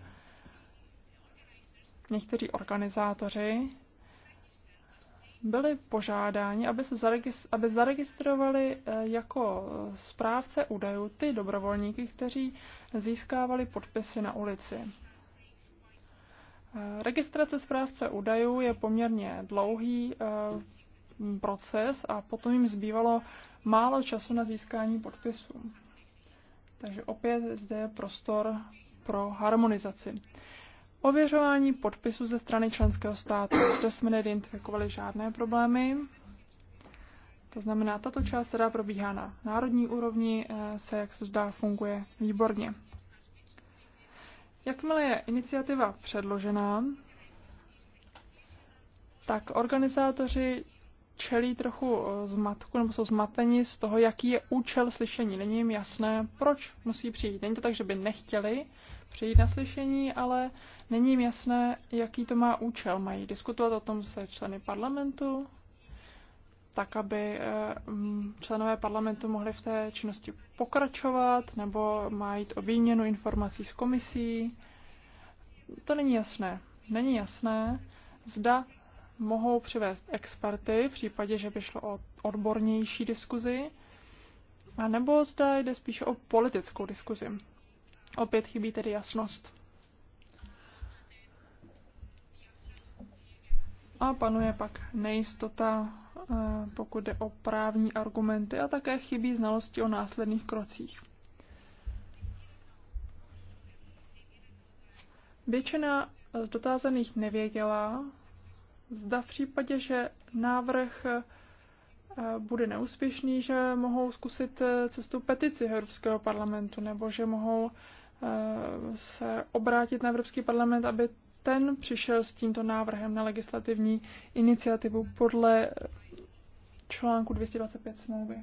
někteří organizátoři byli požádáni, aby, se zaregistr- aby zaregistrovali eh, jako správce údajů ty dobrovolníky, kteří získávali podpisy na ulici. Eh, registrace správce údajů je poměrně dlouhý proces a potom jim zbývalo málo času na získání podpisů. Takže opět zde je prostor pro harmonizaci. Ověřování podpisu ze strany členského státu. Zde jsme neidentifikovali žádné problémy. To znamená, tato část, která probíhá na národní úrovni, eh, se, jak se zdá, funguje výborně. Jakmile je iniciativa předložená, tak organizátoři čelí trochu eh, zmatku nebo jsou zmateni z toho, jaký je účel slyšení. Není jim jasné, proč musí přijít. Není to tak, že by nechtěli přijít na slyšení, ale není jim jasné, jaký to má účel. Mají diskutovat o tom se členy parlamentu, tak aby eh, členové parlamentu mohli v té činnosti pokračovat, nebo má jít o výměnu informací s komisí. To není jasné. Není jasné, zda mohou přivést experty v případě, že by šlo o odbornější diskuzi, a nebo zda jde spíše o politickou diskuzi. Opět chybí tedy jasnost. A panuje pak nejistota, eh, pokud jde o právní argumenty a také chybí znalosti o následných krocích. Většina z dotázaných nevěděla, zda v případě, že návrh eh, bude neúspěšný, že mohou zkusit eh, cestu petici Evropského parlamentu, nebo že mohou eh, se obrátit na Evropský parlament, aby ten přišel s tímto návrhem na legislativní iniciativu podle článku 225 smlouvy.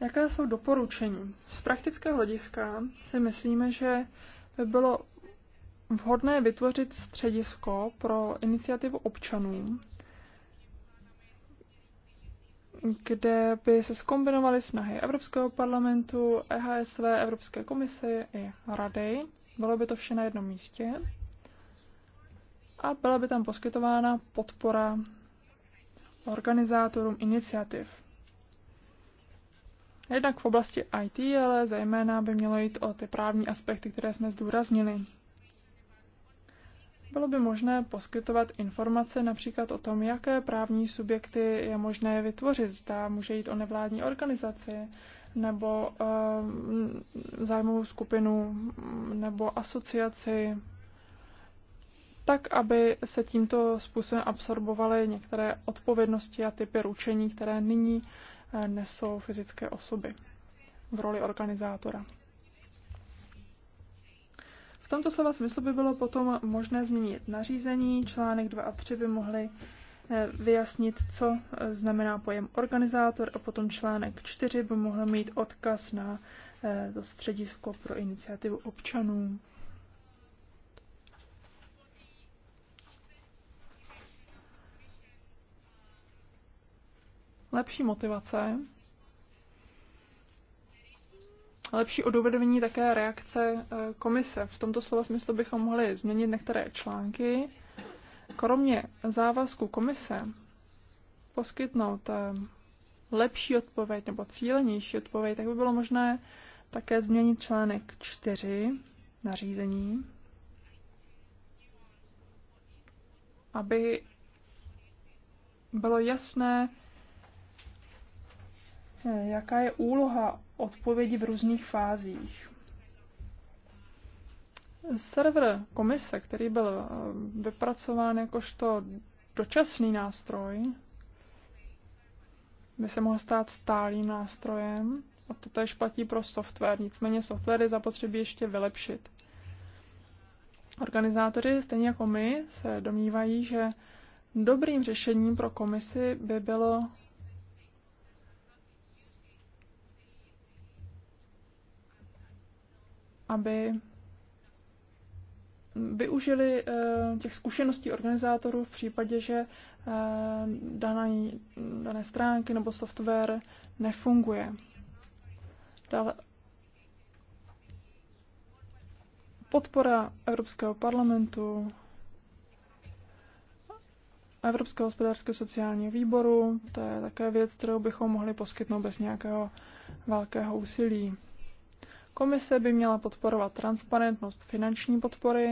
Jaká jsou doporučení? Z praktického hlediska si myslíme, že by bylo vhodné vytvořit středisko pro iniciativu občanů, kde by se skombinovaly snahy Evropského parlamentu, EHSV, Evropské komise i Rady. Bylo by to vše na jednom místě a byla by tam poskytována podpora organizátorům iniciativ. Jednak v oblasti IT, ale zejména by mělo jít o ty právní aspekty, které jsme zdůraznili. Bylo by možné poskytovat informace například o tom, jaké právní subjekty je možné vytvořit. Zda může jít o nevládní organizaci, nebo um, zájmovou skupinu, nebo asociaci, tak, aby se tímto způsobem absorbovaly některé odpovědnosti a typy ručení, které nyní nesou fyzické osoby v roli organizátora. V tomto slova smyslu by bylo potom možné změnit nařízení. Článek 2 a 3 by mohly eh, vyjasnit, co eh, znamená pojem organizátor a potom článek 4 by mohl mít odkaz na eh, to středisko pro iniciativu občanů. lepší motivace, lepší odovedení také reakce eh, komise. V tomto slova smyslu bychom mohli změnit některé články. Kromě závazku komise poskytnout eh, lepší odpověď nebo cílenější odpověď, tak by bylo možné také změnit článek 4 nařízení, aby bylo jasné, Eh, jaká je úloha odpovědi v různých fázích. Server komise, který byl eh, vypracován jakožto dočasný nástroj, by se mohl stát stálým nástrojem a to tež platí pro software. Nicméně software je zapotřebí ještě vylepšit. Organizátoři, stejně jako my, se domnívají, že dobrým řešením pro komisi by bylo aby využili eh, těch zkušeností organizátorů v případě, že eh, dané, dané stránky nebo software nefunguje. Dále podpora Evropského parlamentu, Evropského hospodářského sociálního výboru, to je také věc, kterou bychom mohli poskytnout bez nějakého velkého úsilí. Komise by měla podporovat transparentnost finanční podpory,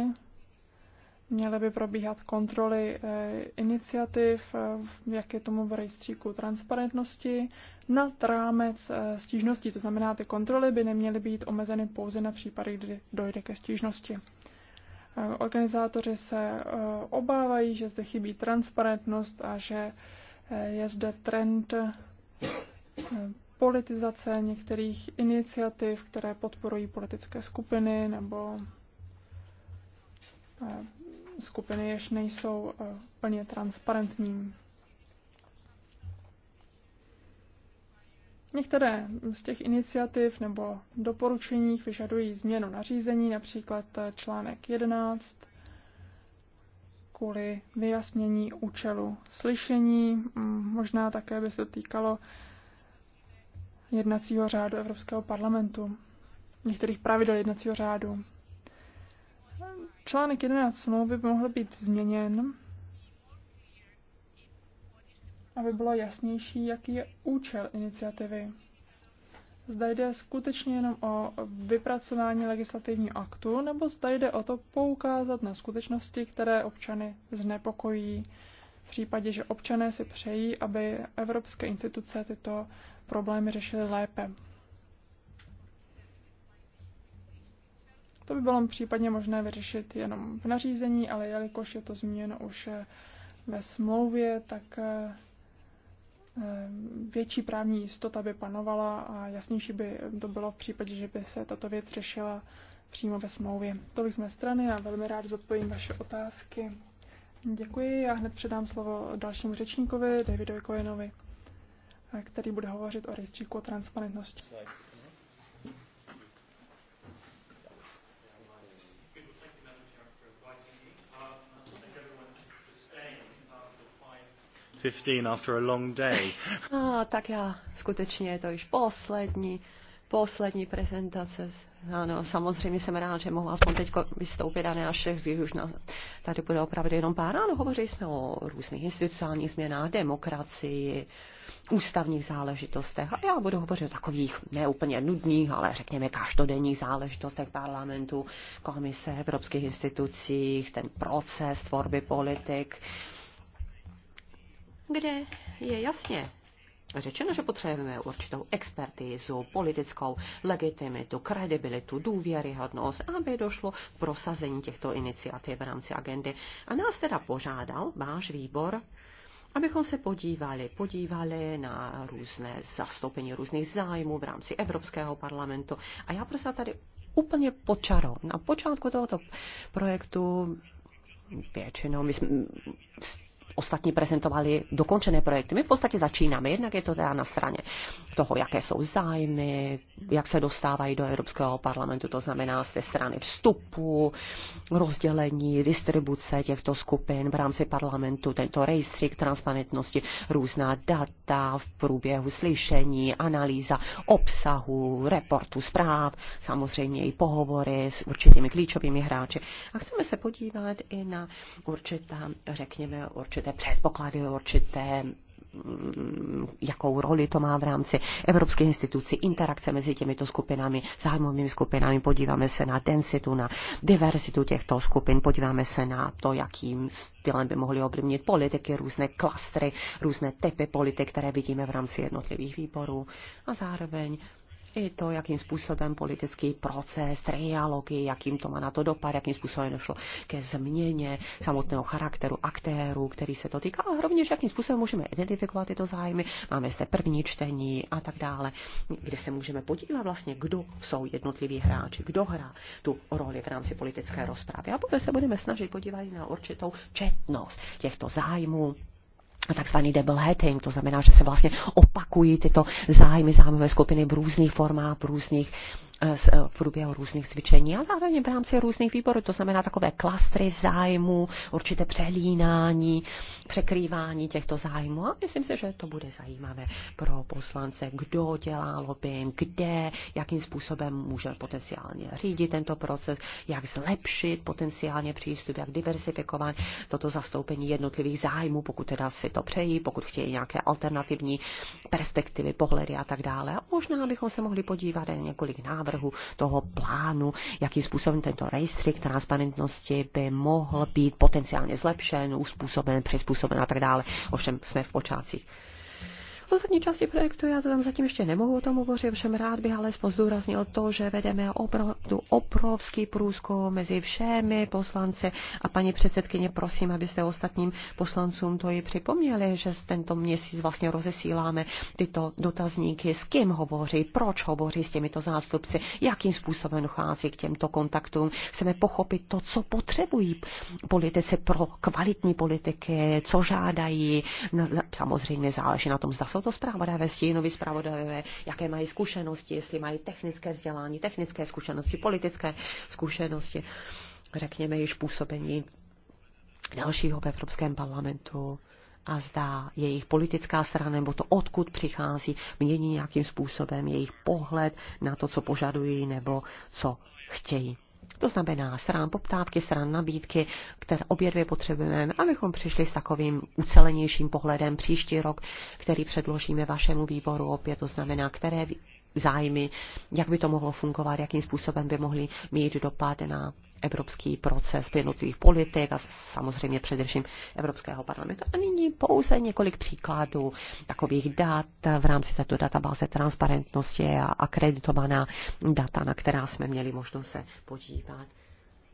měly by probíhat kontroly eh, iniciativ, eh, jak je tomu v rejstříku transparentnosti, na rámec eh, stížností. To znamená, ty kontroly by neměly být omezeny pouze na případy, kdy dojde ke stížnosti. Organizátoři se obávají, že zde chybí transparentnost a že je zde trend politizace některých iniciativ, které podporují politické skupiny nebo eh, skupiny, jež nejsou eh, plně transparentní. Některé z těch iniciativ nebo doporučení vyžadují změnu nařízení, například eh, článek 11, kvůli vyjasnění účelu slyšení. Možná také by se to týkalo jednacího řádu Evropského parlamentu, některých pravidel jednacího řádu. Článek 11 smlouvy by mohl být změněn, aby bylo jasnější, jaký je účel iniciativy. Zda jde skutečně jenom o vypracování legislativního aktu, nebo zda jde o to poukázat na skutečnosti, které občany znepokojí v případě, že občané si přejí, aby evropské instituce tyto problémy řešily lépe. To by bylo případně možné vyřešit jenom v nařízení, ale jelikož je to zmíněno už eh, ve smlouvě, tak eh, eh, větší právní jistota by panovala a jasnější by to bylo v případě, že by se tato věc řešila přímo ve smlouvě. Tolik jsme strany a velmi rád zodpovím vaše otázky. Děkuji. Já hned předám slovo dalšímu řečníkovi, Davidovi Kojenovi, který bude hovořit o rejstříku o transparentnosti. After a long day. <laughs> ah, tak já skutečně je to již poslední Poslední prezentace. Ano, samozřejmě jsem rád, že mohu aspoň teď vystoupit a ne až když už na, tady bude opravdu jenom pár. Ano, hovořili jsme o různých institucionálních změnách, demokracii, ústavních záležitostech. A já budu hovořit o takových neúplně nudných, ale řekněme každodenních záležitostech parlamentu, komise, evropských institucích, ten proces tvorby politik, kde je jasně řečeno, že potřebujeme určitou expertizu, politickou legitimitu, kredibilitu, důvěryhodnost, aby došlo k prosazení těchto iniciativ v rámci agendy. A nás teda požádal váš výbor, abychom se podívali, podívali na různé zastoupení různých zájmů v rámci Evropského parlamentu. A já prostě tady úplně počaro. Na počátku tohoto projektu většinou my jsme, ostatní prezentovali dokončené projekty. My v podstatě začínáme. Jednak je to teda na straně toho, jaké jsou zájmy, jak se dostávají do Evropského parlamentu, to znamená z té strany vstupu, rozdělení, distribuce těchto skupin v rámci parlamentu, tento rejstřík transparentnosti, různá data v průběhu slyšení, analýza obsahu, reportu zpráv, samozřejmě i pohovory s určitými klíčovými hráči. A chceme se podívat i na určitá, řekněme, určitá určité předpoklady, určité mm, jakou roli to má v rámci evropských institucí, interakce mezi těmito skupinami, zájmovými skupinami, podíváme se na densitu, na diverzitu těchto skupin, podíváme se na to, jakým stylem by mohly ovlivnit politiky, různé klastry, různé typy politik, které vidíme v rámci jednotlivých výborů a zároveň i to, jakým způsobem politický proces, trialogy, jakým to má na to dopad, jakým způsobem došlo ke změně samotného charakteru aktérů, který se to týká, a rovněž jakým způsobem můžeme identifikovat tyto zájmy. Máme zde první čtení a tak dále, kde se můžeme podívat vlastně, kdo jsou jednotliví hráči, kdo hrá tu roli v rámci politické rozpravy. A poté se budeme snažit podívat i na určitou četnost těchto zájmů takzvaný double heading, to znamená, že se vlastně opakují tyto zájmy, zájmové skupiny v různých formách, v různých Eh, v průběhu různých cvičení a zároveň v rámci různých výborů, to znamená takové klastry zájmů, určité přehlínání, překrývání těchto zájmů a myslím si, že to bude zajímavé pro poslance, kdo dělá lobbying, kde, jakým způsobem může potenciálně řídit tento proces, jak zlepšit potenciálně přístup, jak diversifikovat toto zastoupení jednotlivých zájmů, pokud teda si to přejí, pokud chtějí nějaké alternativní perspektivy, pohledy a tak dále. A Možná bychom se mohli podívat na několik návrhů návrhu toho plánu, jakým způsobem tento rejstřík transparentnosti by mohl být potenciálně zlepšen, uspůsoben, přizpůsoben a tak dále. Ovšem jsme v počátcích. V ostatní části projektu já to tam zatím ještě nemohu o tom hovořit, všem rád bych ale zdůraznil to, že vedeme opravdu obrovský průzkum mezi všemi poslanci a paní předsedkyně, prosím, abyste ostatním poslancům to i připomněli, že z tento měsíc vlastně rozesíláme tyto dotazníky, s kým hovoří, proč hovoří s těmito zástupci, jakým způsobem dochází k těmto kontaktům. Chceme pochopit to, co potřebují politici pro kvalitní politiky, co žádají. Samozřejmě záleží na tom, zda jsou to zpravodajové, stínoví zpravodajové, jaké mají zkušenosti, jestli mají technické vzdělání, technické zkušenosti, politické zkušenosti, řekněme již působení dalšího v Evropském parlamentu a zda jejich politická strana nebo to, odkud přichází, mění nějakým způsobem jejich pohled na to, co požadují nebo co chtějí. To znamená srán poptávky, srán nabídky, které obě dvě potřebujeme, abychom přišli s takovým ucelenějším pohledem příští rok, který předložíme vašemu výboru opět. To znamená, které zájmy, jak by to mohlo fungovat, jakým způsobem by mohly mít dopad na evropský proces jednotlivých politik a samozřejmě především Evropského parlamentu. A nyní pouze několik příkladů takových dat v rámci této databáze transparentnosti a akreditovaná data, na která jsme měli možnost se podívat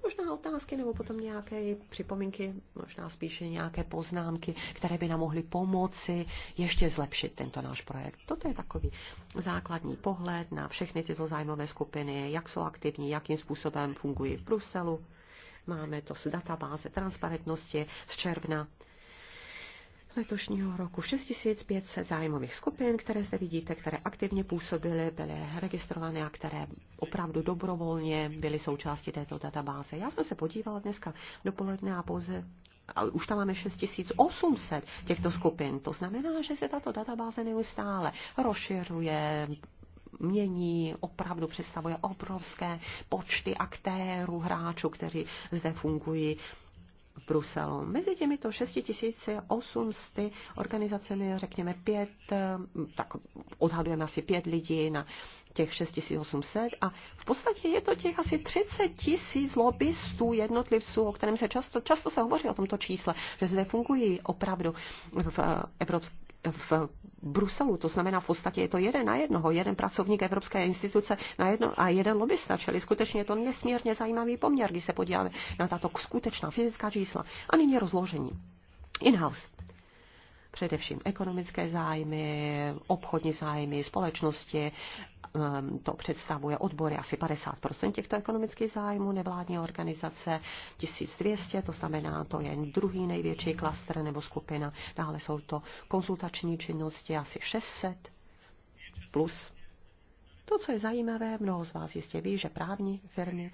možná otázky nebo potom nějaké připomínky, možná spíše nějaké poznámky, které by nám mohly pomoci ještě zlepšit tento náš projekt. Toto je takový základní pohled na všechny tyto zájmové skupiny, jak jsou aktivní, jakým způsobem fungují v Bruselu. Máme to z databáze transparentnosti z června letošního roku 6500 zájmových skupin, které zde vidíte, které aktivně působily, byly registrované a které opravdu dobrovolně byly součástí této databáze. Já jsem se podívala dneska dopoledne a pouze a už tam máme 6800 těchto skupin. To znamená, že se tato databáze neustále rozšiřuje, mění, opravdu představuje obrovské počty aktérů, hráčů, kteří zde fungují v Bruselu. Mezi těmito 6800 organizacemi, řekněme pět, eh, tak odhadujeme asi pět lidí na těch 6800 a v podstatě je to těch asi 30 tisíc lobbystů, jednotlivců, o kterém se často, často se hovoří o tomto čísle, že zde fungují opravdu v eh, Evropské v Bruselu. To znamená, v podstatě je to jeden na jednoho, jeden pracovník Evropské instituce na jedno, a jeden lobbysta, čili skutečně je to nesmírně zajímavý poměr, když se podíváme na tato skutečná fyzická čísla. A nyní rozložení. In-house především ekonomické zájmy, obchodní zájmy, společnosti. Um, to představuje odbory asi 50 těchto ekonomických zájmů, nevládní organizace 1200, to znamená, to je druhý největší klaster nebo skupina. Dále jsou to konzultační činnosti asi 600 plus. To, co je zajímavé, mnoho z vás jistě ví, že právní firmy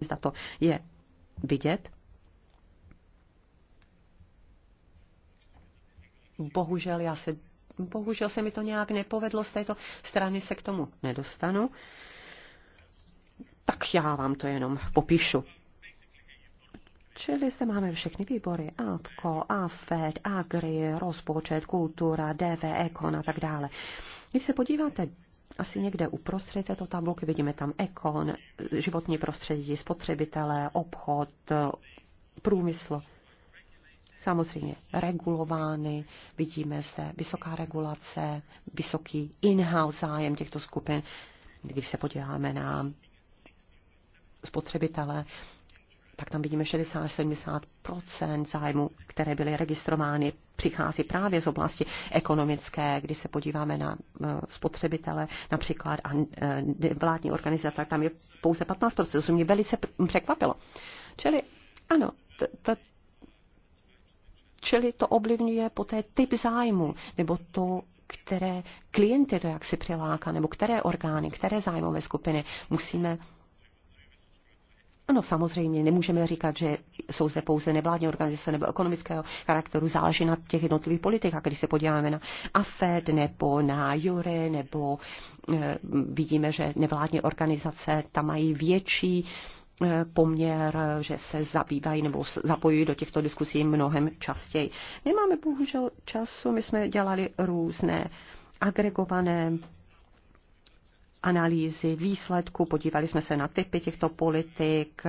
zda to je vidět. Bohužel já se, bohužel se mi to nějak nepovedlo, z této strany se k tomu nedostanu. Tak já vám to jenom popíšu. Čili zde máme všechny výbory, APKO, AFED, AGRI, rozpočet, kultura, DV, EKON a tak dále. Když se podíváte asi někde uprostřed této tabulky vidíme tam ekon, životní prostředí, spotřebitelé, obchod, průmysl. Samozřejmě regulovány, vidíme zde vysoká regulace, vysoký in-house zájem těchto skupin. Když se podíváme na spotřebitele, tak tam vidíme 60 až 70 zájmu, které byly registrovány, přichází právě z oblasti ekonomické, když se podíváme na eh, spotřebitele například a eh, vládní organizace, tak tam je pouze 15 což mě velice překvapilo. Čili ano, čili to ovlivňuje poté typ zájmu, nebo to, které klienty do jak si přiláká, nebo které orgány, které zájmové skupiny musíme ano, samozřejmě, nemůžeme říkat, že jsou zde pouze nevládní organizace nebo ekonomického charakteru, záleží na těch jednotlivých politikách. Když se podíváme na AFED nebo na Jure, nebo e, vidíme, že nevládní organizace tam mají větší eh, poměr, že se zabývají nebo zapojují do těchto diskusí mnohem častěji. Nemáme bohužel času, my jsme dělali různé agregované analýzy výsledku, podívali jsme se na typy těchto politik,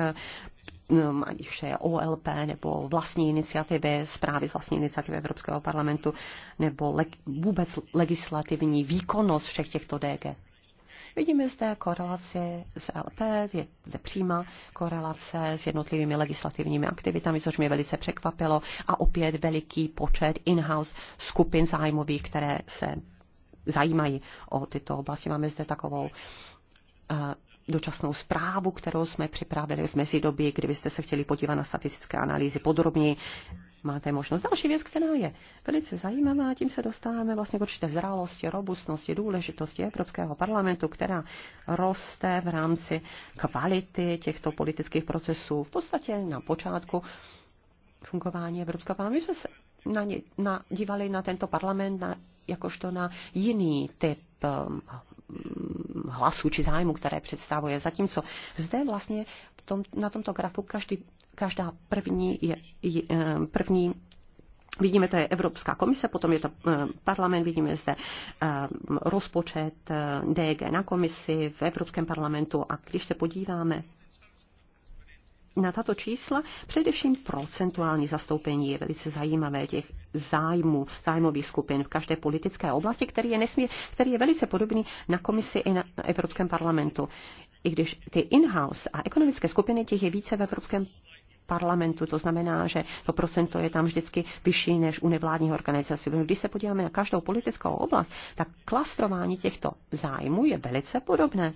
no, ať už je OLP nebo vlastní iniciativy, zprávy z vlastní iniciativy Evropského parlamentu nebo le- vůbec legislativní výkonnost všech těchto DG. Vidíme zde korelaci s LP, je zde přímá korelace s jednotlivými legislativními aktivitami, což mě velice překvapilo, a opět veliký počet in-house skupin zájmových, které se zajímají o tyto oblasti. Máme zde takovou eh, dočasnou zprávu, kterou jsme připravili v mezidobí, kdybyste se chtěli podívat na statistické analýzy podrobněji, máte možnost. Další věc, která je velice zajímavá, tím se dostáváme vlastně k určité zralosti, robustnosti, důležitosti Evropského parlamentu, která roste v rámci kvality těchto politických procesů. V podstatě na počátku fungování Evropského parlamentu. My jsme se na ně, na, dívali na tento parlament na, jakožto na jiný typ um, um, hlasů či zájmu, které představuje. Zatímco zde vlastně tom, na tomto grafu každý, každá první, je, je, um, první Vidíme, to je Evropská komise, potom je to parlament, vidíme zde rozpočet DG na komisi v Evropském parlamentu a když se podíváme na tato čísla. Především procentuální zastoupení je velice zajímavé těch zájmů, zájmových skupin v každé politické oblasti, který je, nesmír, který je velice podobný na komisi i na Evropském parlamentu. I když ty in-house a ekonomické skupiny těch je více v Evropském parlamentu, to znamená, že to procento je tam vždycky vyšší než u nevládních organizací. Když se podíváme na každou politickou oblast, tak klastrování těchto zájmů je velice podobné.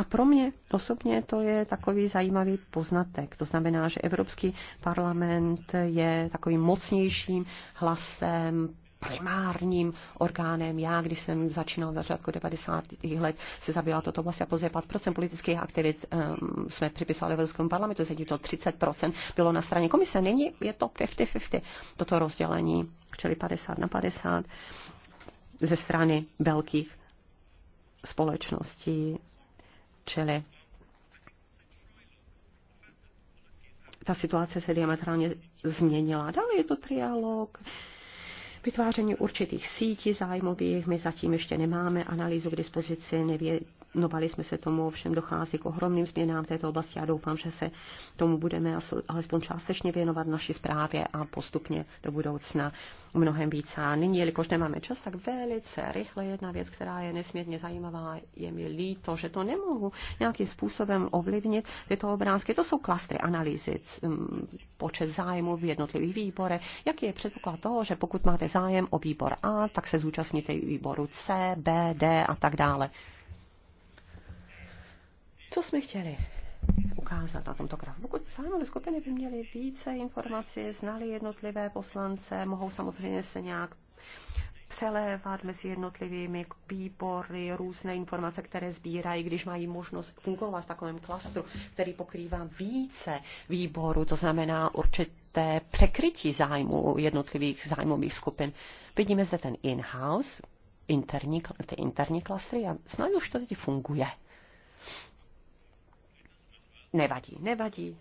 A pro mě osobně to je takový zajímavý poznatek. To znamená, že Evropský parlament je takovým mocnějším hlasem primárním orgánem. Já, když jsem začínal v začátku 90. let, se zabývala toto vlastně a později 5% politických aktivit um, jsme připisovali Evropskému parlamentu, zatím to 30% bylo na straně komise. Nyní je to 50-50, toto rozdělení, čili 50 na 50 ze strany velkých společností čili ta situace se diametrálně změnila. Dále je to trialog, vytváření určitých sítí zájmových. My zatím ještě nemáme analýzu k dispozici, nevědí, věnovali jsme se tomu, ovšem dochází k ohromným změnám v této oblasti a doufám, že se tomu budeme alespoň částečně věnovat v naší zprávě a postupně do budoucna mnohem více. A nyní, jelikož nemáme čas, tak velice rychle jedna věc, která je nesmírně zajímavá, je mi líto, že to nemohu nějakým způsobem ovlivnit tyto obrázky. To jsou klastry analýzy, počet zájmů v jednotlivých výborech, jaký je předpoklad toho, že pokud máte zájem o výbor A, tak se zúčastníte výboru C, B, D a tak dále. Co jsme chtěli ukázat na tomto grafu? Pokud zájmové skupiny by měly více informací, znali jednotlivé poslance, mohou samozřejmě se nějak přelévat mezi jednotlivými výbory, různé informace, které sbírají, když mají možnost fungovat v takovém klastru, který pokrývá více výborů, to znamená určité překrytí zájmu jednotlivých zájmových skupin. Vidíme zde ten in-house, interní, ty interní klastry a snad už to teď funguje. Nevadí, nevadí.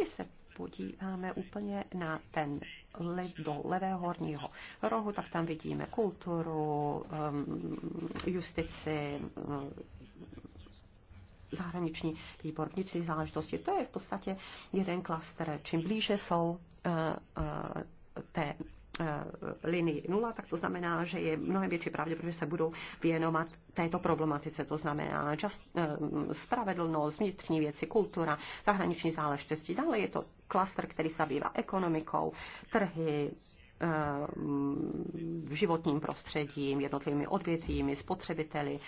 My se podíváme úplně na ten lev, do levého horního rohu, tak tam vidíme kulturu, um, justici, um, zahraniční výbor vnitřní záležitosti. To je v podstatě jeden klaster. Čím blíže jsou uh, uh, té Eh, linii nula, tak to znamená, že je mnohem větší pravděpodobnost, že se budou věnovat této problematice. To znamená čas, eh, spravedlnost, vnitřní věci, kultura, zahraniční záležitosti. Dále je to klaster, který se zabývá ekonomikou, trhy, eh, v životním prostředím, jednotlivými odvětvími, spotřebiteli.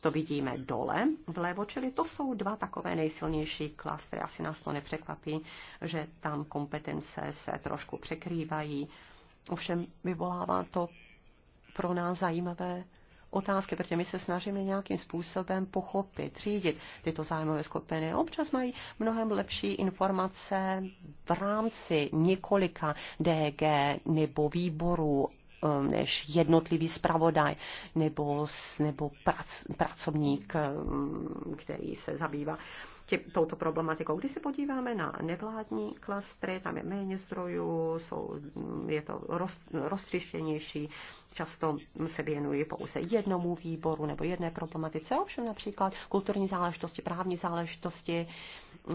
To vidíme dole vlevo, čili to jsou dva takové nejsilnější klastry. Asi nás to nepřekvapí, že tam kompetence se trošku překrývají. Ovšem vyvolává to pro nás zajímavé otázky, protože my se snažíme nějakým způsobem pochopit, řídit tyto zájmové skupiny. Občas mají mnohem lepší informace v rámci několika DG nebo výborů um, než jednotlivý zpravodaj nebo, nebo prac, pracovník, um, který se zabývá tě, touto problematikou. Když se podíváme na nevládní klastry, tam je méně zdrojů, jsou, je to roz, roztřištěnější, často se věnují pouze jednomu výboru nebo jedné problematice, ovšem například kulturní záležitosti, právní záležitosti,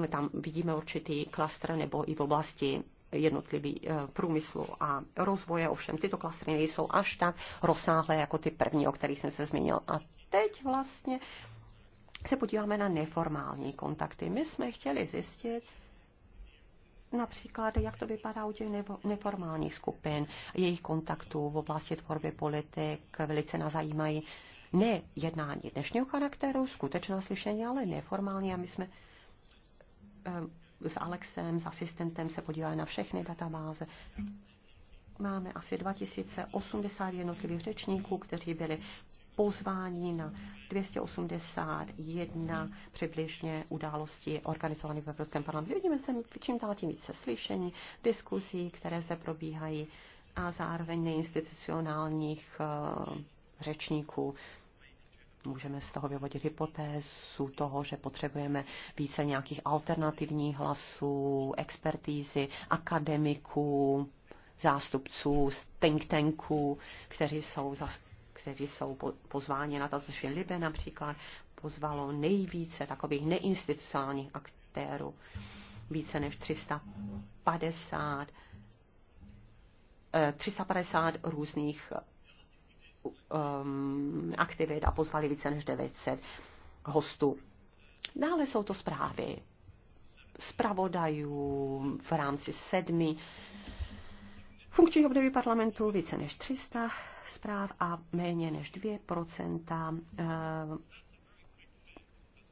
tam vidíme určitý klastr nebo i v oblasti jednotlivý eh, průmyslu a rozvoje. Ovšem tyto klastry nejsou až tak rozsáhlé jako ty první, o kterých jsem se zmínil. A teď vlastně se podíváme na neformální kontakty. My jsme chtěli zjistit, například, jak to vypadá u těch neformálních skupin, jejich kontaktů v oblasti tvorby politik, velice nás zajímají ne jednání dnešního charakteru, skutečná slyšení, ale neformální. A my jsme ehm, s Alexem, s asistentem se podívali na všechny databáze. Máme asi 2080 jednotlivých řečníků, kteří byli pozvání na 281 přibližně událostí organizovaných v Evropském parlamentu. Vidíme zde čím dál tím více slyšení, diskuzí, které zde probíhají a zároveň neinstitucionálních uh, řečníků. Můžeme z toho vyvodit hypotézu toho, že potřebujeme více nějakých alternativních hlasů, expertízy, akademiků, zástupců think tanků, kteří jsou kteří jsou pozváni na to, což je Libe například, pozvalo nejvíce takových neinstitucionálních aktérů, více než 350, 350 eh, různých um, aktivit a pozvali více než 900 hostů. Dále jsou to zprávy zpravodajů v rámci sedmi funkčních období parlamentu více než 300 zpráv a méně než 2% eh,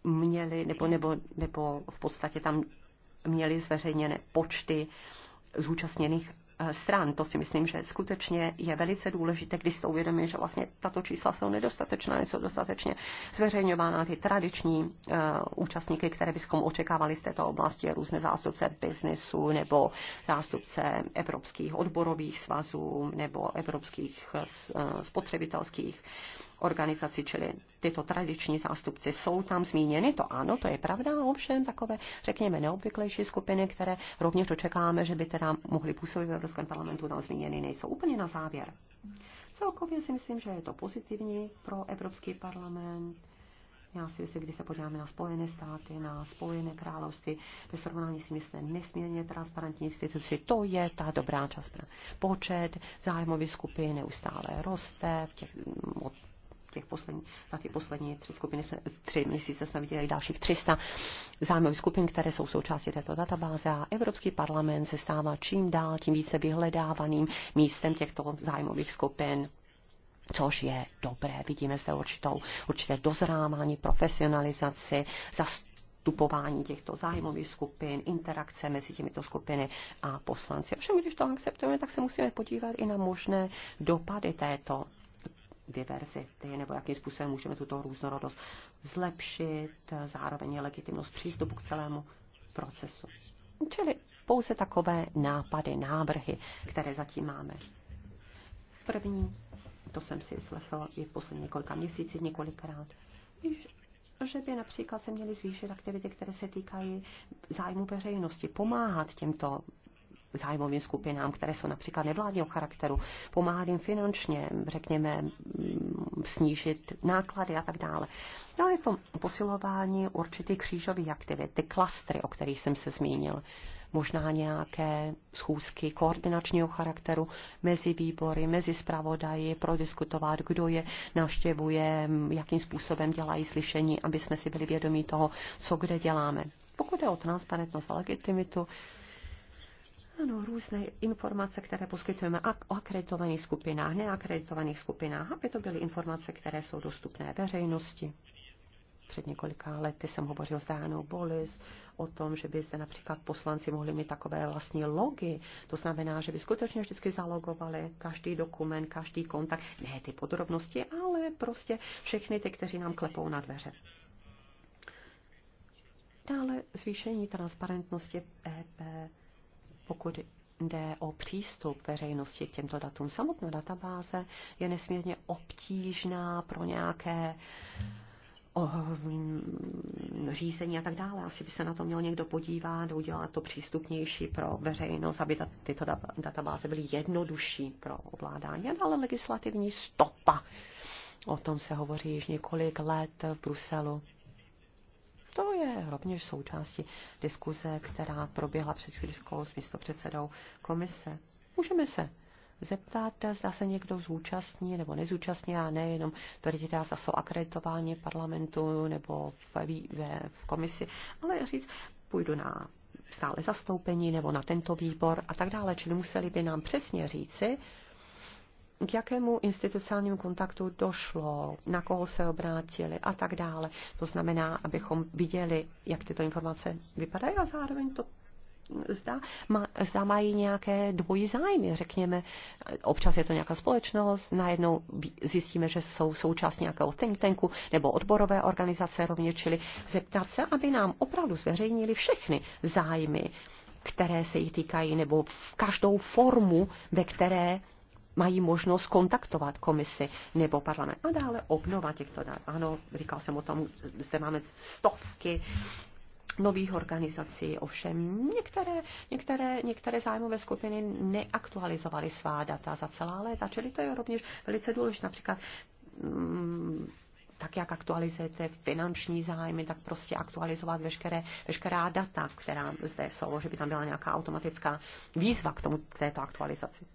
měli, nebo, nebo, nebo v podstatě tam měli zveřejněné počty zúčastněných Eh, stran. To si myslím, že skutečně je velice důležité, když si uvědomí, že vlastně tato čísla jsou nedostatečná, nejsou dostatečně zveřejňována ty tradiční uh, účastníky, které bychom očekávali z této oblasti, různé zástupce biznesu nebo zástupce evropských odborových svazů nebo evropských eh, spotřebitelských uh, organizaci, čili tyto tradiční zástupci jsou tam zmíněny, to ano, to je pravda, ovšem takové, řekněme, neobvyklejší skupiny, které rovněž očekáváme, že by teda mohly působit v Evropském parlamentu, tam zmíněny nejsou úplně na závěr. Celkově si myslím, že je to pozitivní pro Evropský parlament. Já si myslím, když se podíváme na Spojené státy, na Spojené království, ve srovnání si jsme nesmírně transparentní instituci, to je ta dobrá část. Počet zájmových skupin neustále roste, těch, od těch poslední, za ty poslední tři, skupiny, tři měsíce jsme viděli dalších 300 zájmových skupin, které jsou součástí této databáze a Evropský parlament se stává čím dál, tím více vyhledávaným místem těchto zájmových skupin což je dobré. Vidíme zde určitou, určité dozrávání, profesionalizaci, zastupování těchto zájmových skupin, interakce mezi těmito skupiny a poslanci. Ovšem, když to akceptujeme, tak se musíme podívat i na možné dopady této diverzity, nebo jakým způsobem můžeme tuto různorodost zlepšit, zároveň je legitimnost přístupu k celému procesu. Čili pouze takové nápady, návrhy, které zatím máme. První, to jsem si slyšel i v posledních několika měsících několikrát, že by například se měly zvýšit aktivity, které se týkají zájmu veřejnosti, pomáhat těmto zájmovým skupinám, které jsou například nevládního charakteru, pomáhat jim finančně, řekněme, mm, snížit náklady a tak dále. No je to posilování určitých křížových aktivit, ty klastry, o kterých jsem se zmínil možná nějaké schůzky koordinačního charakteru mezi výbory, mezi zpravodaji, prodiskutovat, kdo je navštěvuje, jakým způsobem dělají slyšení, aby jsme si byli vědomí toho, co kde děláme. Pokud je o transparentnost a legitimitu, ano, různé informace, které poskytujeme o akreditovaných skupinách, neakreditovaných skupinách, aby to byly informace, které jsou dostupné veřejnosti. Před několika lety jsem hovořil s Dánou Bolis o tom, že by zde například poslanci mohli mít takové vlastní logy. To znamená, že by skutečně vždycky zalogovali každý dokument, každý kontakt. Ne ty podrobnosti, ale prostě všechny ty, kteří nám klepou na dveře. Dále zvýšení transparentnosti EP pokud jde o přístup veřejnosti k těmto datům. Samotná databáze je nesmírně obtížná pro nějaké o, eh, řízení a tak dále. Asi by se na to měl někdo podívat, udělat to přístupnější pro veřejnost, aby ta, tyto da, databáze byly jednodušší pro ovládání. Ale legislativní stopa. O tom se hovoří již několik let v Bruselu. To je rovněž součástí diskuze, která proběhla před chvíličkou s místopředsedou komise. Můžeme se zeptat, zda se někdo zúčastní nebo nezúčastní a nejenom tvrdit, zda jsou akreditováni parlamentu nebo v, v, v komisi, ale říct, půjdu na stále zastoupení nebo na tento výbor a tak dále. Čili museli by nám přesně říci, k jakému institucionálnímu kontaktu došlo, na koho se obrátili a tak dále. To znamená, abychom viděli, jak tyto informace vypadají a zároveň to zda, má, zda mají nějaké dvojí zájmy, řekněme. Občas je to nějaká společnost, najednou zjistíme, že jsou součást nějakého think tanku nebo odborové organizace rovněž, čili zeptat se, aby nám opravdu zveřejnili všechny zájmy, které se jich týkají, nebo v každou formu, ve které mají možnost kontaktovat komisi nebo parlament. A dále obnova těchto dat. Ano, říkal jsem o tom, zde máme stovky nových organizací, ovšem některé, některé, některé zájmové skupiny neaktualizovaly svá data za celá léta, čili to je rovněž velice důležité. Například mm, tak, jak aktualizujete finanční zájmy, tak prostě aktualizovat veškeré, veškerá data, která zde jsou, že by tam byla nějaká automatická výzva k, tomu, k této aktualizaci.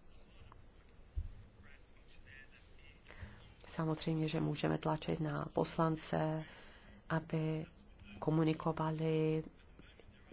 Samozřejmě, že můžeme tlačit na poslance, aby komunikovali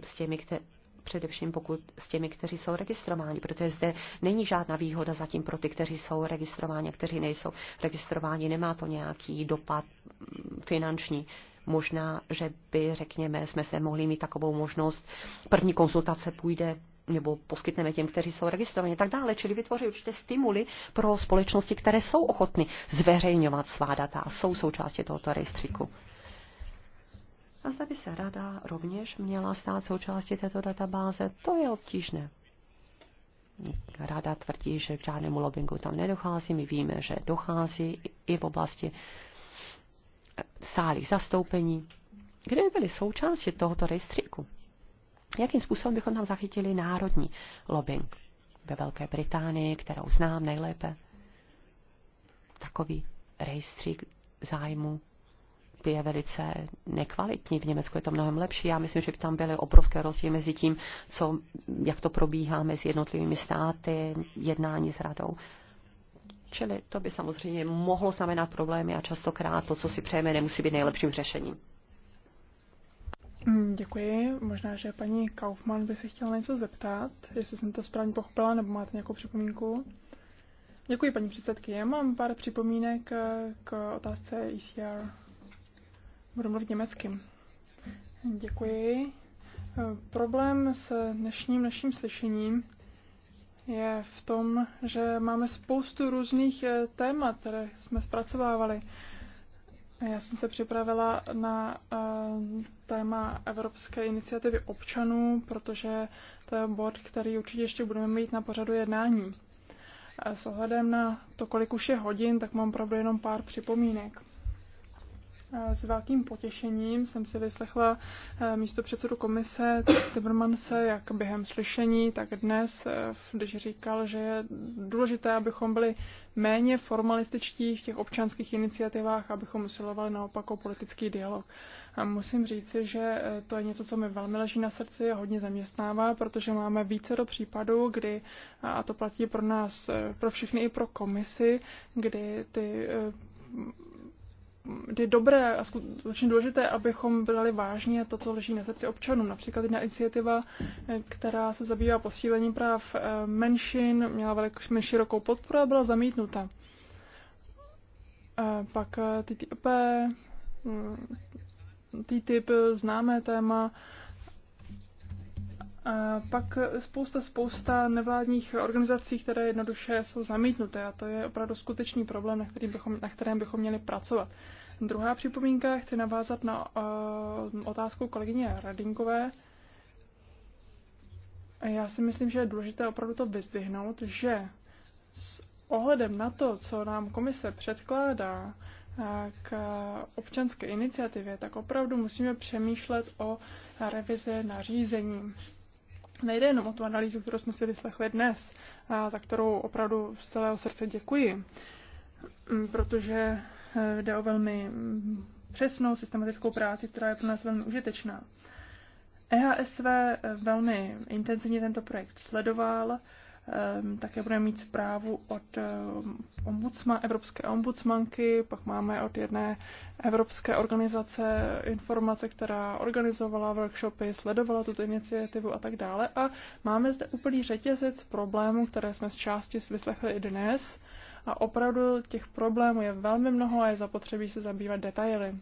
s těmi, kteří především pokud s těmi, kteří jsou registrováni, protože zde není žádná výhoda zatím pro ty, kteří jsou registrováni a kteří nejsou registrováni. Nemá to nějaký dopad mm, finanční. Možná, že by, řekněme, jsme se mohli mít takovou možnost. První konzultace půjde nebo poskytneme těm, kteří jsou registrovaní a tak dále, čili vytvoří určité stimuly pro společnosti, které jsou ochotny zveřejňovat svá data a jsou součástí tohoto rejstříku. A zda by se rada rovněž měla stát součástí této databáze, to je obtížné. Rada tvrdí, že k žádnému lobbingu tam nedochází. My víme, že dochází i v oblasti stálých zastoupení, kde by byly součástí tohoto rejstříku. Jakým způsobem bychom tam zachytili národní lobbying ve Velké Británii, kterou znám nejlépe? Takový rejstřík zájmu je velice nekvalitní, v Německu je to mnohem lepší. Já myslím, že by tam byly obrovské rozdíly mezi tím, co, jak to probíhá mezi jednotlivými státy, jednání s radou. Čili to by samozřejmě mohlo znamenat problémy a častokrát to, co si přejeme, nemusí být nejlepším řešením. Mm, děkuji. Možná, že paní Kaufmann by se chtěla něco zeptat, jestli jsem to správně pochopila, nebo máte nějakou připomínku. Děkuji, paní Já Mám pár připomínek eh, k otázce ECR. Budu mluvit německy. Děkuji. Eh, problém s dnešním naším slyšením je v tom, že máme spoustu různých eh, témat, které jsme zpracovávali. Já jsem se připravila na uh, téma Evropské iniciativy občanů, protože to je bod, který určitě ještě budeme mít na pořadu jednání. Eh, s ohledem na to, kolik už je hodin, tak mám opravdu jenom pár připomínek. S velkým potěšením jsem si vyslechla eh, místo předsedu komise Timmermanse, jak během slyšení, tak dnes, eh, když říkal, že je důležité, abychom byli méně formalističtí v těch občanských iniciativách, abychom usilovali naopak o politický dialog. A musím říci, že eh, to je něco, co mi velmi leží na srdci a hodně zaměstnává, protože máme více do případů, kdy, a to platí pro nás, pro všechny i pro komisi, kdy ty je dobré a skutečně důležité, abychom brali vážně to, co leží na srdci občanům. Například jedna iniciativa, eh, která se zabývá posílením práv eh, menšin, měla velmi širokou podporu a byla zamítnuta. Eh, pak TTIP, mm, TTIP, známé téma, a pak spousta, spousta nevládních organizací, které jednoduše jsou zamítnuté a to je opravdu skutečný problém, na, bychom, na kterém bychom měli pracovat. Druhá připomínka, chci navázat na eh, otázku kolegyně Radinkové. Já si myslím, že je důležité opravdu to vyzdvihnout, že s ohledem na to, co nám komise předkládá eh, k občanské iniciativě, tak opravdu musíme přemýšlet o revize nařízení. Nejde jenom o tu analýzu, kterou jsme si vyslechli dnes, eh, za kterou opravdu z celého srdce děkuji, mm, protože Eh, jde o velmi mm, přesnou systematickou práci, která je pro nás velmi užitečná. E EHSV velmi intenzivně tento projekt sledoval. Ehm, také budeme mít zprávu od eh, ombudsma, evropské ombudsmanky, pak máme od jedné evropské organizace informace, která organizovala workshopy, sledovala tuto iniciativu a tak dále. A máme zde úplný řetězec problémů, které jsme z části vyslechli i dnes. A opravdu těch problémů je velmi mnoho a je zapotřebí se zabývat detaily.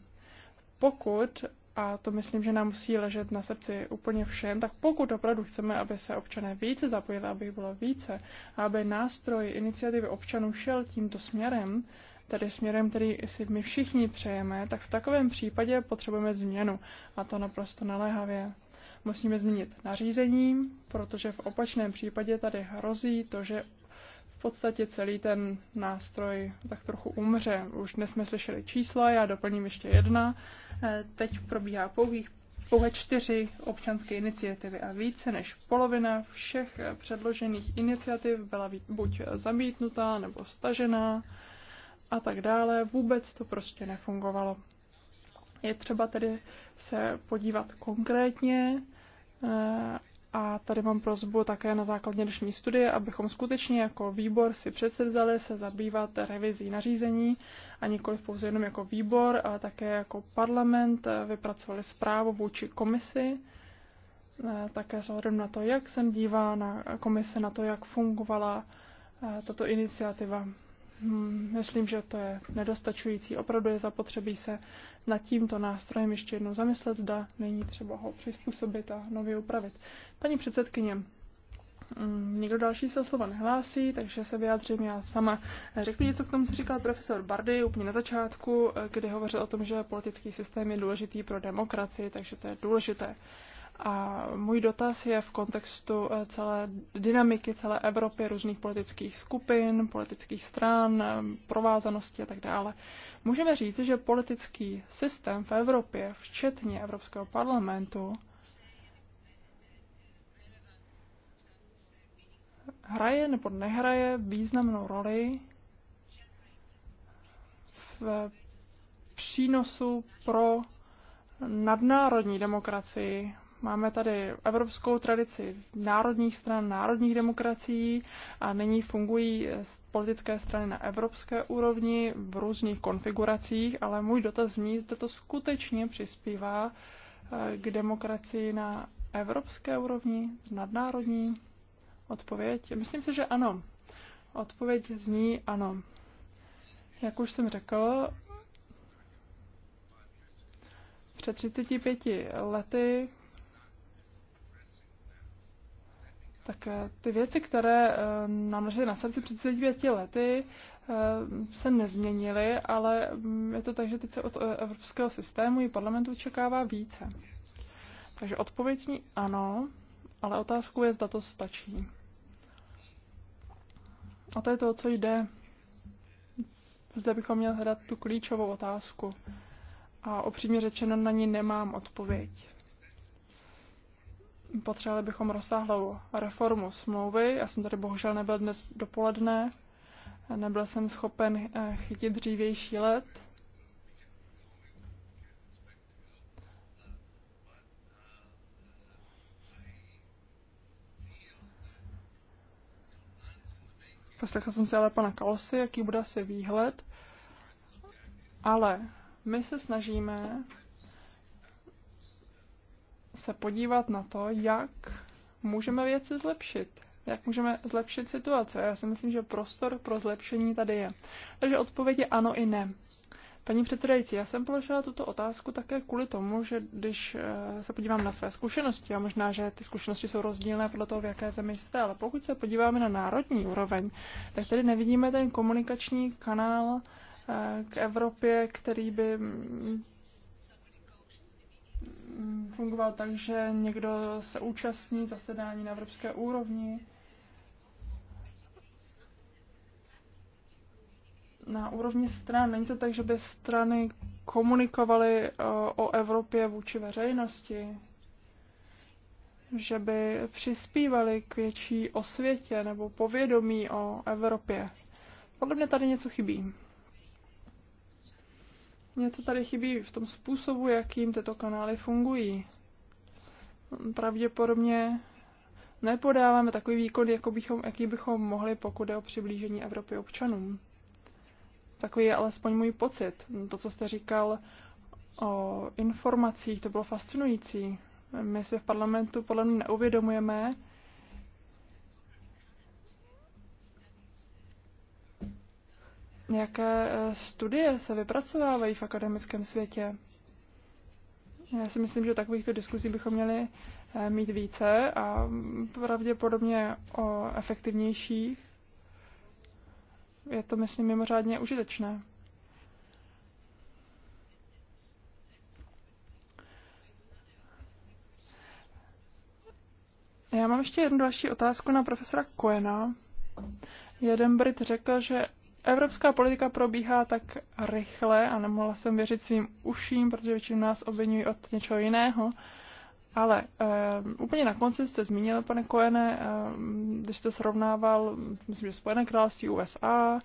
Pokud, a to myslím, že nám musí ležet na srdci úplně všem, tak pokud opravdu chceme, aby se občané více zapojili, aby bylo více, a aby nástroj iniciativy občanů šel tímto směrem, tedy směrem, který si my všichni přejeme, tak v takovém případě potřebujeme změnu, a to naprosto naléhavě musíme změnit nařízení, protože v opačném případě tady hrozí to, že v podstatě celý ten nástroj tak trochu umře. Už dnes jsme slyšeli čísla, já doplním ještě jedna. Eh, teď probíhá pouhých pouhé čtyři občanské iniciativy a více než polovina všech předložených iniciativ byla buď zamítnutá nebo stažená a tak dále. Vůbec to prostě nefungovalo. Je třeba tedy se podívat konkrétně eh, a tady mám prozbu také na základě dnešní studie, abychom skutečně jako výbor si předsevzali se zabývat revizí nařízení a nikoli pouze jenom jako výbor, ale také jako parlament vypracovali zprávu vůči komisi, eh, také s ohledem na to, jak jsem dívá na komise, na to, jak fungovala eh, tato iniciativa. Hmm, myslím, že to je nedostačující. Opravdu je zapotřebí se nad tímto nástrojem ještě jednou zamyslet, zda není třeba ho přizpůsobit a nově upravit. Paní předsedkyně, hmm, Nikdo další se slova nehlásí, takže se vyjádřím já sama. Řekl něco k tomu, co říkal profesor Bardy úplně na začátku, eh, kdy hovořil o tom, že politický systém je důležitý pro demokracii, takže to je důležité. A můj dotaz je v kontextu eh, celé dynamiky celé Evropy, různých politických skupin, politických stran, eh, provázanosti a tak dále. Můžeme říct, že politický systém v Evropě, včetně Evropského parlamentu, hraje nebo nehraje významnou roli v přínosu pro nadnárodní demokracii Máme tady evropskou tradici národních stran, národních demokracií a nyní fungují eh, politické strany na evropské úrovni v různých konfiguracích, ale můj dotaz zní, zda to skutečně přispívá eh, k demokracii na evropské úrovni, nadnárodní. Odpověď? Myslím si, že ano. Odpověď zní ano. Jak už jsem řekl, před 35 lety tak eh, ty věci, které eh, nám na srdci před 9 lety, eh, se nezměnily, ale mm, je to tak, že teď se od evropského systému i parlamentu čekává více. Takže odpověď ní ano, ale otázkou je, zda to stačí. A to je to, co jde. Zde bychom měli hledat tu klíčovou otázku. A opřímně řečeno na ní nemám odpověď potřebovali bychom rozsáhlou reformu smlouvy. Já jsem tady bohužel nebyl dnes dopoledne, nebyl jsem schopen eh, chytit dřívější let. Poslechal jsem si ale pana Kalosy, jaký bude asi výhled, ale my se snažíme se podívat na to, jak můžeme věci zlepšit. Jak můžeme zlepšit situace? Já si myslím, že prostor pro zlepšení tady je. Takže odpověď je ano i ne. Paní předsedající, já jsem položila tuto otázku také kvůli tomu, že když eh, se podívám na své zkušenosti, a možná, že ty zkušenosti jsou rozdílné podle toho, v jaké zemi jste, ale pokud se podíváme na národní úroveň, tak tady nevidíme ten komunikační kanál eh, k Evropě, který by mm, fungoval tak, že někdo se účastní zasedání na evropské úrovni, na úrovni stran. Není to tak, že by strany komunikovaly eh, o Evropě vůči veřejnosti, že by přispívali k větší osvětě nebo povědomí o Evropě. Podle mě tady něco chybí. Něco tady chybí v tom způsobu, jakým tyto kanály fungují. Pravděpodobně nepodáváme takový výkon, jako bychom, jaký bychom mohli, pokud je o přiblížení Evropy občanům. Takový je alespoň můj pocit. To, co jste říkal o informacích, to bylo fascinující. My si v parlamentu podle mě neuvědomujeme, Jaké eh, studie se vypracovávají v akademickém světě? Já si myslím, že takovýchto diskuzí bychom měli eh, mít více a pravděpodobně o efektivnějších. Je to, myslím, mimořádně užitečné. Já mám ještě jednu další otázku na profesora Koena. Jeden Brit řekl, že Evropská politika probíhá tak rychle a nemohla jsem věřit svým uším, protože většinou nás obvinují od něčeho jiného. Ale e, úplně na konci jste zmínil, pane Koene, e, když jste srovnával, myslím, že Spojené království USA,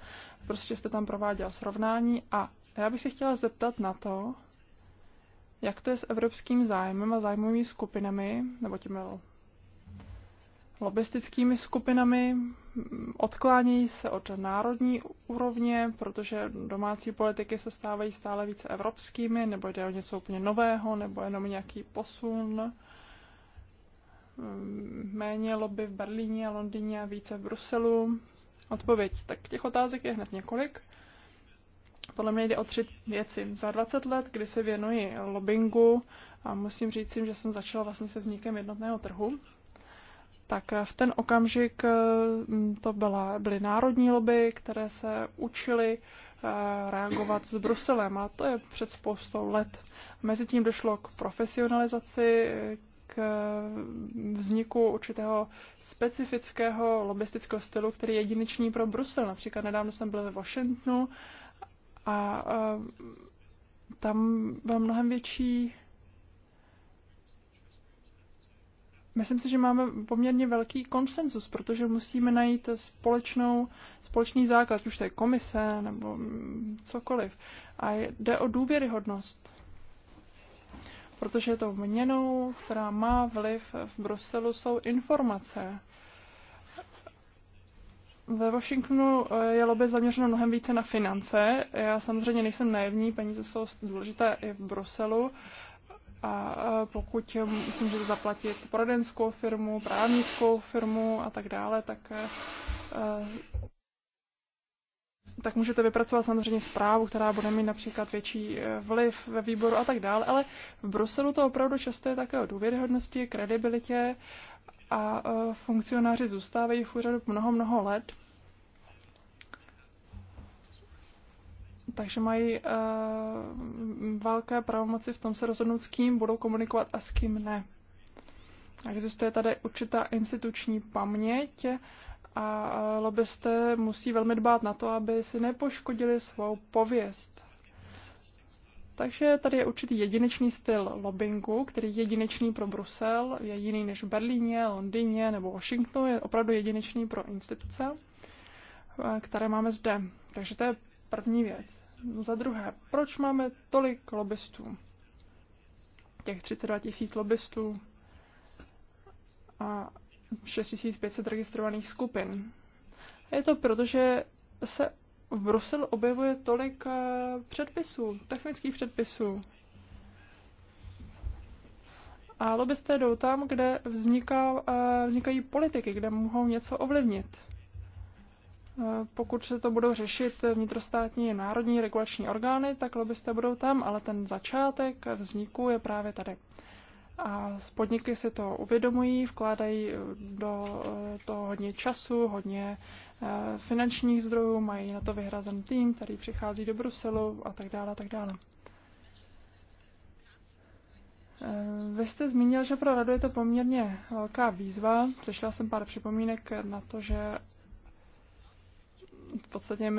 prostě jste tam prováděl srovnání a já bych se chtěla zeptat na to, jak to je s evropským zájmem a zájmovými skupinami, nebo těmi lobistickými skupinami, odklánějí se od národní úrovně, protože domácí politiky se stávají stále více evropskými, nebo jde o něco úplně nového, nebo jenom nějaký posun. Méně lobby v Berlíně a Londýně a více v Bruselu. Odpověď. Tak těch otázek je hned několik. Podle mě jde o tři věci. Za 20 let, kdy se věnuji lobbingu, a musím říct, že jsem začala vlastně se vznikem jednotného trhu, tak v ten okamžik eh, to byla, byly národní lobby, které se učily eh, reagovat s Bruselem a to je před spoustou let. Mezitím došlo k profesionalizaci, k vzniku určitého specifického lobbystického stylu, který je jedinečný pro Brusel. Například nedávno jsem byl ve Washingtonu a eh, tam byl mnohem větší Myslím si, že máme poměrně velký konsenzus, protože musíme najít společnou, společný základ, už to je komise nebo mm, cokoliv. A jde o důvěryhodnost, protože tou měnou, která má vliv v Bruselu, jsou informace. Ve Washingtonu eh, je lobby zaměřeno mnohem více na finance. Já samozřejmě nejsem naivní, peníze jsou důležité i v Bruselu, a e, pokud si můžete zaplatit poradenskou firmu, právnickou firmu a tak dále, tak, e, e, tak můžete vypracovat samozřejmě zprávu, která bude mít například větší vliv ve výboru a tak dále, ale v Bruselu to opravdu často je také o důvěryhodnosti, kredibilitě a funkcionáři zůstávají v úřadu mnoho, mnoho let takže mají eh, velké pravomoci v tom se rozhodnout, s kým budou komunikovat a s kým ne. Existuje tady určitá instituční paměť a eh, lobbysté musí velmi dbát na to, aby si nepoškodili svou pověst. Takže tady je určitý jedinečný styl lobbingu, který je jedinečný pro Brusel, je jiný než v Berlíně, Londýně nebo Washingtonu, je opravdu jedinečný pro instituce, eh, které máme zde. Takže to je první věc. Za druhé, proč máme tolik lobbystů? Těch 32 tisíc lobbystů a 6500 registrovaných skupin. Je to proto, že se v Bruselu objevuje tolik eh, předpisů, technických předpisů. A lobbysté jdou tam, kde vzniká, eh, vznikají politiky, kde mohou něco ovlivnit. Eh, pokud se to budou řešit vnitrostátní národní regulační orgány, tak lobbysté budou tam, ale ten začátek vzniku je právě tady. A podniky si to uvědomují, vkládají eh, do eh, toho hodně času, hodně finančních zdrojů, mají na to vyhrazen tým, který přichází do Bruselu a tak dále, a tak dále. Vy jste zmínil, že pro radu je to poměrně velká výzva. Přešla jsem pár připomínek na to, že v podstatě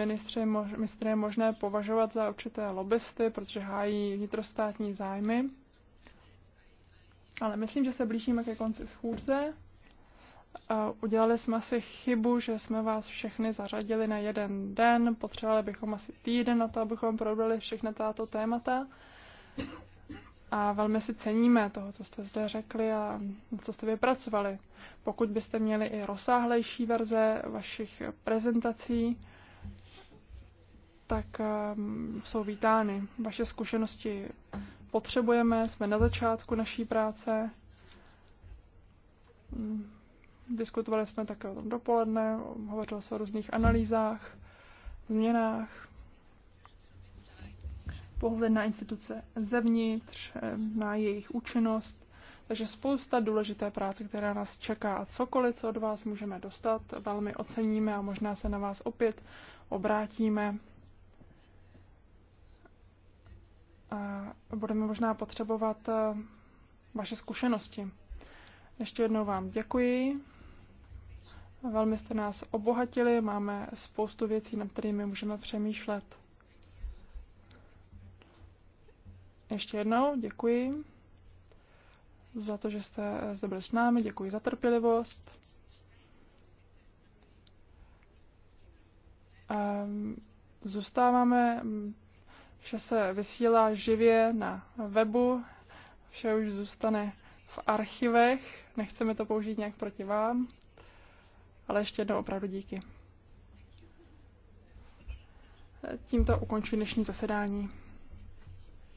mož, ministry je možné považovat za určité lobbysty, protože hájí vnitrostátní zájmy. Ale myslím, že se blížíme ke konci schůze. Udělali jsme si chybu, že jsme vás všechny zařadili na jeden den. Potřebovali bychom asi týden na to, abychom probrali všechny tato témata a velmi si ceníme toho, co jste zde řekli a co jste vypracovali. Pokud byste měli i rozsáhlejší verze vašich prezentací, tak ehm, jsou vítány. Vaše zkušenosti potřebujeme, jsme na začátku naší práce. Mm, diskutovali jsme také o tom dopoledne, hovořilo se o různých analýzách, změnách pohled na instituce zevnitř, na jejich účinnost. Takže spousta důležité práce, která nás čeká a cokoliv, co od vás můžeme dostat, velmi oceníme a možná se na vás opět obrátíme. A budeme možná potřebovat eh, vaše zkušenosti. Ještě jednou vám děkuji. Velmi jste nás obohatili, máme spoustu věcí, nad kterými můžeme přemýšlet. Ještě jednou děkuji za to, že jste zde byli s námi, děkuji za trpělivost. Mm, zůstáváme, mm, vše se vysílá živě na webu, vše už zůstane v archivech, nechceme to použít nějak proti vám, ale ještě jednou opravdu díky. Tímto ukončuji dnešní zasedání.